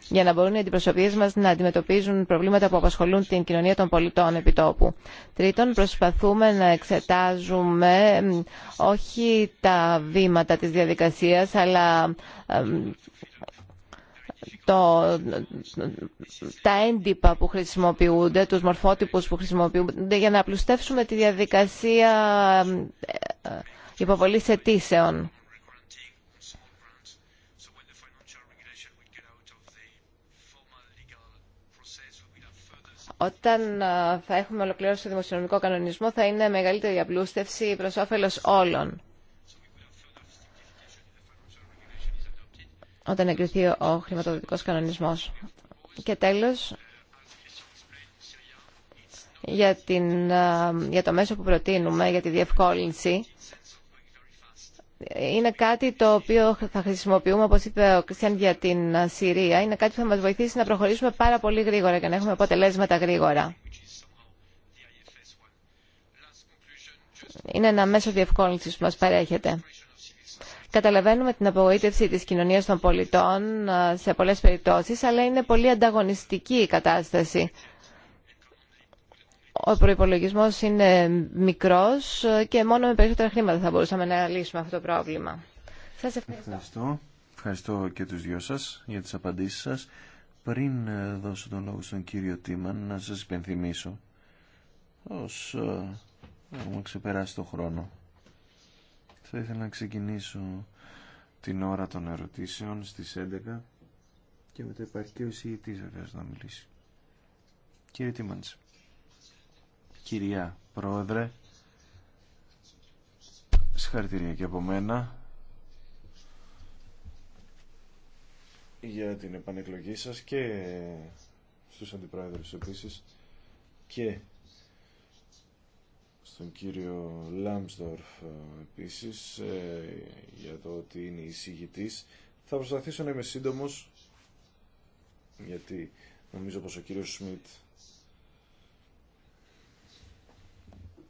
για να μπορούν οι αντιπροσωπείε μα να αντιμετωπίζουν προβλήματα που απασχολούν την κοινωνία των πολιτών επιτόπου. Τρίτον, προσπαθούμε να εξετάζουμε όχι τα βήματα τη διαδικασία, αλλά τα έντυπα που χρησιμοποιούνται, τους μορφότυπους που χρησιμοποιούνται για να απλουστεύσουμε τη διαδικασία ε, ε, υποβολής αιτήσεων. Όταν ε, θα έχουμε ολοκληρώσει το δημοσιονομικό κανονισμό θα είναι μεγαλύτερη απλούστευση προς όφελος όλων. όταν εγκριθεί ο χρηματοδοτικός κανονισμός. Και τέλος, για, την, για το μέσο που προτείνουμε, για τη διευκόλυνση, είναι κάτι το οποίο θα χρησιμοποιούμε, όπως είπε ο Κριστιαν, για την Συρία. Είναι κάτι που θα μας βοηθήσει να προχωρήσουμε πάρα πολύ γρήγορα και να έχουμε αποτελέσματα γρήγορα. Είναι ένα μέσο διευκόλυνσης που μας παρέχεται. Καταλαβαίνουμε την απογοήτευση της κοινωνίας των πολιτών ε, σε πολλές περιπτώσεις, αλλά είναι πολύ ανταγωνιστική η κατάσταση. Ο προπολογισμό είναι μικρός ε, και μόνο με περισσότερα χρήματα θα μπορούσαμε να λύσουμε αυτό το πρόβλημα. Σας ευχαριστώ. Ευχαριστώ, ευχαριστώ και τους δυο σας για τις απαντήσεις σας. Πριν ε, δώσω τον λόγο στον κύριο Τίμαν, να σας υπενθυμίσω ως... έχουμε ξεπεράσει το χρόνο. Θα ήθελα να ξεκινήσω την ώρα των ερωτήσεων στις 11 και μετά υπάρχει και ο εισηγητής να μιλήσει. Κύριε Τίμαντς, κυρία Πρόεδρε, συγχαρητήρια και από μένα για την επανεκλογή σας και στους αντιπρόεδρους επίσης και στον κύριο Λάμπστορφ ε, επίσης ε, για το ότι είναι εισηγητής. Θα προσπαθήσω να είμαι σύντομος γιατί νομίζω πως ο κύριος Σμιτ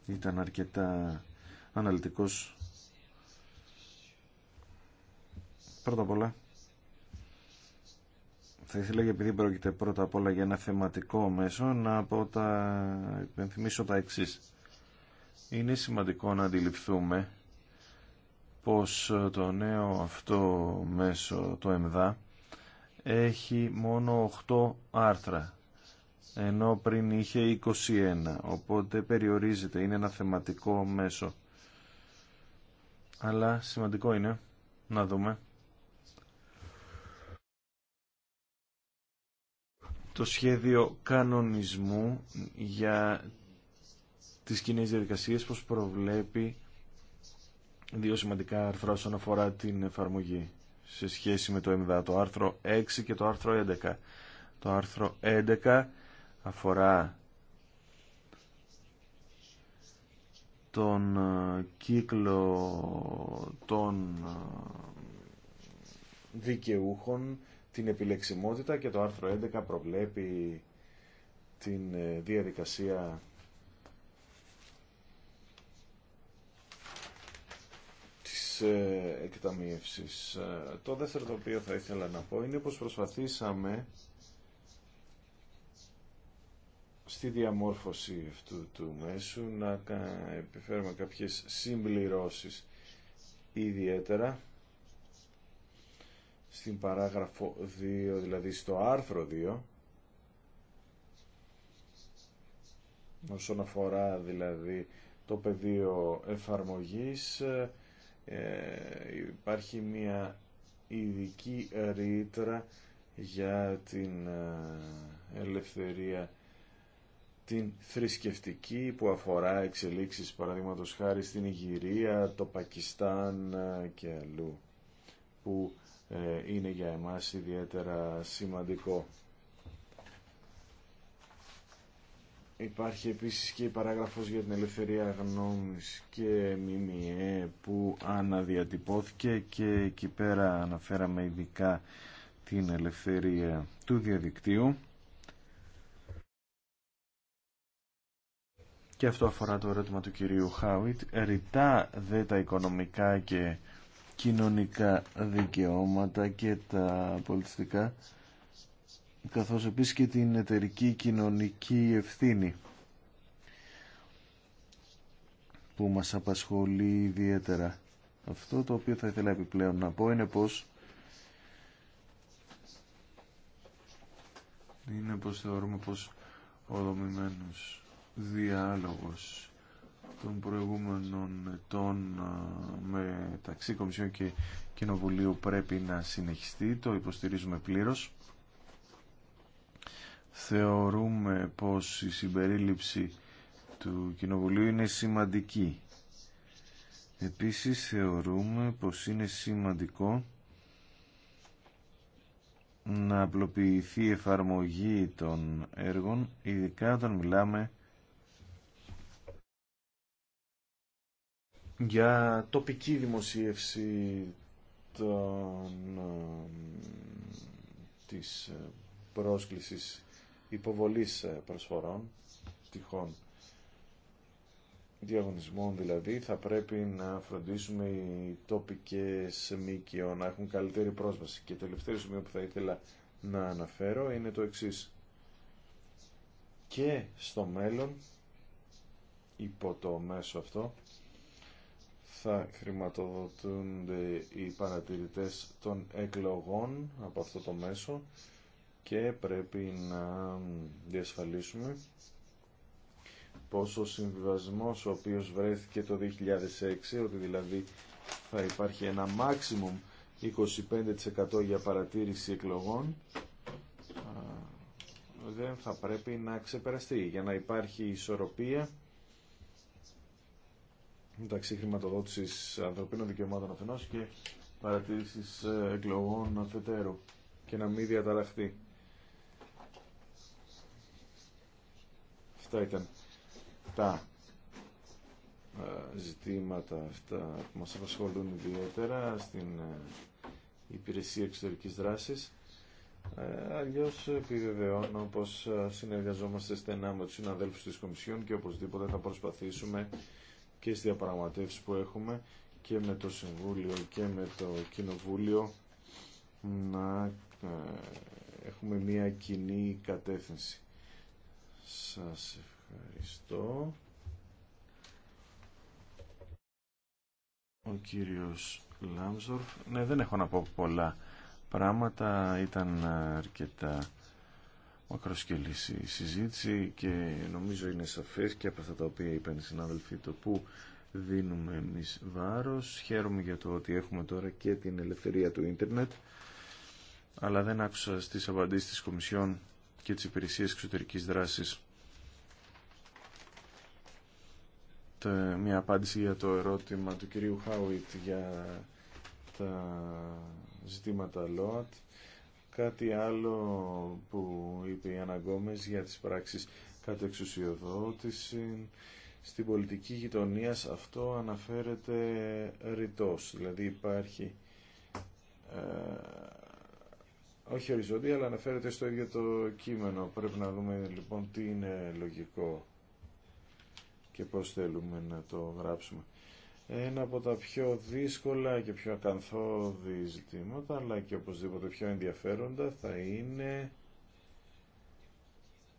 ήταν αρκετά αναλυτικός. Πρώτα απ' όλα θα ήθελα και επειδή πρόκειται πρώτα απ' όλα για ένα θεματικό μέσο να πω τα υπενθυμίσω τα εξής είναι σημαντικό να αντιληφθούμε πως ε, το νέο αυτό μέσο, το ΕΜΔΑ, έχει μόνο 8 άρθρα, ενώ πριν είχε 21, οπότε περιορίζεται, είναι ένα θεματικό μέσο. Αλλά σημαντικό είναι να δούμε το σχέδιο κανονισμού για τις κοινέ διαδικασίες πως προβλέπει δύο σημαντικά άρθρα όσον αφορά την εφαρμογή σε σχέση με το ΕΜΔΑ, το άρθρο 6 και το άρθρο 11. Το άρθρο 11 αφορά τον ε, κύκλο των ε, δικαιούχων, την επιλεξιμότητα και το άρθρο 11 προβλέπει την ε, διαδικασία Ε, εκταμίευσης. Ε, το δεύτερο το οποίο θα ήθελα να πω είναι πως προσπαθήσαμε στη διαμόρφωση αυτού του μέσου να επιφέρουμε κάποιες συμπληρώσεις ιδιαίτερα στην παράγραφο 2, δηλαδή στο άρθρο 2 όσον αφορά δηλαδή το πεδίο εφαρμογής ε, ε, υπάρχει μια ειδική ρήτρα για την ε, ελευθερία την θρησκευτική που αφορά εξελίξεις παραδείγματος χάρη στην Ιγυρία, το Πακιστάν ε, και αλλού που είναι για εμάς ιδιαίτερα σημαντικό. Υπάρχει επίσης και η παράγραφος για την ελευθερία γνώμης και ΜΜΕ που αναδιατυπώθηκε και εκεί πέρα αναφέραμε ειδικά την ελευθερία του διαδικτύου. Και αυτό αφορά το ερώτημα του κυρίου Χάουιτ. Ρητά δε τα οικονομικά και κοινωνικά δικαιώματα και τα πολιτιστικά καθώς επίσης και την εταιρική κοινωνική ευθύνη που μας απασχολεί ιδιαίτερα. Αυτό το οποίο θα ήθελα επιπλέον να πω είναι πως είναι πως θεωρούμε πως ο δομημένος διάλογος των προηγούμενων ετών μεταξύ Κομισιόν και Κοινοβουλίου πρέπει να συνεχιστεί, το υποστηρίζουμε πλήρως θεωρούμε πως η συμπερίληψη του Κοινοβουλίου είναι σημαντική. Επίσης θεωρούμε πως είναι σημαντικό να απλοποιηθεί η εφαρμογή των έργων, ειδικά όταν μιλάμε για τοπική δημοσίευση των, ε, της ε, πρόσκλησης υποβολής ε, προσφορών, τυχόν διαγωνισμών δηλαδή, θα πρέπει να φροντίσουμε οι τοπικές μήκυο να έχουν καλύτερη πρόσβαση. Και το τελευταίο σημείο που θα ήθελα να αναφέρω είναι το εξής. Και στο μέλλον, υπό το μέσο αυτό, θα χρηματοδοτούνται οι παρατηρητές των εκλογών από αυτό το μέσο και πρέπει να διασφαλίσουμε πως ο συμβιβασμός ο οποίος βρέθηκε το 2006, ότι δηλαδή θα υπάρχει ένα maximum 25% για παρατήρηση εκλογών, δεν θα πρέπει να ξεπεραστεί για να υπάρχει ισορροπία μεταξύ χρηματοδότησης ανθρωπίνων δικαιωμάτων αφενός και παρατήρησης ε, εκλογών αφετέρου και να μην διαταραχθεί. Αυτά ήταν τα ε, ζητήματα αυτά που μας απασχολούν ιδιαίτερα στην ε, υπηρεσία εξωτερικής δράσης. Ε, αλλιώς επιβεβαιώνω πως συνεργαζόμαστε στενά με τους συναδέλφους της Κομισιόν και οπωσδήποτε θα προσπαθήσουμε και στις διαπραγματεύσεις που έχουμε και με το Συμβούλιο και με το Κοινοβούλιο να έχουμε μια κοινή κατεύθυνση. Σας ευχαριστώ. Ο κύριος Λάμζορφ. Ναι, δεν έχω να πω πολλά πράγματα. Ήταν αρκετά μακροσκελής η συζήτηση και νομίζω είναι σαφές και από αυτά τα οποία είπαν οι συνάδελφοι το που δίνουμε εμείς βάρος. Χαίρομαι για το ότι έχουμε τώρα και την ελευθερία του ίντερνετ αλλά δεν άκουσα στις απαντήσεις της Κομισιόν και τις υπηρεσίες εξωτερικής δράσης. Μια απάντηση για το ερώτημα του κυρίου Χάουιτ για τα ζητήματα ΛΟΑΤ. Κάτι άλλο που είπε η Άννα για τις πράξεις κατ' εξουσιοδότηση. Στην πολιτική γειτονία αυτό αναφέρεται ρητός, δηλαδή υπάρχει ε, όχι οριζόντια, αλλά αναφέρεται στο ίδιο το κείμενο. Πρέπει να δούμε λοιπόν τι είναι λογικό και πώς θέλουμε να το γράψουμε. Ένα από τα πιο δύσκολα και πιο ακαθόδη ζητήματα, αλλά και οπωσδήποτε πιο ενδιαφέροντα, θα είναι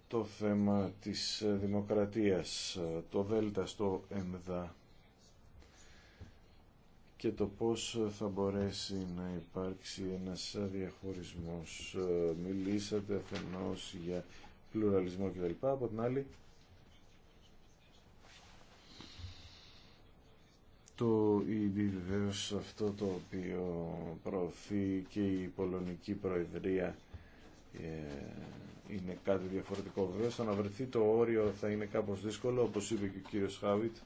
το θέμα της δημοκρατίας, το δέλτα στο ΕΜΔΑ και το πώς θα μπορέσει να υπάρξει ένας διαχωρισμός. Μιλήσατε αφενός για πλουραλισμό κτλ. Από την άλλη, το e ίδιο αυτό το οποίο προωθεί και η Πολωνική Προεδρία ε, είναι κάτι διαφορετικό βεβαίως. Θα να βρεθεί το όριο θα είναι κάπως δύσκολο, όπως είπε και ο κύριος Χάβιτ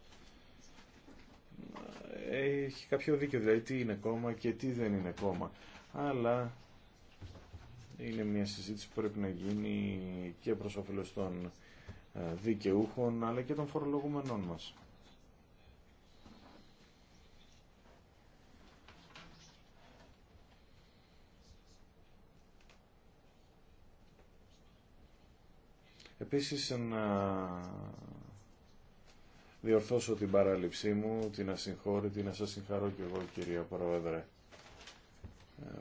έχει κάποιο δίκαιο, δηλαδή τι είναι κόμμα και τι δεν είναι κόμμα. Αλλά είναι μια συζήτηση που πρέπει να γίνει και προς όφελος των ε, δικαιούχων αλλά και των φορολογούμενών μας. Επίσης να διορθώσω την παράληψή μου, την ασυγχώρητη, να σας συγχαρώ και εγώ κυρία Πρόεδρε. Ε,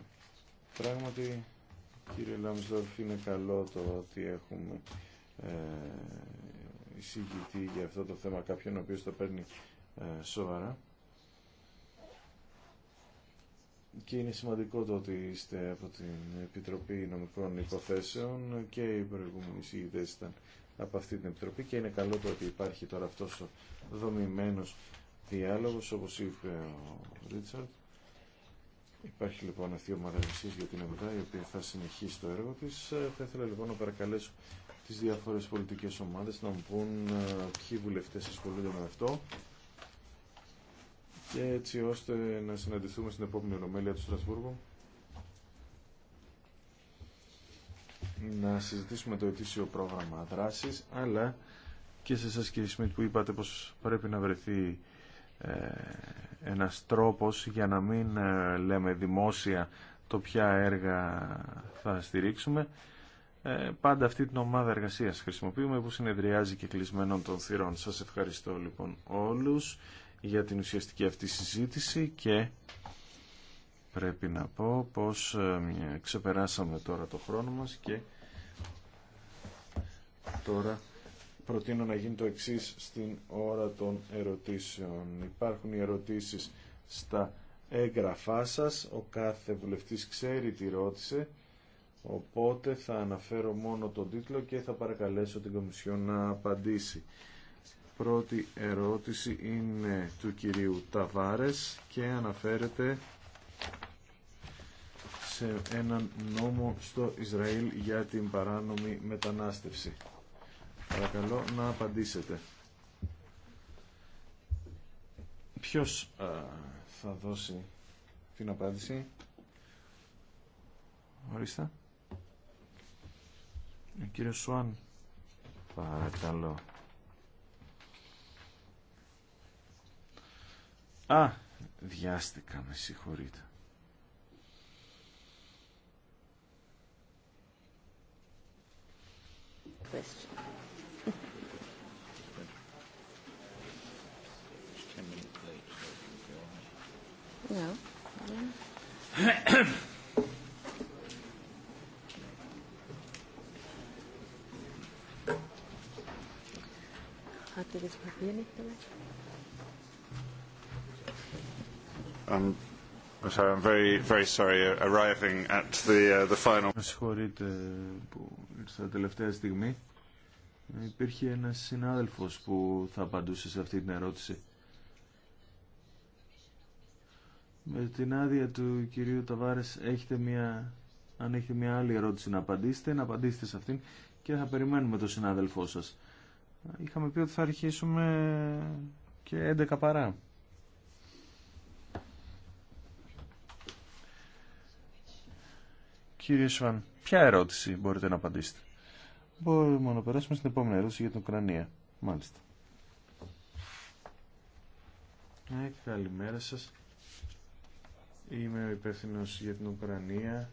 πράγματι, κύριε Λάμσδορφ, είναι καλό το ότι έχουμε ε, εισηγητή για αυτό το θέμα κάποιον ο οποίος το παίρνει ε, σοβαρά. Και είναι σημαντικό το ότι είστε από την Επιτροπή Νομικών Υποθέσεων και οι προηγούμενοι εισηγητές ήταν από αυτή την Επιτροπή και είναι καλό το ότι υπάρχει τώρα αυτός ο δομημένος διάλογος όπως είπε ο Ρίτσαρτ. Υπάρχει λοιπόν αυτή η ομάδα για την ΕΜΤΑ η οποία θα συνεχίσει το έργο της. Θα ήθελα λοιπόν να παρακαλέσω τις διάφορες πολιτικές ομάδες να μου πούν ε, ποιοι βουλευτές ασχολούνται με αυτό και έτσι ώστε να συναντηθούμε στην επόμενη ολομέλεια του Στρασβούργου. να συζητήσουμε το ετήσιο πρόγραμμα δράσης, αλλά και σε εσάς κύριε Σμίτ που είπατε πως πρέπει να βρεθεί ε, ένας τρόπος για να μην ε, λέμε δημόσια το ποια έργα θα στηρίξουμε. Ε, πάντα αυτή την ομάδα εργασίας χρησιμοποιούμε που συνεδριάζει και κλεισμένων των θυρών. Σας ευχαριστώ λοιπόν όλους για την ουσιαστική αυτή συζήτηση και πρέπει να πω πως ε, ξεπεράσαμε τώρα το χρόνο μας και τώρα προτείνω να γίνει το εξής στην ώρα των ερωτήσεων. Υπάρχουν οι ερωτήσεις στα έγγραφά σας, ο κάθε βουλευτής ξέρει τι ρώτησε, οπότε θα αναφέρω μόνο τον τίτλο και θα παρακαλέσω την Κομισιόν να απαντήσει. Πρώτη ερώτηση είναι του κυρίου Ταβάρες και αναφέρεται σε έναν νόμο στο Ισραήλ για την παράνομη μετανάστευση. Παρακαλώ να απαντήσετε. Ποιος θα δώσει την απάντηση. Ορίστε. Ο κύριος Σουάν. Παρακαλώ. Α, διάστηκα, με συγχωρείτε. question. No. Hat er das Papier nicht dabei? Με συγχωρείτε που ήρθα τελευταία στιγμή. Υπήρχε ένας συνάδελφος που θα απαντούσε σε αυτή την ερώτηση. Με την άδεια του κυρίου Ταβάρες έχετε μια, αν έχετε μια άλλη ερώτηση να απαντήσετε, να απαντήσετε σε αυτήν και θα περιμένουμε τον συνάδελφό σας. Είχαμε πει ότι θα αρχίσουμε και 11 παρά. Κύριε Σουάν, ποια ερώτηση μπορείτε να απαντήσετε. Μπορούμε να περάσουμε στην επόμενη ερώτηση για την Ουκρανία. Μάλιστα. Ε, καλημέρα σας. Είμαι ο υπεύθυνο για την Ουκρανία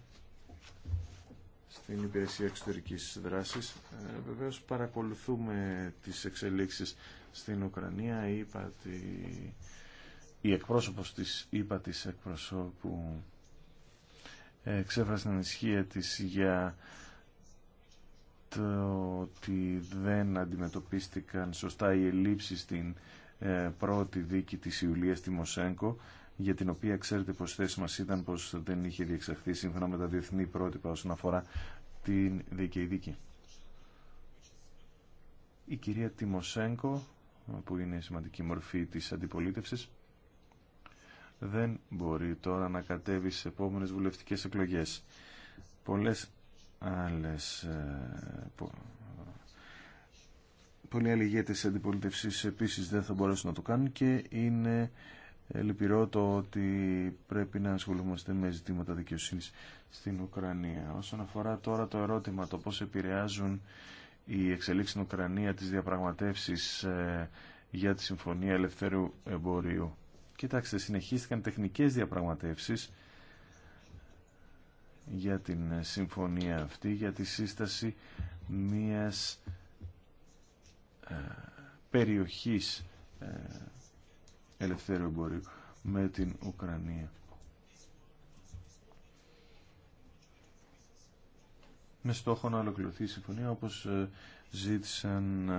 στην Υπηρεσία Εξωτερικής Δράσης. Ε, παρακολουθούμε τις εξελίξεις στην Ουκρανία. Είπα ότι η εκπρόσωπος της είπα της εκπροσώπου εξέφρασε την ισχύα της για το ότι δεν αντιμετωπίστηκαν σωστά οι ελλείψεις στην ε, πρώτη δίκη της Ιουλίας Τιμοσένκο για την οποία ξέρετε πως θέση μας ήταν πως δεν είχε διεξαχθεί σύμφωνα με τα διεθνή πρότυπα όσον αφορά την δίκαιη δίκη. Η κυρία Τιμοσένκο που είναι η σημαντική μορφή της αντιπολίτευσης δεν μπορεί τώρα να κατέβει σε επόμενε βουλευτικέ εκλογέ. Πολλέ άλλε ε, Πολλοί άλλοι αντιπολιτευσής επίσης δεν θα μπορέσουν να το κάνουν και είναι ε, λυπηρό το ότι πρέπει να ασχολούμαστε με ζητήματα δικαιοσύνης στην Ουκρανία. Όσον αφορά τώρα το ερώτημα το πώ επηρεάζουν οι εξελίξει στην Ουκρανία τι διαπραγματεύσει ε, για τη Συμφωνία Ελευθέρου Εμπορίου Κοιτάξτε, συνεχίστηκαν τεχνικές διαπραγματεύσεις για την συμφωνία αυτή, για τη σύσταση μιας ε, περιοχής ε, ελευθέρου εμπορίου με την Ουκρανία. Με στόχο να ολοκληρωθεί η συμφωνία όπως ε, ζήτησαν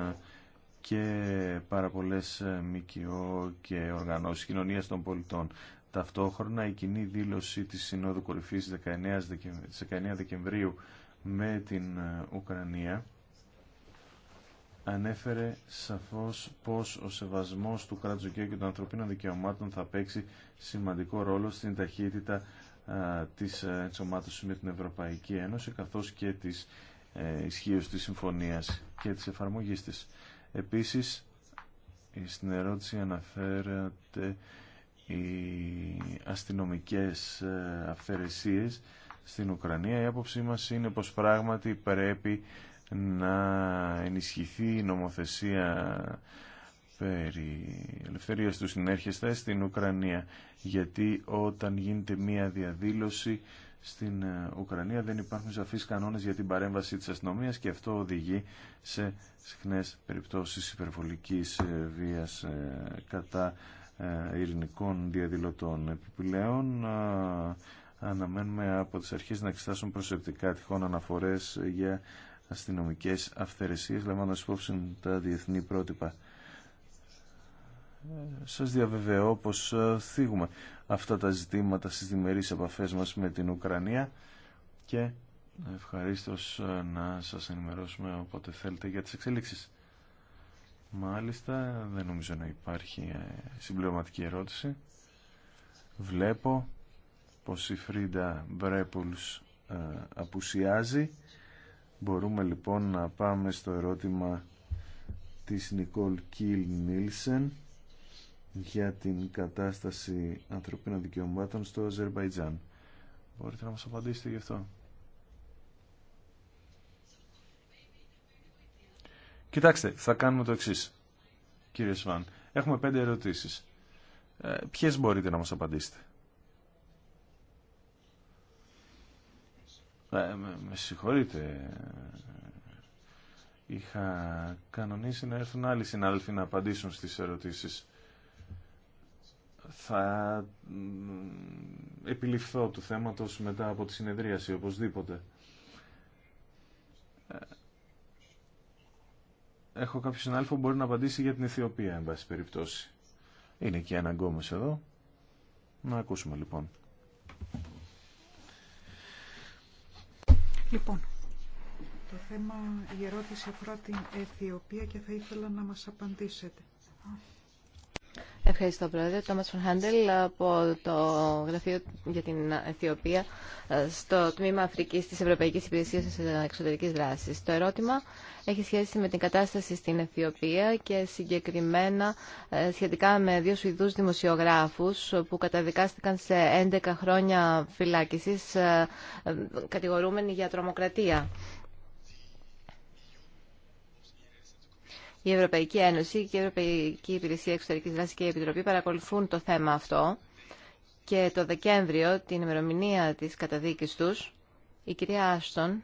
και πάρα πολλές ε, ΜΚΟ και οργανώσεις κοινωνίας των πολιτών. Ταυτόχρονα η κοινή δήλωση της Συνόδου Κορυφής 19 Δεκεμβρίου με την ε, Ουκρανία ανέφερε σαφώς πως ο σεβασμός του κράτους και των ανθρωπίνων δικαιωμάτων θα παίξει σημαντικό ρόλο στην ταχύτητα της ε, ενσωμάτωσης με την Ευρωπαϊκή Ένωση καθώς και της ισχύω της συμφωνίας και της εφαρμογής της. Επίσης, στην ερώτηση αναφέρατε οι αστυνομικές ε, αυθαιρεσίες στην Ουκρανία. Η άποψή μας είναι πως πράγματι πρέπει να ενισχυθεί η νομοθεσία περί ελευθερίας του συνέρχεστα στην Ουκρανία γιατί όταν γίνεται μία διαδήλωση στην ε, Ουκρανία δεν υπάρχουν σαφείς κανόνες για την παρέμβαση της αστυνομίας και αυτό οδηγεί σε συχνές περιπτώσεις υπερβολικής ε, βίας ε, κατά ειρηνικών διαδηλωτών. Επιπλέον αναμένουμε από τις αρχές να εξετάσουν προσεκτικά τυχόν αναφορές για αστυνομικές αυθαιρεσίες λαμβάνοντας υπόψη τα διεθνή πρότυπα. Ε, σας διαβεβαιώ πως ε, θίγουμε αυτά τα ζητήματα στις διμερείς επαφές μας με την Ουκρανία και ευχαρίστω ε, να σας ενημερώσουμε όποτε θέλετε για τις εξελίξεις. Μάλιστα, δεν νομίζω να υπάρχει συμπληρωματική ερώτηση. Βλέπω πως η Φρίντα Μπρέπουλς απουσιάζει. Μπορούμε λοιπόν να πάμε στο ερώτημα της Νικόλ Κιλ Νίλσεν για την κατάσταση ανθρωπίνων δικαιωμάτων στο Αζερβαϊτζάν. Μπορείτε να μας απαντήσετε γι' αυτό. Κοιτάξτε, θα κάνουμε το εξής, κύριε Σβάν. Έχουμε πέντε ερωτήσεις. Ε, ποιες μπορείτε να μας απαντήσετε. Ε, με, με συγχωρείτε. Είχα κανονίσει να έρθουν άλλοι συνάδελφοι να απαντήσουν στις ερωτήσεις θα επιληφθώ του θέματος μετά από τη συνεδρίαση οπωσδήποτε. Ε, έχω κάποιο συνάλφο που μπορεί να απαντήσει για την Αιθιοπία, εν πάση περιπτώσει. Είναι και ένα γκόμες εδώ. Να ακούσουμε λοιπόν. Λοιπόν, το θέμα, η ερώτηση αφορά την Αιθιοπία και θα ήθελα να μας απαντήσετε. Ευχαριστώ, Πρόεδρε. Τόμας Χάντελ, από το Γραφείο για την Αιθιοπία στο Τμήμα Αφρικής της Ευρωπαϊκής Υπηρεσίας Εξωτερική Δράσης. Το ερώτημα έχει σχέση με την κατάσταση στην Αιθιοπία και συγκεκριμένα ε, σχετικά με δύο Σουηδούς δημοσιογράφους που καταδικάστηκαν σε 11 χρόνια φυλάκισης ε, ε, κατηγορούμενοι για τρομοκρατία. Η Ευρωπαϊκή Ένωση και η Ευρωπαϊκή Υπηρεσία Εξωτερικής Δράσης και η Επιτροπή παρακολουθούν το θέμα αυτό και το Δεκέμβριο, την ημερομηνία της καταδίκης τους, η κυρία Άστον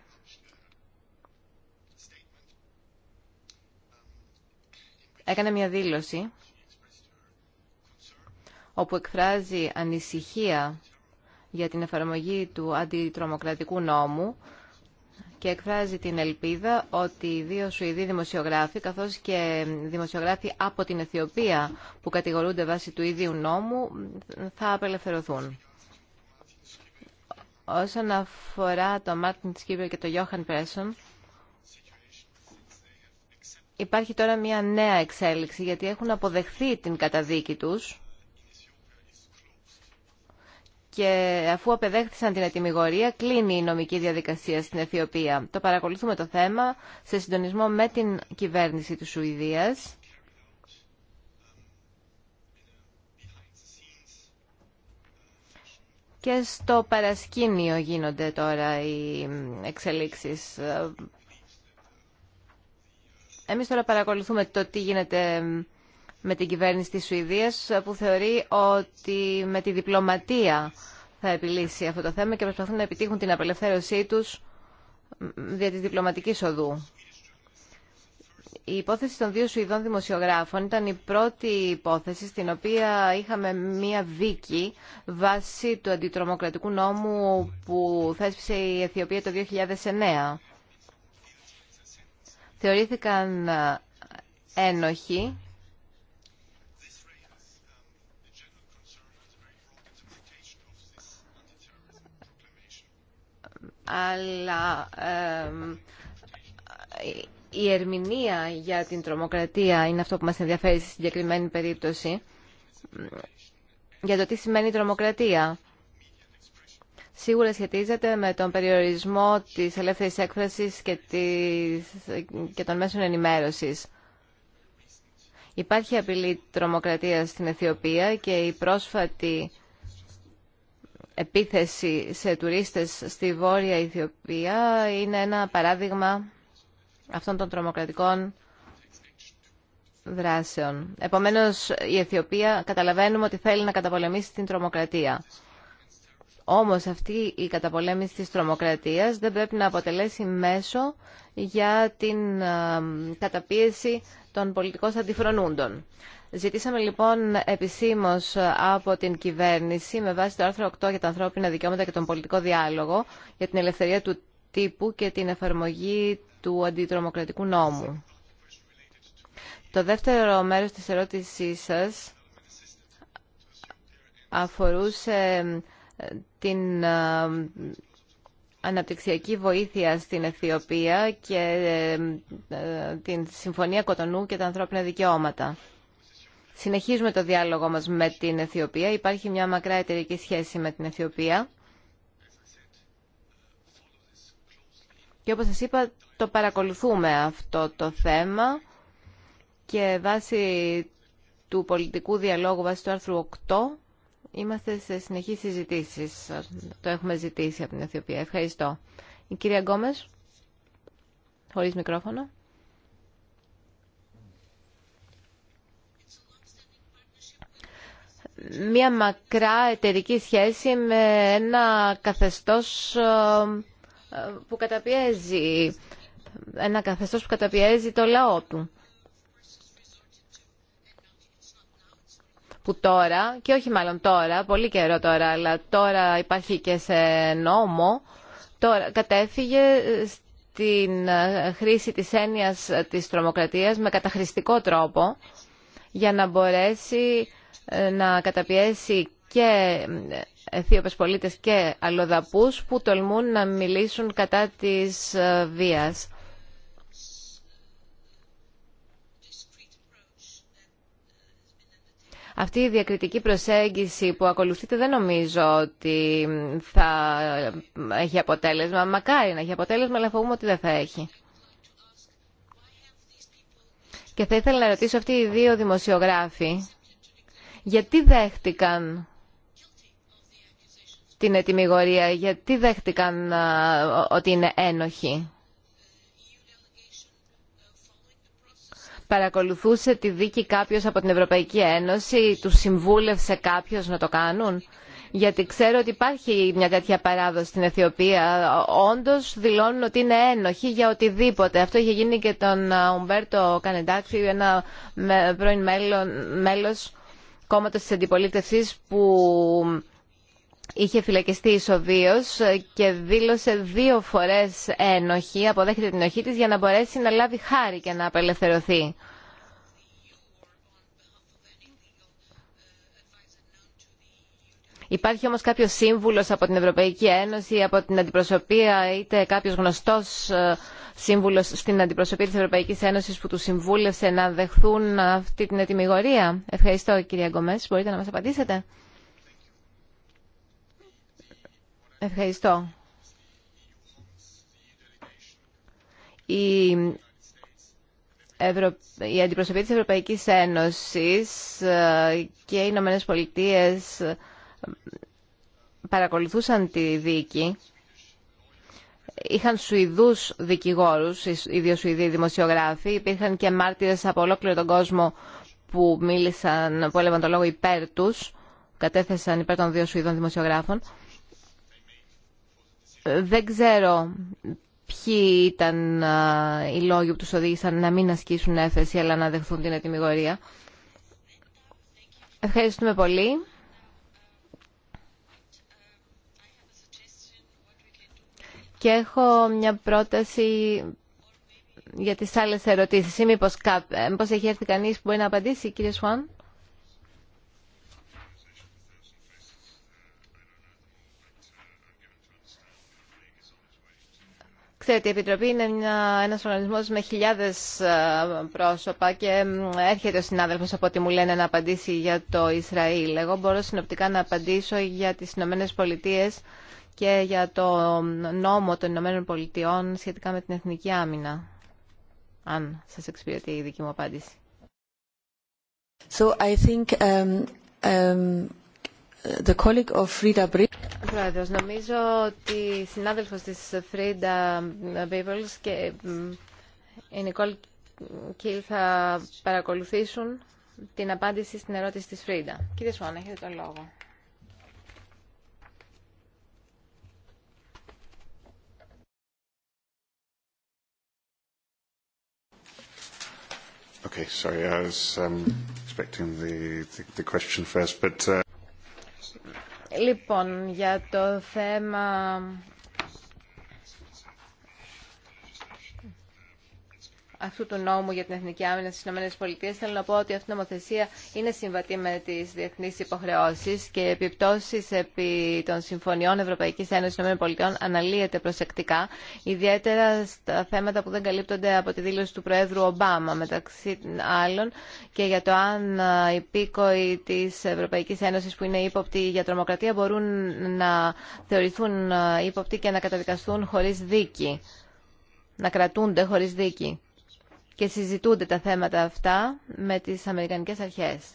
έκανε μια δήλωση όπου εκφράζει ανησυχία για την εφαρμογή του αντιτρομοκρατικού νόμου και εκφράζει την ελπίδα ότι οι δύο Σουηδοί δημοσιογράφοι, καθώς και δημοσιογράφοι από την Αιθιοπία που κατηγορούνται βάσει του ίδιου νόμου, θα απελευθερωθούν. Όσον αφορά το Μάρτιν Τσκίπρο και το Γιώχαν Πρέσον, υπάρχει τώρα μια νέα εξέλιξη, γιατί έχουν αποδεχθεί την καταδίκη τους και αφού απεδέχθησαν την ετοιμιγορία, κλείνει η νομική διαδικασία στην Αιθιοπία. Το παρακολουθούμε το θέμα σε συντονισμό με την κυβέρνηση της Σουηδίας. Και στο παρασκήνιο γίνονται τώρα οι εξελίξεις. Εμείς τώρα παρακολουθούμε το τι γίνεται με την κυβέρνηση της Σουηδίας που θεωρεί ότι με τη διπλωματία θα επιλύσει αυτό το θέμα και προσπαθούν να επιτύχουν την απελευθέρωσή τους δια της διπλωματικής οδού. Η υπόθεση των δύο Σουηδών δημοσιογράφων ήταν η πρώτη υπόθεση στην οποία είχαμε μία δίκη βάσει του αντιτρομοκρατικού νόμου που θέσπισε η Αιθιοπία το 2009. Θεωρήθηκαν ένοχοι αλλά η ερμηνεία για την τρομοκρατία είναι αυτό που μας ενδιαφέρει στη συγκεκριμένη περίπτωση για το τι σημαίνει τρομοκρατία. Σίγουρα σχετίζεται με τον περιορισμό της ελεύθερης έκφρασης και, και των μέσων ενημέρωσης. Υπάρχει απειλή τρομοκρατίας στην Αιθιοπία και η πρόσφατη επίθεση σε τουρίστες στη Βόρεια Ιθιοπία είναι ένα παράδειγμα αυτών των τρομοκρατικών δράσεων. Επομένως, η Αιθιοπία καταλαβαίνουμε ότι θέλει να καταπολεμήσει την τρομοκρατία. Όμως αυτή η καταπολέμηση της τρομοκρατίας δεν πρέπει να αποτελέσει μέσο για την ε, καταπίεση των πολιτικών αντιφρονούντων. Ζητήσαμε λοιπόν επισήμω από την κυβέρνηση με βάση το άρθρο 8 για τα ανθρώπινα δικαιώματα και τον πολιτικό διάλογο για την ελευθερία του τύπου και την εφαρμογή του αντιτρομοκρατικού νόμου. Το δεύτερο μέρος της ερώτησής σας αφορούσε την ε, αναπτυξιακή βοήθεια στην Αιθιοπία και ε, ε, την Συμφωνία Κοτονού και τα ανθρώπινα δικαιώματα. Συνεχίζουμε το διάλογο μας με την Αιθιοπία. Υπάρχει μια μακρά εταιρική σχέση με την Αιθιοπία. Και όπως σας είπα, το παρακολουθούμε αυτό το θέμα και βάσει του πολιτικού διαλόγου, βάσει του άρθρου 8, Είμαστε σε συνεχείς συζητήσει. Το έχουμε ζητήσει από την Αθιοπία. Ευχαριστώ. Η κυρία Γκόμες, χωρίς μικρόφωνο. Μία μακρά εταιρική σχέση με ένα καθεστώς ε, ε, που καταπιέζει ένα καθεστώς που καταπιέζει το λαό του. που τώρα, και όχι μάλλον τώρα, πολύ καιρό τώρα, αλλά τώρα υπάρχει και σε νόμο, τώρα κατέφυγε στην χρήση της έννοιας της τρομοκρατίας με καταχρηστικό τρόπο για να μπορέσει ε, να καταπιέσει και αιθίωπες πολίτες και αλλοδαπούς που τολμούν να μιλήσουν κατά της ε, βίας. Αυτή η διακριτική προσέγγιση που ακολουθείτε δεν νομίζω ότι θα έχει αποτέλεσμα. Μακάρι να έχει αποτέλεσμα, αλλά φοβούμαι ότι δεν θα έχει. Και θα ήθελα να ρωτήσω αυτοί οι δύο δημοσιογράφοι γιατί δέχτηκαν την ετοιμιγορία, γιατί δέχτηκαν ότι είναι ένοχοι. παρακολουθούσε τη δίκη κάποιος από την Ευρωπαϊκή Ένωση, του συμβούλευσε κάποιος να το κάνουν. Γιατί ξέρω ότι υπάρχει μια τέτοια παράδοση στην Αιθιοπία. Όντω δηλώνουν ότι είναι ένοχοι για οτιδήποτε. Αυτό είχε γίνει και τον ε, Ουμπέρτο Κανεντάξη, ένα πρώην μέλο κόμματο τη αντιπολίτευση που είχε φυλακιστεί ισοβίω και δήλωσε δύο φορές ένοχη, αποδέχεται την ενοχή της για να μπορέσει να λάβει χάρη και να απελευθερωθεί. Υπάρχει όμως κάποιος σύμβουλος από την Ευρωπαϊκή Ένωση, από την αντιπροσωπεία, είτε κάποιος γνωστός ε, σύμβουλος στην αντιπροσωπεία της Ευρωπαϊκής Ένωσης που του συμβούλευσε να δεχθούν αυτή την ετοιμιγορία. Ευχαριστώ κυρία Γκομές. Μπορείτε να μας απαντήσετε. Ευχαριστώ. Η, Ευρω... η αντιπροσωπή της Ευρωπαϊκής Ένωσης ε, και οι Ηνωμένε Πολιτείες ε, παρακολουθούσαν τη δίκη. Είχαν Σουηδούς δικηγόρους, οι δύο Σουηδοί δημοσιογράφοι. Υπήρχαν και μάρτυρες από ολόκληρο τον κόσμο που μίλησαν, που έλεγαν το λόγο υπέρ τους, κατέθεσαν υπέρ των δύο Σουηδών δημοσιογράφων. Δεν ξέρω ποιοι ήταν οι λόγοι που τους οδήγησαν να μην ασκήσουν έφεση αλλά να δεχθούν την ετοιμιγορία. Ευχαριστούμε πολύ. Και έχω μια πρόταση για τις άλλες ερωτήσεις ή μήπως, μήπως έχει έρθει κανείς που μπορεί να απαντήσει, κύριε Σουάν. Ξέρετε, η Επιτροπή είναι ένα ένας με χιλιάδες ε, πρόσωπα και έρχεται ο συνάδελφος από ό,τι μου λένε να απαντήσει για το Ισραήλ. Εγώ μπορώ συνοπτικά να απαντήσω για τις Ηνωμένε Πολιτείε και για το νόμο των Ηνωμένων Πολιτειών σχετικά με την εθνική άμυνα. Αν σας εξυπηρετεί η δική μου απάντηση. So I think, um, um... The colleague of Frida Πρόεδρος, νομίζω ότι η συνάδελφος της Φρίντα Beavers και ε, η Νικόλ Κιλ θα παρακολουθήσουν την απάντηση στην ερώτηση της Φρίντα. Κύριε Σουάν, έχετε τον λόγο. Okay, sorry, I was um, expecting the, the, the question first, but... Uh... Λοιπόν, για το θέμα αυτού του νόμου για την εθνική άμυνα στι ΗΠΑ, θέλω να πω ότι αυτή η νομοθεσία είναι συμβατή με τι διεθνεί υποχρεώσει και οι επιπτώσει επί των συμφωνιών Ευρωπαϊκή Ένωση ΗΠΑ αναλύεται προσεκτικά, ιδιαίτερα στα θέματα που δεν καλύπτονται από τη δήλωση του Προέδρου Ομπάμα, μεταξύ άλλων, και για το αν οι πήκοοι τη Ευρωπαϊκή Ένωση που είναι ύποπτοι για τρομοκρατία μπορούν να θεωρηθούν ύποπτοι και να καταδικαστούν χωρί δίκη να κρατούνται χωρί δίκη και συζητούνται τα θέματα αυτά με τις Αμερικανικές αρχές.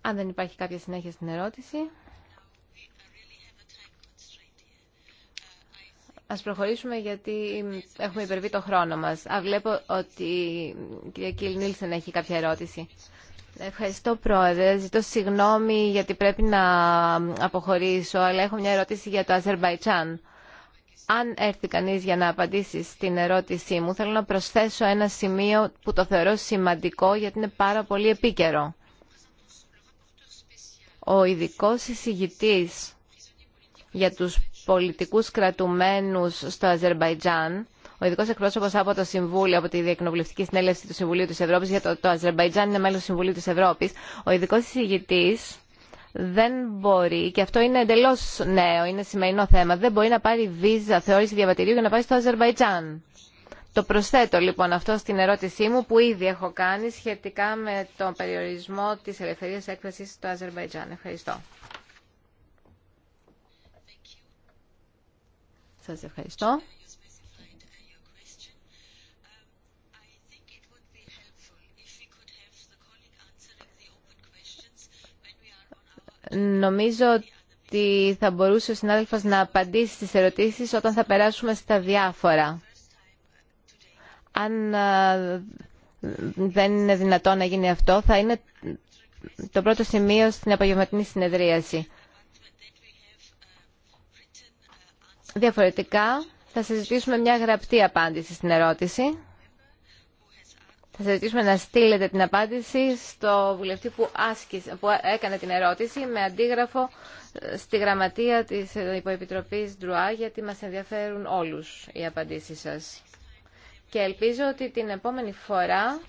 Αν δεν υπάρχει κάποια συνέχεια στην ερώτηση, ας προχωρήσουμε γιατί έχουμε υπερβεί το χρόνο μας. Α, βλέπω ότι η κυρία Κιλ Νίλσεν έχει κάποια ερώτηση. Ευχαριστώ πρόεδρε. Ζητώ συγγνώμη γιατί πρέπει να αποχωρήσω, αλλά έχω μια ερώτηση για το Αζερβαϊτζάν αν έρθει κανείς για να απαντήσει στην ερώτησή μου, θέλω να προσθέσω ένα σημείο που το θεωρώ σημαντικό γιατί είναι πάρα πολύ επίκαιρο. Ο ειδικό εισηγητής για τους πολιτικούς κρατουμένους στο Αζερμπαϊτζάν, ο ειδικό εκπρόσωπος από το Συμβούλιο, από τη Διακοινοβουλευτική Συνέλευση του Συμβουλίου τη Ευρώπη, για το, το είναι μέλο του Συμβουλίου τη Ευρώπη, ο ειδικό εισηγητή δεν μπορεί, και αυτό είναι εντελώ νέο, είναι σημερινό θέμα, δεν μπορεί να πάρει βίζα θεώρηση διαβατηρίου για να πάει στο Αζερβαϊτζάν. Το προσθέτω λοιπόν αυτό στην ερώτησή μου που ήδη έχω κάνει σχετικά με τον περιορισμό της ελευθερίας έκφρασης στο Αζερβαϊτζάν. Ευχαριστώ. Σας ευχαριστώ. Νομίζω ότι θα μπορούσε ο συνάδελφος να απαντήσει στις ερωτήσεις όταν θα περάσουμε στα διάφορα. Αν δεν είναι δυνατό να γίνει αυτό, θα είναι το πρώτο σημείο στην απογευματινή συνεδρίαση. Διαφορετικά, θα συζητήσουμε μια γραπτή απάντηση στην ερώτηση. Θα σα ζητήσουμε να στείλετε την απάντηση στο βουλευτή που, άσκησε, που έκανε την ερώτηση με αντίγραφο στη γραμματεία της Υποεπιτροπής Ντρουά γιατί μας ενδιαφέρουν όλους οι απαντήσεις σας. Και ελπίζω ότι την επόμενη φορά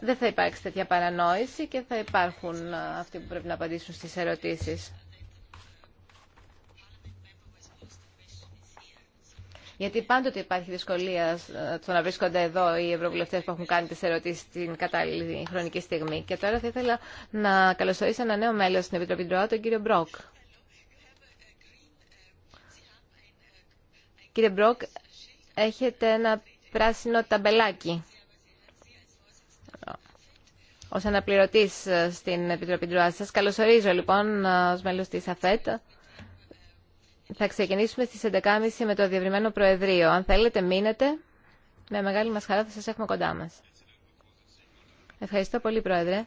δεν θα υπάρξει τέτοια παρανόηση και θα υπάρχουν αυτοί που πρέπει να απαντήσουν στις ερωτήσεις. Γιατί πάντοτε υπάρχει δυσκολία στο ε, να βρίσκονται εδώ οι ευρωβουλευτέ που έχουν κάνει τι ερωτήσει στην κατάλληλη χρονική στιγμή. Και τώρα θα ήθελα να καλωσορίσω ένα νέο μέλο στην Επιτροπή Ντροά, τον κύριο Μπροκ. Κύριε Μπροκ, έχετε ένα πράσινο ταμπελάκι ως αναπληρωτής ε, στην Επιτροπή Τρουάς. Σας καλωσορίζω λοιπόν ε, ως μέλος της ΑΦΕΤ. Θα ξεκινήσουμε στις 11.30 με το διευρυμένο Προεδρείο. Αν θέλετε, μείνετε. Με μεγάλη μας χαρά θα σας έχουμε κοντά μας. Ευχαριστώ πολύ, Πρόεδρε.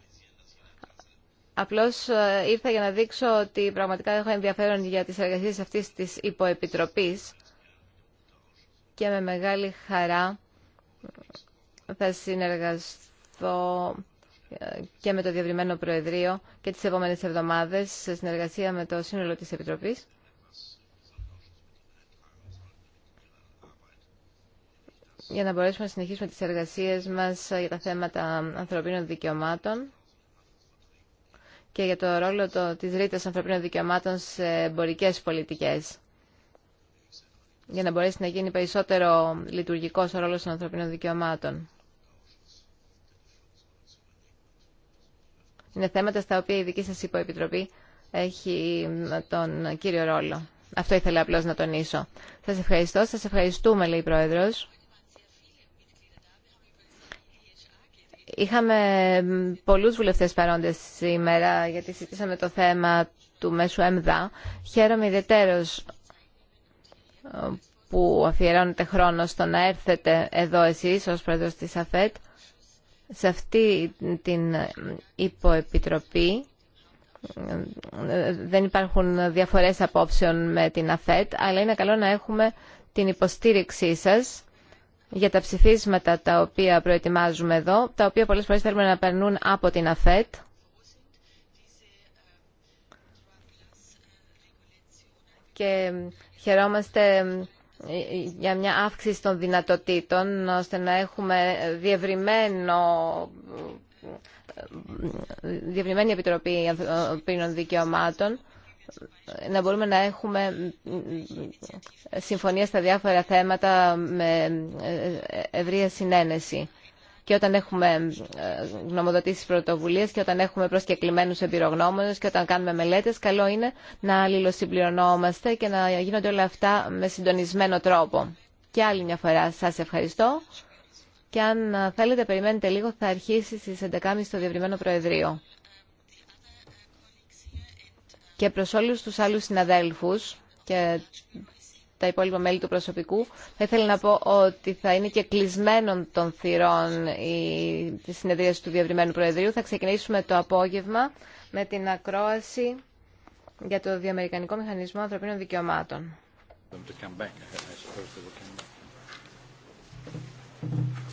Απλώς ε, ήρθα για να δείξω ότι πραγματικά έχω ενδιαφέρον για τις εργασίες αυτής της υποεπιτροπής και με μεγάλη χαρά ε, θα συνεργαστώ ε, και με το Διευρυμένο Προεδρείο και τις επόμενες εβδομάδες σε συνεργασία με το σύνολο της Επιτροπής. για να μπορέσουμε να συνεχίσουμε τις εργασίες μας ε, για τα θέματα ανθρωπίνων δικαιωμάτων και για το ρόλο το, της ρήτας ανθρωπίνων δικαιωμάτων σε εμπορικέ πολιτικές για να μπορέσει να γίνει περισσότερο λειτουργικός ο ρόλος των ανθρωπίνων δικαιωμάτων. Είναι θέματα στα οποία η δική σας υποεπιτροπή έχει ε, τον κύριο ρόλο. Αυτό ήθελα απλώς να τονίσω. Σας ευχαριστώ. Σας ευχαριστούμε, λέει η Πρόεδρος. Είχαμε πολλούς βουλευτές παρόντες σήμερα γιατί συζητήσαμε το θέμα του μέσου ΕΜΔΑ. Χαίρομαι ιδιαίτερως ε, που αφιερώνετε χρόνο στο να έρθετε εδώ εσείς ως πρόεδρος της ΑΦΕΤ σε αυτή την υποεπιτροπή. Ε, δεν υπάρχουν διαφορές απόψεων με την ΑΦΕΤ, αλλά είναι καλό να έχουμε την υποστήριξή σας για τα ψηφίσματα τα οποία προετοιμάζουμε εδώ, τα οποία πολλές φορές θέλουμε να περνούν από την ΑΦΕΤ. Και χαιρόμαστε για μια αύξηση των δυνατοτήτων, ώστε να έχουμε διευρυμένο διευρυμένη Επιτροπή Ανθρωπίνων Δικαιωμάτων να μπορούμε να έχουμε συμφωνία στα διάφορα θέματα με ευρεία συνένεση. Και όταν έχουμε ε, γνωμοδοτήσει πρωτοβουλίε και όταν έχουμε προσκεκλημένους εμπειρογνώμονε και όταν κάνουμε μελέτες, καλό είναι να αλληλοσυμπληρωνόμαστε και να γίνονται όλα αυτά με συντονισμένο τρόπο. Και άλλη μια φορά σας ευχαριστώ. Και αν θέλετε, περιμένετε λίγο, θα αρχίσει στις 11.30 το διευρυμένο Προεδρείο και προς όλους τους άλλους συναδέλφους και τα υπόλοιπα μέλη του προσωπικού, θα ήθελα να πω ότι θα είναι και κλεισμένων των θυρών η συνεδρίαση του Διευρυμένου Προεδρίου. Θα ξεκινήσουμε το απόγευμα με την ακρόαση για το Διαμερικανικό Μηχανισμό Ανθρωπίνων Δικαιωμάτων.